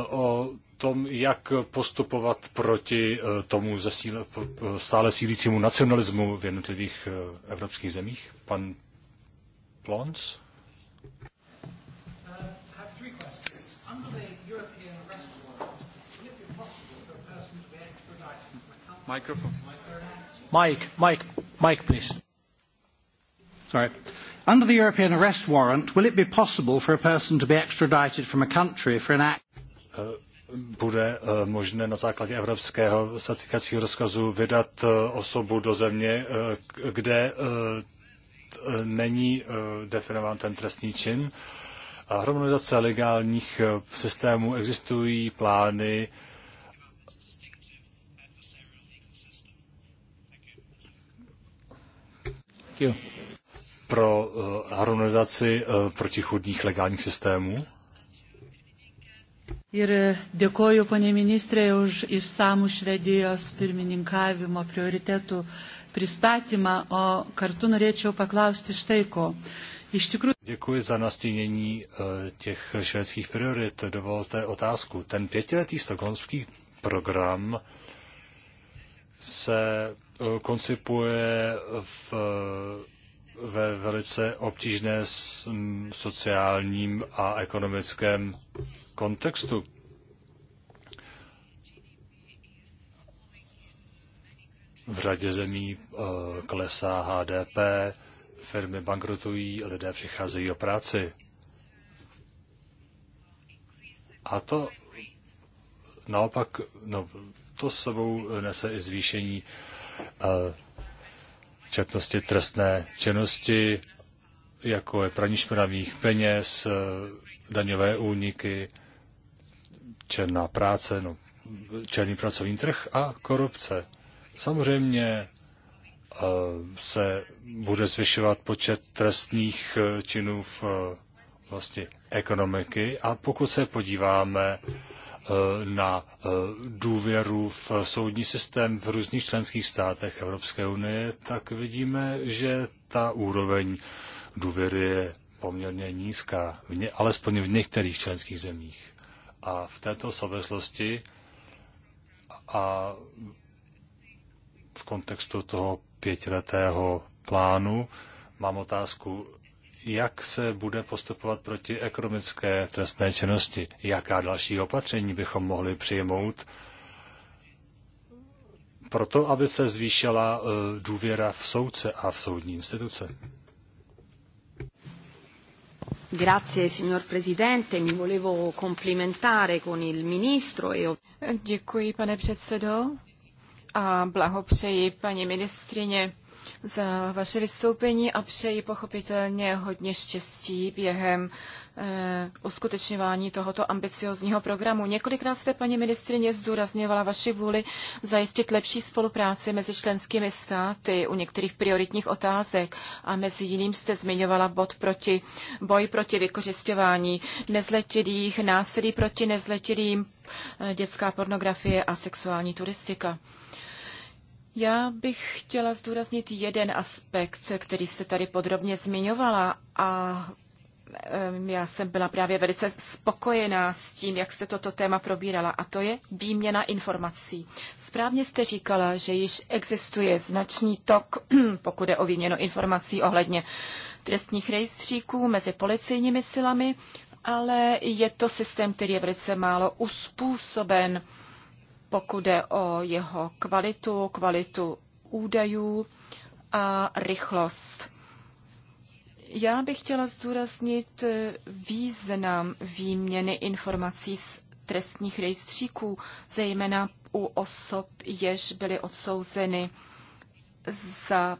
o tom, jak postupovat proti eh, tomu eh, stále sílícímu nacionalismu v jednotlivých eh, evropských zemích. Pan Plons? Uh, Microphone. Mike, Mike, Mike, please. Sorry. Under the European arrest warrant, will it be possible for a person to be extradited from a country for an act? Uh bude eh, možné na základě evropského statistikačního rozkazu vydat eh, osobu do země, eh, kde není definován ten trestní čin. A harmonizace legálních systémů existují plány, pro harmonizaci protichudných legálních systémů? Ir dėkoju, ponė ministrė, už išsamų Švedijos pirmininkavimo prioritetų pristatymą, o kartu norėčiau paklausti štai ko. Iš tikrųjų... Děkuji za nastínění eh, těch švédských priorit. Dovolte otázku. Ten pětiletý stokholmský program se eh, koncipuje v ve velice obtížné sociálním a ekonomickém kontextu. V řadě zemí eh, klesá HDP, firmy bankrotují, lidé přicházejí o práci. A to naopak, no, to s sebou nese i zvýšení eh, četnosti trestné činnosti, jako je praní špinavých peněz, eh, daňové úniky, černá práce, no, černý pracovní trh a korupce. Samozřejmě eh, se bude zvyšovat počet trestných eh, činů v vlastně ekonomiky a pokud se podíváme Eh, na eh, důvěru v soudní systém v různých členských státech Evropské unie, tak vidíme, že ta úroveň důvěry je poměrně nízká, alespoň v některých členských zemích. A v této souvislosti a v kontextu toho pětiletého plánu mám otázku, jak se bude postupovat proti ekonomické trestné činnosti, jaká další opatření bychom mohli přijmout, proto, aby se zvýšila eh, důvěra v soudce a v soudní instituce. Grazie signor Presidente, mi volevo complimentare con il Ministro e... Děkuji pane předsedo a blahopřeji paní ministrině za vaše vystoupení a přeji pochopitelně hodně štěstí během eh, uskutečňování tohoto ambiciozního programu. Několikrát jste, paní ministrině, zdůrazněvala vaši vůli zajistit lepší spolupráci mezi členskými státy u některých prioritních otázek a mezi jiným jste zmiňovala bod proti, boj proti vykořišťování nezletilých, násilí proti nezletilým, eh, dětská pornografie a sexuální turistika. Já bych chtěla zdůraznit jeden aspekt, který jste tady podrobně zmiňovala a já jsem byla právě velice spokojená s tím, jak se toto téma probírala, a to je výměna informací. Správně jste říkala, že již existuje značný tok, <clears throat> pokud je o výměnu informací ohledně trestních rejstříků mezi policejními silami, ale je to systém, který je velice málo uspůsoben pokud jde o jeho kvalitu, kvalitu údajů a rychlost. Já bych chtěla zdůraznit význam výměny informací z trestních rejstříků, zejména u osob, jež byly odsouzeny za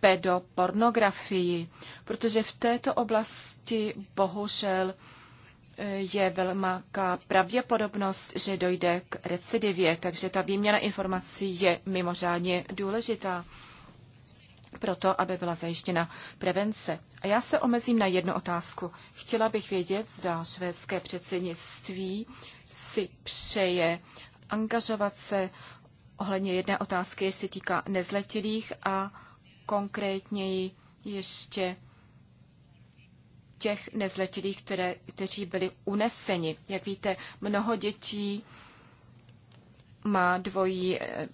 pedopornografii, protože v této oblasti bohužel je velká pravděpodobnost, že dojde k recidivě, takže ta výměna informací je mimořádně důležitá pro to, aby byla zajištěna prevence. A já se omezím na jednu otázku. Chtěla bych vědět, zda švédské předsednictví si přeje angažovat se ohledně jedné otázky, jestli týká nezletilých a konkrétněji ještě těch nezletilých, které, kteří byli uneseni. Jak víte, mnoho dětí má dvojí eh,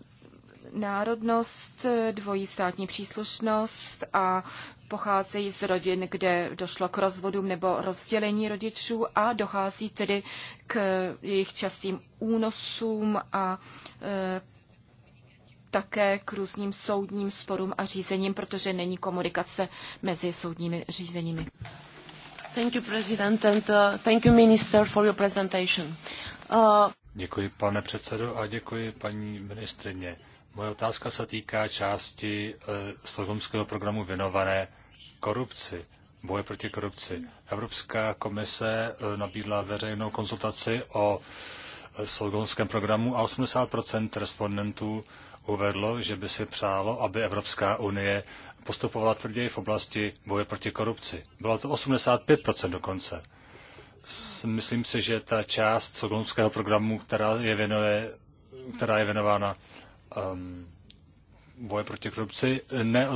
národnost, dvojí státní příslušnost a pocházejí z rodin, kde došlo k rozvodům nebo rozdělení rodičů a dochází tedy k jejich častým únosům a e, také k různým soudním sporům a řízením, protože není komunikace mezi soudními řízeními. Děkuji, pane předsedo, a děkuji, paní ministrině. Moje otázka se týká části uh, eh, stokholmského programu věnované korupci, boje proti korupci. Evropská komise uh, nabídla veřejnou konzultaci o eh, stokholmském programu a 80 respondentů uvedlo, že by si přálo, aby Evropská unie postupovala tvrději v oblasti boje proti korupci. Bylo to 85% dokonce. Myslím si, že ta část sokolomského programu, která je, věnuje, která je věnována um, boje proti korupci, ne,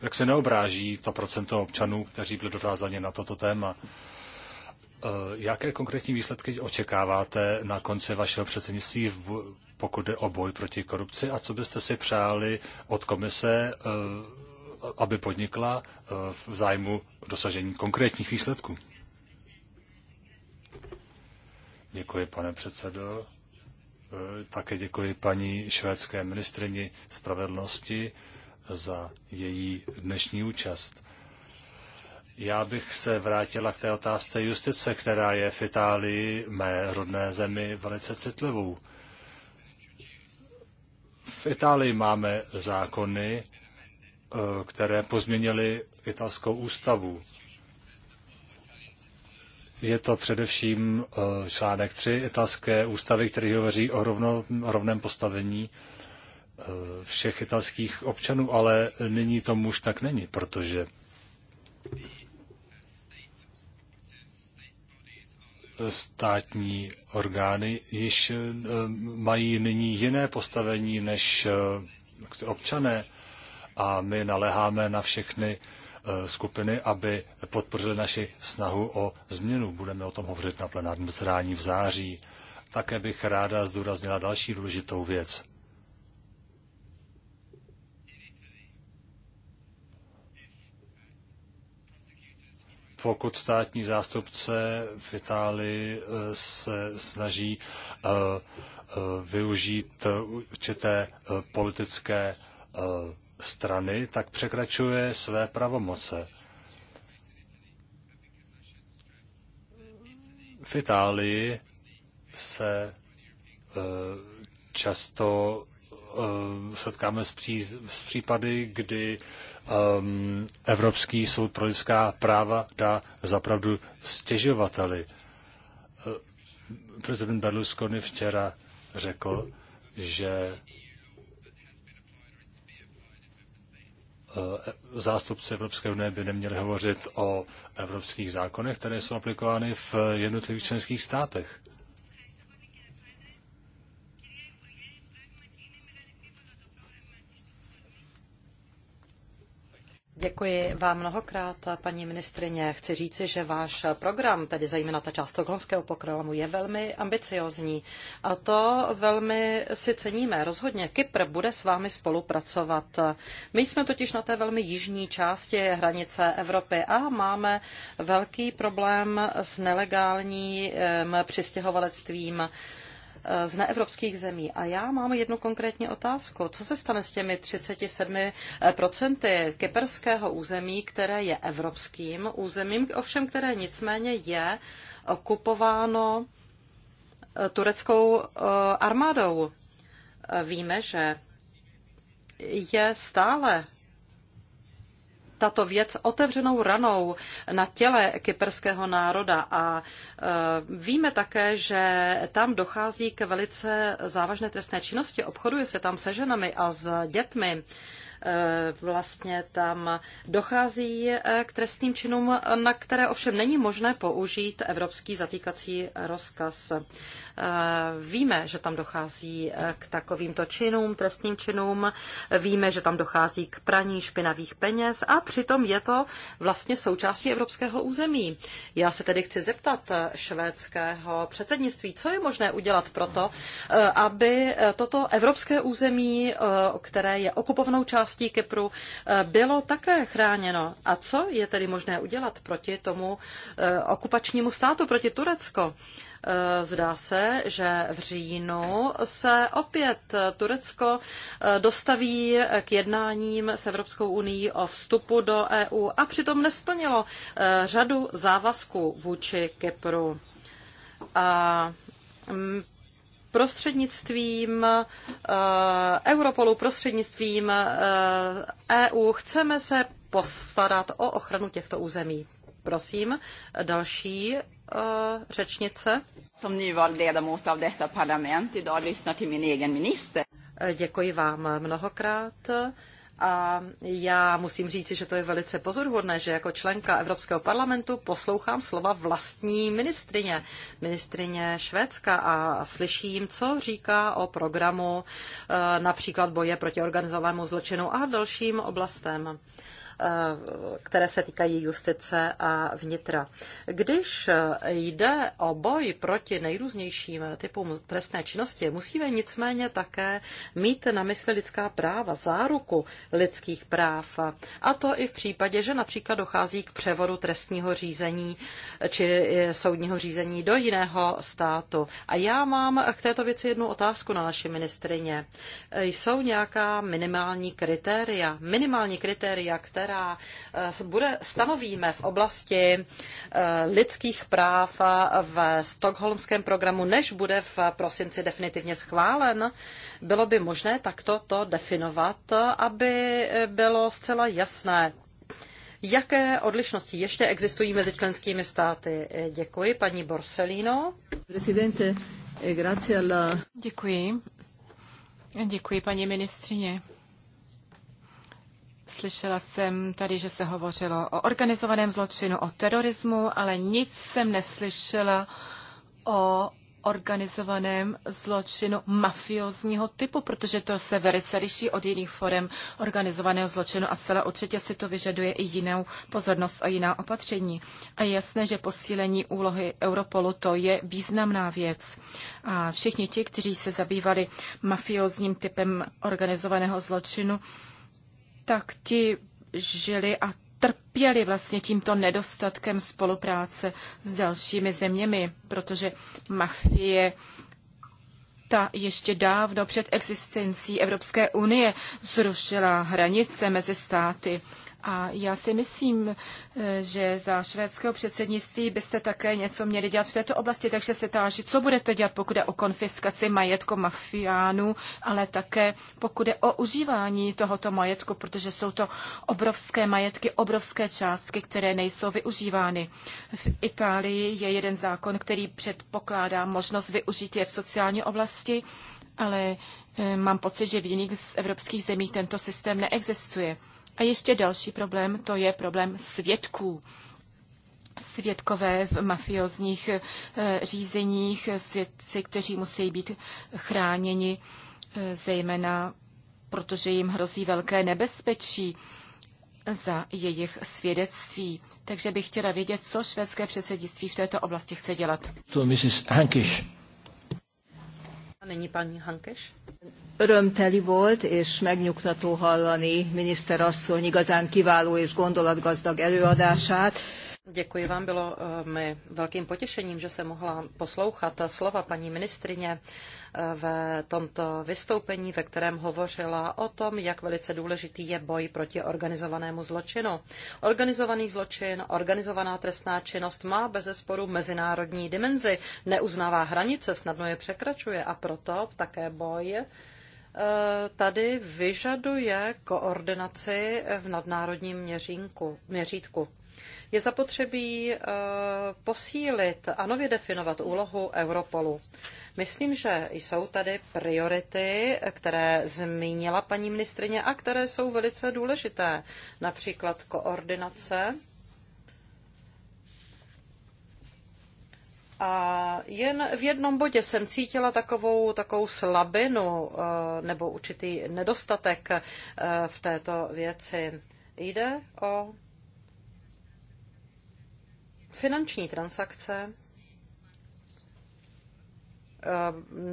jak se neobráží to procento občanů, kteří byli dotázáni na toto téma. Uh, jaké konkrétní výsledky očekáváte na konci vašeho předsednictví, pokud jde o boj proti korupci a co byste si přáli od komise uh, aby podnikla eh, v zájmu dosažení konkrétních výsledků. Děkuji, pane předsedo. Eh, také děkuji paní švédské ministrině spravedlnosti eh, za její dnešní účast. Já bych se vrátila k té otázce justice, která je v Itálii, mé rodné zemi, velice citlivou. V Itálii máme zákony, Eh, které pozměnily italskou ústavu. Je to především eh, článek 3 italské ústavy, který hovoří o rovno, rovném postavení eh, všech italských občanů, ale nyní to už tak není, protože státní orgány již mají nyní jiné postavení než občané a my naleháme na všechny eh, skupiny, aby podpořili naši snahu o změnu. Budeme o tom hovořit na plenárním zrání v září. Také bych ráda zdůraznila další důležitou věc. Pokud státní zástupce v Itálii eh, se snaží eh, využít určité politické strany, tak překračuje své pravomoce. V Itálii se eh, často eh, setkáme s, pří, s případy, kdy ehm, Evropský soud pro lidská práva dá zapravdu stěžovateli. Eh, prezident Berlusconi včera řekl, že Eh, zástupci Evropské unie by neměli hovořit o evropských zákonech, které jsou aplikovány v jednotlivých členských státech. Děkuji vám mnohokrát, paní ministrině. Chci říci, že váš program, tedy zejména ta část stokholmského programu, je velmi ambiciozní. A to velmi si ceníme. Rozhodně Kypr bude s vámi spolupracovat. My jsme totiž na té velmi jižní části hranice Evropy a máme velký problém s nelegálním eh, přistěhovalectvím Eh, z neevropských zemí. A já mám jednu konkrétní otázku. Co se stane s těmi 37% eh, kyperského území, které je evropským územím, ovšem které nicméně je okupováno eh, tureckou armádou? Víme, že je stále tato věc otevřenou ranou na těle kyperského národa a e, víme také, že tam dochází k velice závažné trestné činnosti, obchoduje se tam se ženami a s dětmi e, vlastně tam dochází e, k trestným činům, na které ovšem není možné použít evropský zatýkací rozkaz. Eh, víme, že tam dochází eh, k takovýmto činům, trestním činům, víme, že tam dochází k praní špinavých peněz a přitom je to vlastně součástí evropského území. Já se tedy chci zeptat eh, švédského předsednictví, co je možné udělat proto, aby toto evropské území, které je okupovanou částí Kypru, bylo také chráněno. A co je tedy možné udělat proti tomu okupačnímu státu, proti Turecko? Eh, zdá se, že v říjnu se opět Turecko eh, dostaví k jednáním s Evropskou unii o vstupu do EU a přitom nesplnilo eh, řadu závazků vůči Kypru. A mm, prostřednictvím Europolu, prostřednictvím EU e chceme se postarat o ochranu těchto území. Prosím, další Eh, řečnice. Som nyvald ledamot av detta parlament idag lyssnar till min egen minister. Eh, děkuji vám mnohokrát. A já musím říci, že to je velice pozoruhodné, že jako členka Evropského parlamentu poslouchám slova vlastní ministrině, ministrině Švédska a slyším, co říká o programu eh, například boje proti organizovanému zločinu a dalším oblastem. Eh, které se týkají justice a vnitra. Když jde o boj proti nejrůznějším typům trestné činnosti, musíme nicméně také mít na mysli lidská práva, záruku lidských práv. A to i v případě, že například dochází k převodu trestního řízení či soudního řízení do jiného státu. A já mám k této věci jednu otázku na naši ministrině. Jsou nějaká minimální kritéria, minimální kritéria, které která eh, bude, stanovíme v oblasti eh, lidských práv v stokholmském programu, než bude v prosinci definitivně schválen, bylo by možné takto to definovat, aby bylo zcela jasné, Jaké odlišnosti ještě existují mezi členskými státy? Děkuji, paní Borsellino. Eh, Děkuji. Děkuji, paní ministrině. Slyšela jsem tady, že se hovořilo o organizovaném zločinu, o terorismu, ale nic jsem neslyšela o organizovaném zločinu mafiozního typu, protože to se velice liší od jiných forem organizovaného zločinu a zcela určitě si to vyžaduje i jinou pozornost a jiná opatření. A je jasné, že posílení úlohy Europolu to je významná věc. A všichni ti, kteří se zabývali mafiozním typem organizovaného zločinu, tak ti žili a trpěli vlastně tímto nedostatkem spolupráce s dalšími zeměmi, protože mafie ta ještě dávno před existencí Evropské unie zrušila hranice mezi státy. A já si myslím, eh, že za švédského předsednictví byste také něco měli dělat v této oblasti, takže se táží, co budete dělat, pokud je o konfiskaci majetku mafiánů, ale také pokud je o užívání tohoto majetku, protože jsou to obrovské majetky, obrovské částky, které nejsou využívány. V Itálii je jeden zákon, který předpokládá možnost využití v sociální oblasti, ale eh, mám pocit, že v jiných z evropských zemí tento systém neexistuje. A ještě další problém, to je problém svědků svědkové v mafiozních eh, řízeních, svědci, kteří musí být chráněni, eh, zejména protože jim hrozí velké nebezpečí za jejich svědectví. Takže bych chtěla vědět, co švédské předsednictví v této oblasti chce dělat. To Mrs. Hankish. A není paní Hankeš? örömteli volt és megnyugtató hallani miniszterasszony igazán kiváló és gondolatgazdag előadását. Děkuji vám, bylo eh, mi velkým potěšením, že jsem mohla poslouchat slova paní ministrině eh, v tomto vystoupení, ve kterém hovořila o tom, jak velice důležitý je boj proti organizovanému zločinu. Organizovaný zločin, organizovaná trestná činnost má bezesporu mezinárodní dimenzi, neuznává hranice, snadno je překračuje a proto také boj tady vyžaduje koordinaci v nadnárodním měřínku, měřítku. Je zapotřebí eh, posílit a nově definovat úlohu Europolu. Myslím, že jsou tady priority, které zmínila paní ministrině a které jsou velice důležité. Například koordinace A jen v jednom bodě jsem cítila takovou, takovou slabinu eh, nebo určitý nedostatek eh, v této věci. Jde o finanční transakce eh,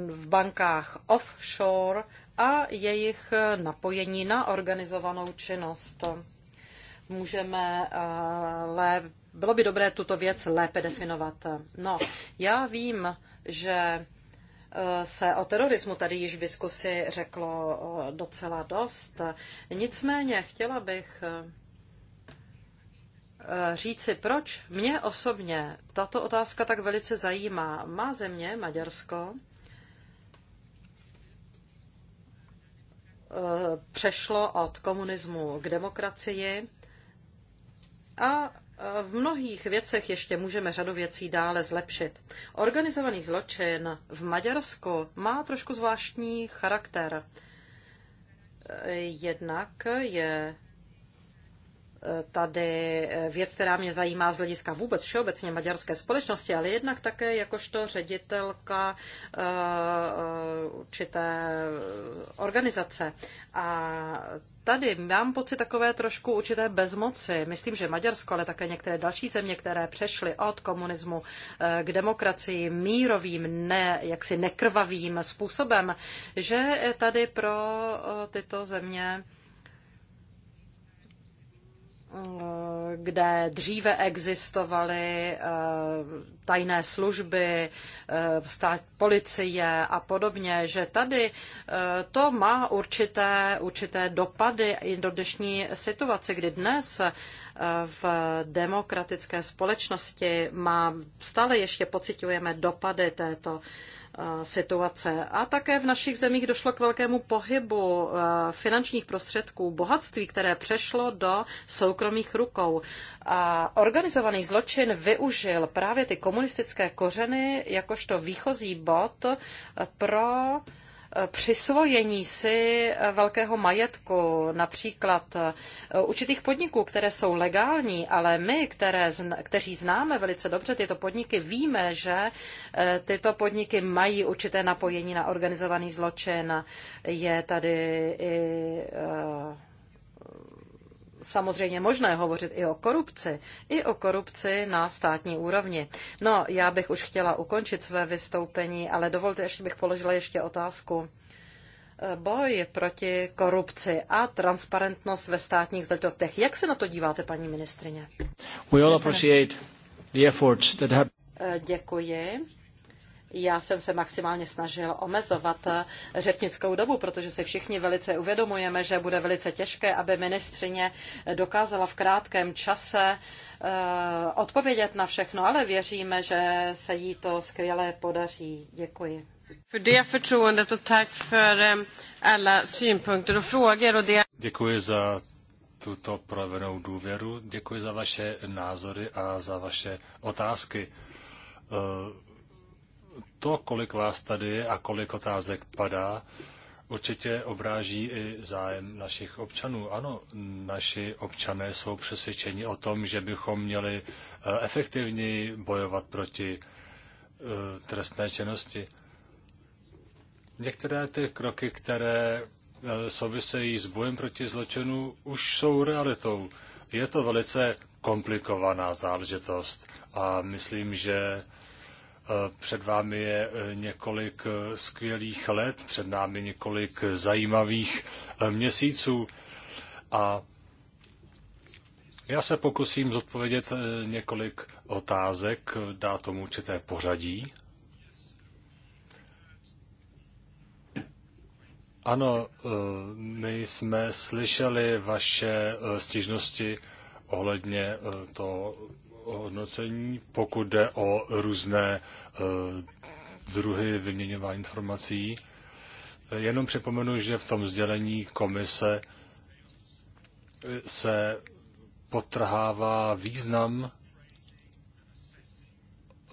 v bankách offshore a jejich napojení na organizovanou činnost. Můžeme lépe bylo by dobré tuto věc lépe definovat. No, já vím, že eh, se o terorismu tady již v diskusi řeklo eh, docela dost. Nicméně chtěla bych eh, říci, proč mě osobně tato otázka tak velice zajímá. Má země, Maďarsko, přešlo od komunismu k demokracii a v mnohých věcech ještě můžeme řadu věcí dále zlepšit. Organizovaný zločin v Maďarsku má trošku zvláštní charakter. Jednak je tady eh, věc, která mě zajímá z hlediska vůbec všeobecně maďarské společnosti, ale jednak také jakožto ředitelka eh, určité organizace. A tady mám pocit takové trošku určité bezmoci. Myslím, že Maďarsko, ale také některé další země, které přešly od komunismu eh, k demokracii mírovým, ne jaksi nekrvavým způsobem, že tady pro tyto země kde dříve existovaly eh, tajné služby, eh, stát policie a podobně, že tady eh, to má určité, určité dopady i do dnešní situace, kdy dnes v demokratické společnosti má, stále ještě pocitujeme dopady této situace. A také v našich zemích došlo k velkému pohybu finančních prostředků, bohatství, které přešlo do soukromých rukou. A organizovaný zločin využil právě ty komunistické kořeny jakožto výchozí bod pro přisvojení si velkého majetku, například eh, určitých podniků, které jsou legální, ale my, které, kteří známe velice dobře tyto podniky, víme, že eh, tyto podniky mají určité napojení na organizovaný zločin. Je tady i eh, samozřejmě možné hovořit i o korupci, i o korupci na státní úrovni. No, já bych už chtěla ukončit své vystoupení, ale dovolte, ještě bych položila ještě otázku. Boj proti korupci a transparentnost ve státních zležitostech. Jak se na to díváte, paní ministrině? We all appreciate the efforts that have... Eh, děkuji. Já jsem se maximálně snažil omezovat eh, řečnickou dobu, protože si všichni velice uvědomujeme, že bude velice těžké, aby ministřině eh, dokázala v krátkém čase eh, odpovědět na všechno, ale věříme, že se jí to skvěle podaří. Děkuji. Děkuji za tuto projevenou důvěru, děkuji za vaše názory a za vaše otázky to, kolik vás tady je a kolik otázek padá, určitě obráží i zájem našich občanů. Ano, naši občané jsou přesvědčeni o tom, že bychom měli eh, efektivněji bojovat proti eh, trestné činnosti. Některé ty kroky, které eh, souvisejí s bojem proti zločinu, už jsou realitou. Je to velice komplikovaná záležitost a myslím, že Eh, před vámi je eh, několik eh, skvělých let, před námi několik zajímavých měsíců a já se pokusím zodpovědět několik otázek, dá tomu určité pořadí. Ano, my jsme slyšeli vaše stížnosti ohledně to, hodnocení, pokud jde o různé eh, druhy vyměňování informací. Jenom připomenu, že v tom sdělení komise eh, se potrhává význam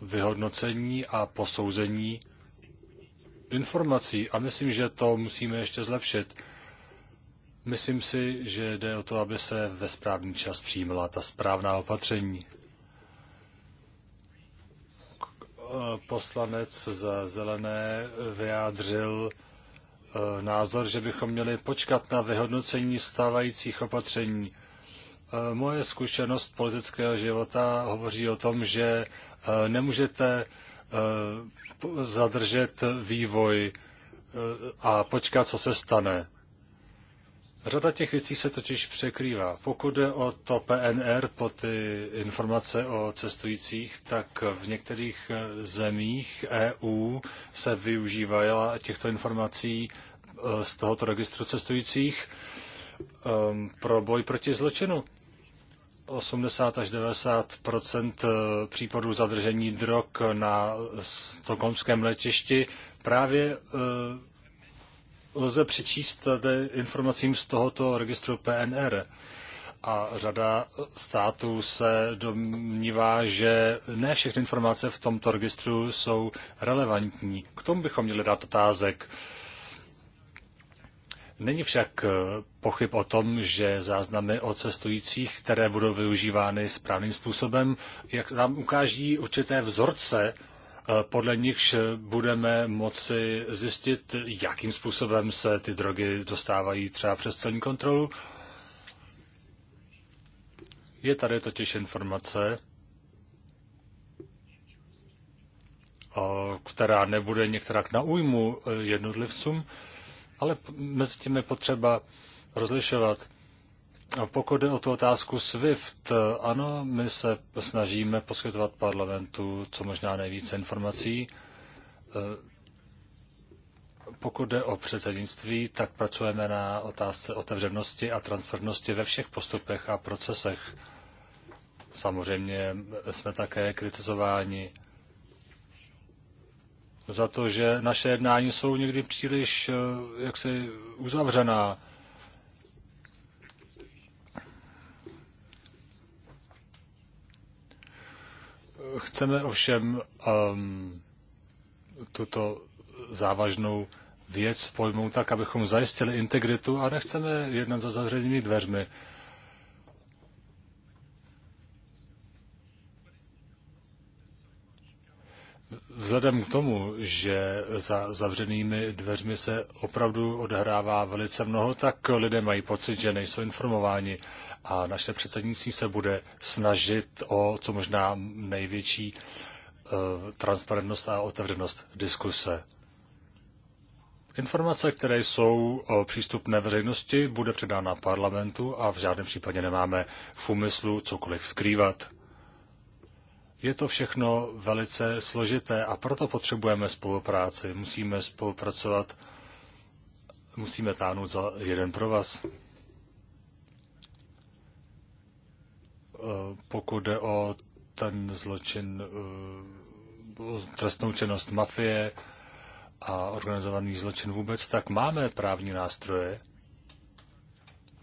vyhodnocení a posouzení informací a myslím, že to musíme ještě zlepšit. Myslím si, že jde o to, aby se ve správný čas přijímala ta správná opatření. poslanec za zelené vyjádřil eh, názor, že bychom měli počkat na vyhodnocení stávajících opatření. Eh, moje zkušenost politického života hovoří o tom, že eh, nemůžete zadržet vývoj a počkat, co se stane. Řada těch věcí se totiž překrývá. Pokud jde o to PNR, po ty informace o cestujících, tak v některých eh, zemích EU se využívala těchto informací eh, z tohoto registru cestujících ehm, pro boj proti zločinu. 80 až 90 eh, případů zadržení drog na stokholmském letišti právě lze přečíst tady informacím z tohoto registru PNR. A řada států se domnívá, že ne všechny informace v tomto registru jsou relevantní. K tomu bychom měli dát otázek. Není však pochyb o tom, že záznamy o cestujících, které budou využívány správným způsobem, jak nám ukáží určité vzorce Eh, podle nichž budeme moci zjistit, jakým způsobem se ty drogy dostávají třeba přes celní kontrolu. Je tady totiž informace, která nebude některak na újmu eh, jednotlivcům, ale mezi tím je potřeba rozlišovat. Pokud jde o tu otázku SWIFT, ano, my se snažíme poskytovat parlamentu co možná nejvíce informací. Eh, pokud jde o předsednictví, tak pracujeme na otázce otevřenosti a transparentnosti ve všech postupech a procesech. Samozřejmě jsme také kritizováni za to, že naše jednání jsou někdy příliš eh, jaksi uzavřená Chceme ovšem um, tuto závažnou věc pojmout tak, abychom zajistili integritu a nechceme jednat za zavřenými dveřmi. Vzhledem k tomu, že za zavřenými dveřmi se opravdu odhrává velice mnoho, tak lidé mají pocit, že nejsou informováni a naše předsednictví se bude snažit o co možná největší eh, transparentnost a otevřenost diskuse. Informace, které jsou přístupné veřejnosti, bude předána parlamentu a v žádném případě nemáme v úmyslu cokoliv skrývat. Je to všechno velice složité a proto potřebujeme spolupráci. Musíme spolupracovat, musíme táhnout za jeden provaz. Eh, pokud jde o ten zločin, eh, trestnou činnost mafie a organizovaný zločin vůbec, tak máme právní nástroje,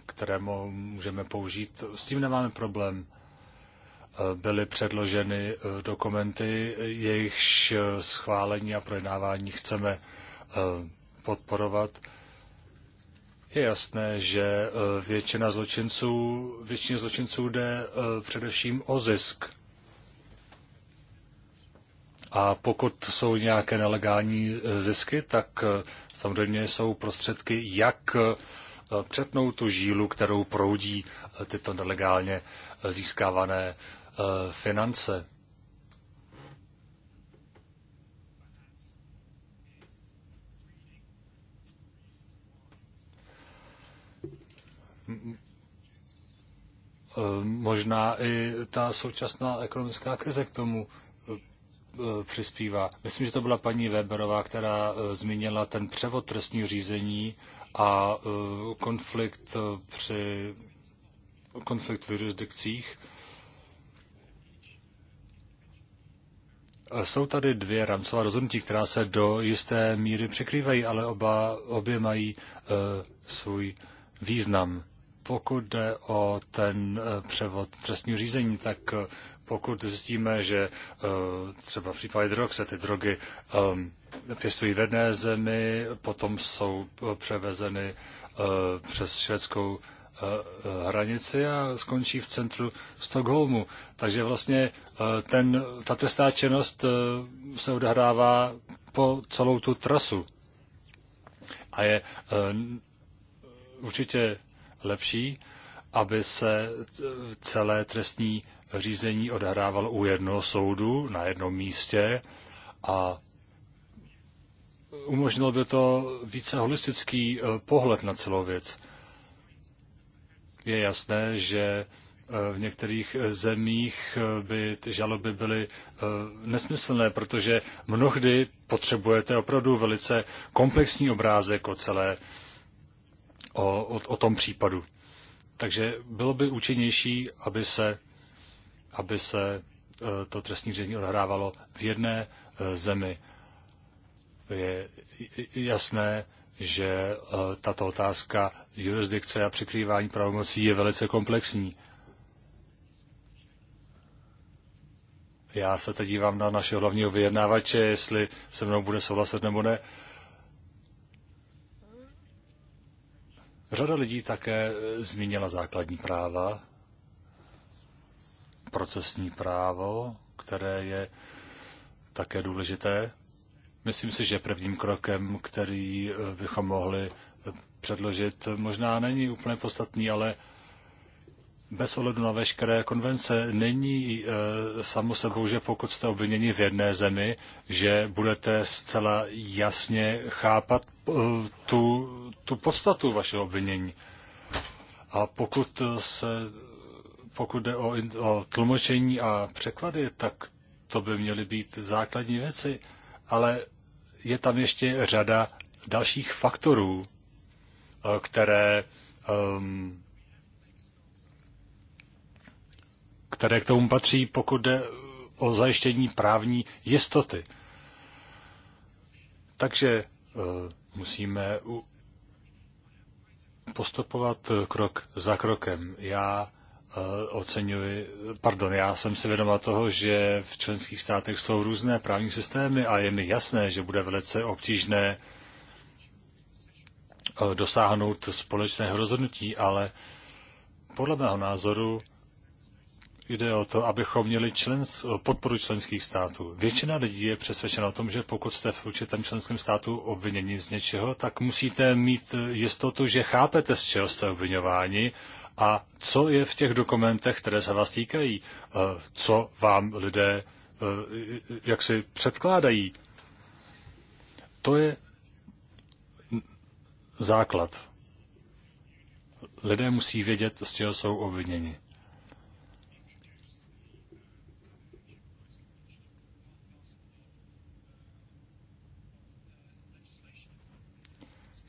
které můžeme použít. S tím nemáme problém. Eh, byly předloženy dokumenty, jejichž schválení a projednávání chceme podporovat. Je jasné, že e, většina zločinců, většině zločinců jde e, především o zisk. A pokud jsou nějaké nelegální e, zisky, tak samozřejmě jsou prostředky, jak přetnout tu žílu, kterou proudí tyto nelegálně získávané finance. Eh, možná i ta současná ekonomická krize k tomu eh, eh, přispívá. Myslím, že to byla paní Weberová, která zmínila ten převod trestního řízení a konflikt při konflikt v jurisdikcích. Jsou tady dvě rámcová rozhodnutí, která se do jisté míry překrývají, ale oba, obě mají e, svůj význam. Pokud jde o ten eh, převod trestního řízení, tak eh, pokud zjistíme, že eh, třeba v případě drog se ty drogy pěstují v jedné zemi, potom jsou převezeny přes švédskou hranici a skončí v centru Stockholmu. Takže vlastně ten, ta trestná činnost se odehrává po celou tu trasu. A je určitě lepší, aby se celé trestní řízení odehrávalo u jednoho soudu na jednom místě a umožnilo by to více holistický eh, pohled na celou věc. Je jasné, že eh, v některých eh, zemích by ty žaloby byly nesmyslné, protože mnohdy potřebujete opravdu velice komplexní obrázek o celé o, o, o tom případu. Takže bylo by účinnější, aby se, aby se e, to trestní řízení odhrávalo v jedné e, zemi. Je jasné, že e, tato otázka jurisdikce a překrývání pravomocí je velice komplexní. Já se teď dívám na našeho hlavního vyjednávače, jestli se mnou bude souhlasit nebo ne. Uh, Řada lidí také e, změnila základní práva, procesní právo, které je také důležité. Myslím si, že prvním krokem, který e, bychom mohli e, předložit, možná není úplně podstatný, ale bez ohledu na veškeré konvence není e, samo sebou, že pokud jste obviněni v jedné zemi, že budete zcela jasně chápat e, tu, tu podstatu vašeho obvinění. A pokud se pokud jde o, o tlumočení a překlady, tak to by měly být základní věci, ale je tam ještě řada dalších faktorů, eh, které ehm, které k tomu patří, pokud jde o zajištění právní jistoty. Takže e, musíme postupovat krok za krokem. Já e, oceňuji, pardon, já jsem si vědoma toho, že v členských státech jsou různé právní systémy a je mi jasné, že bude velice obtížné e, dosáhnout společného rozhodnutí, ale podle mého názoru jde o to, abychom měli člens, podporu členských států. Většina lidí je přesvědčena o tom, že pokud jste v určitém členském státu obviněni z něčeho, tak musíte mít jistotu, že chápete, z čeho jste obvinováni a co je v těch dokumentech, které se vás týkají, e, co vám lidé e, jak si předkládají. To je základ. Lidé musí vědět, z čeho jsou obviněni.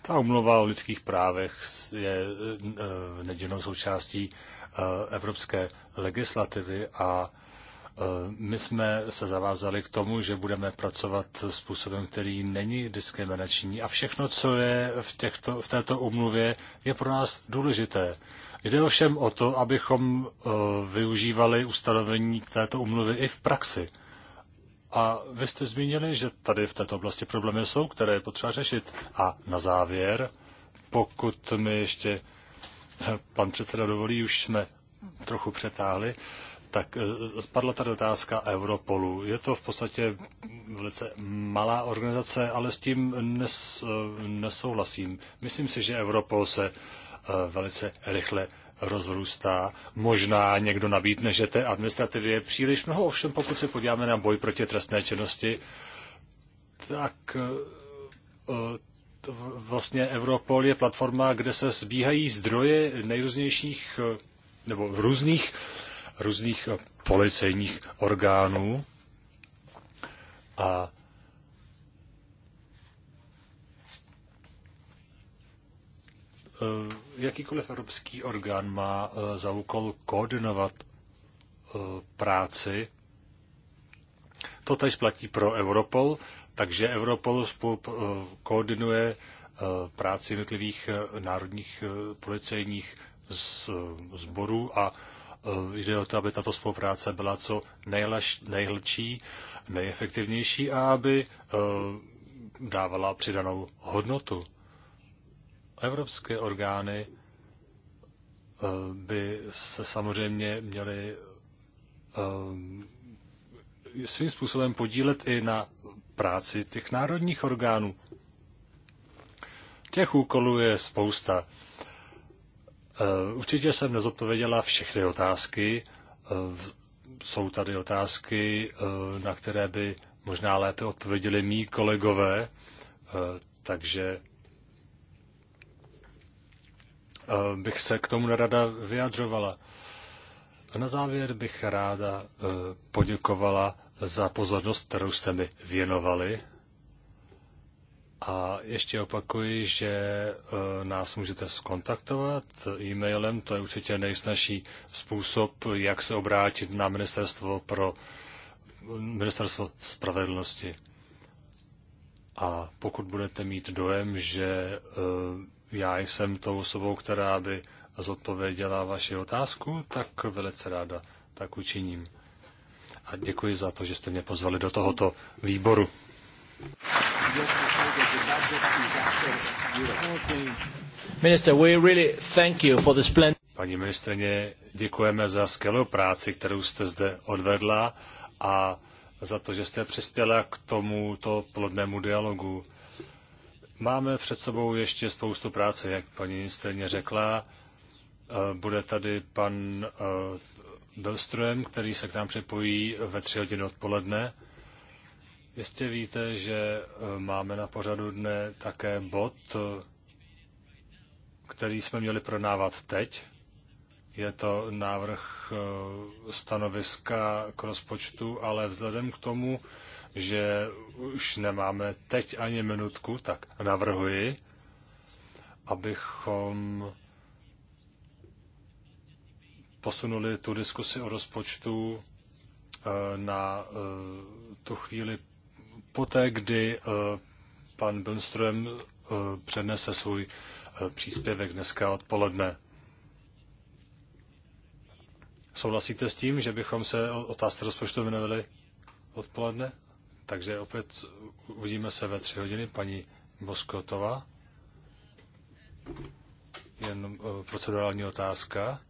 Ta umluva o lidských právech je eh, eh, nedělnou součástí eh, evropské legislativy a my jsme se zavázali k tomu, že budeme pracovat způsobem, který není diskriminační a všechno, co je v, těchto, v této umluvě, je pro nás důležité. Jde ovšem o to, abychom využívali ustanovení této umluvy i v praxi. A vy jste zmínili, že tady v této oblasti problémy jsou, které je potřeba řešit. A na závěr, pokud mi ještě eh, pan předseda dovolí, už jsme trochu přetáhli, tak eh, spadla tady otázka Europolu. Je to v podstatě velice malá organizace, ale s tím nes, eh, nesouhlasím. Myslím si, že Europol se velice rychle rozrůstá. Možná někdo nabídne, že té administrativy je příliš mnoho, ovšem pokud se podíváme na boj proti trestné činnosti, tak eh, vlastně Europol je platforma, kde se zbíhají zdroje nejrůznějších eh, nebo různých, různých eh, policejních orgánů. A uh, jakýkoliv evropský orgán má eh, za úkol koordinovat eh, práci. To tež platí pro Europol, takže Europol eh, koordinuje práci jednotlivých národních policejních sborů a jde o to, aby tato spolupráce byla co nejhlčí, nejefektivnější a aby dávala přidanou hodnotu. Evropské orgány eh, by se samozřejmě měly eh, svým způsobem podílet i na práci těch národních orgánů. Těch úkolů je spousta. Eh, určitě jsem nezodpověděla všechny otázky. Jsou tady otázky, na které by možná lépe odpověděli mý kolegové, takže Eh, bych se k tomu nerada vyjadřovala. A na závěr bych ráda eh, poděkovala za pozornost, kterou jste mi věnovali. A ještě opakuji, že eh, nás můžete skontaktovat e-mailem, to je určitě nejsnažší způsob, jak se obrátit na ministerstvo pro ministerstvo spravedlnosti. A pokud budete mít dojem, že já jsem tou osobou, která by zodpověděla vaši otázku, tak velice ráda tak učiním. A děkuji za to, že jste mě pozvali do tohoto výboru. Minister, we really thank you for Paní ministrině, děkujeme za skvělou práci, kterou jste zde odvedla a za to, že jste přispěla k tomuto plodnému dialogu. Máme před sebou ještě spoustu práce, jak paní ministrině řekla. Eh, bude tady pan eh, Belström, který se k nám připojí ve tři hodiny odpoledne. Jistě víte, že eh, máme na pořadu dne také bod, který jsme měli pronávat teď. Je to návrh stanoviska k rozpočtu, ale vzhledem k tomu, že už nemáme teď ani minutku, tak navrhuji, abychom posunuli tu diskusi o rozpočtu eh, na eh, tu chvíli poté, kdy eh, pan Bönström přednese svůj příspěvek dneska odpoledne. Souhlasíte s tím, že bychom se otázce rozpočtu věnovali odpoledne? Takže opět uvidíme se ve tři hodiny. Paní Boskotová, jen eh, procedurální otázka.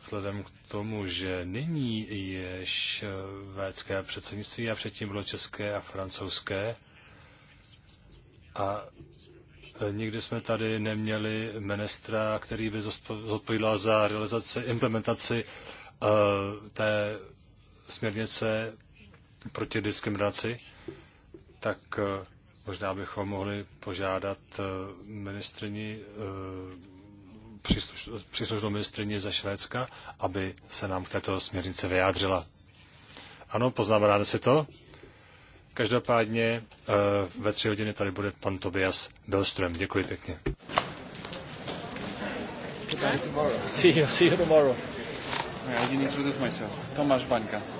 Vzhledem k tomu, že nyní je švédské předsednictví a předtím bylo české a francouzské, a eh, nikdy jsme tady neměli ministra, který by zodpovídal za realizaci, implementaci eh, té směrnice proti diskriminaci, tak eh, možná bychom mohli požádat eh, ministrní eh, příslušnou ministrině ze Švédska, aby se nám k této směrnice vyjádřila. Ano, poznamenáte si to? Každopádně ve tři hodiny tady bude pan Tobias Belström. Děkuji pěkně. See you, see you tomorrow. Yeah, I didn't introduce myself. Tomáš Baňka.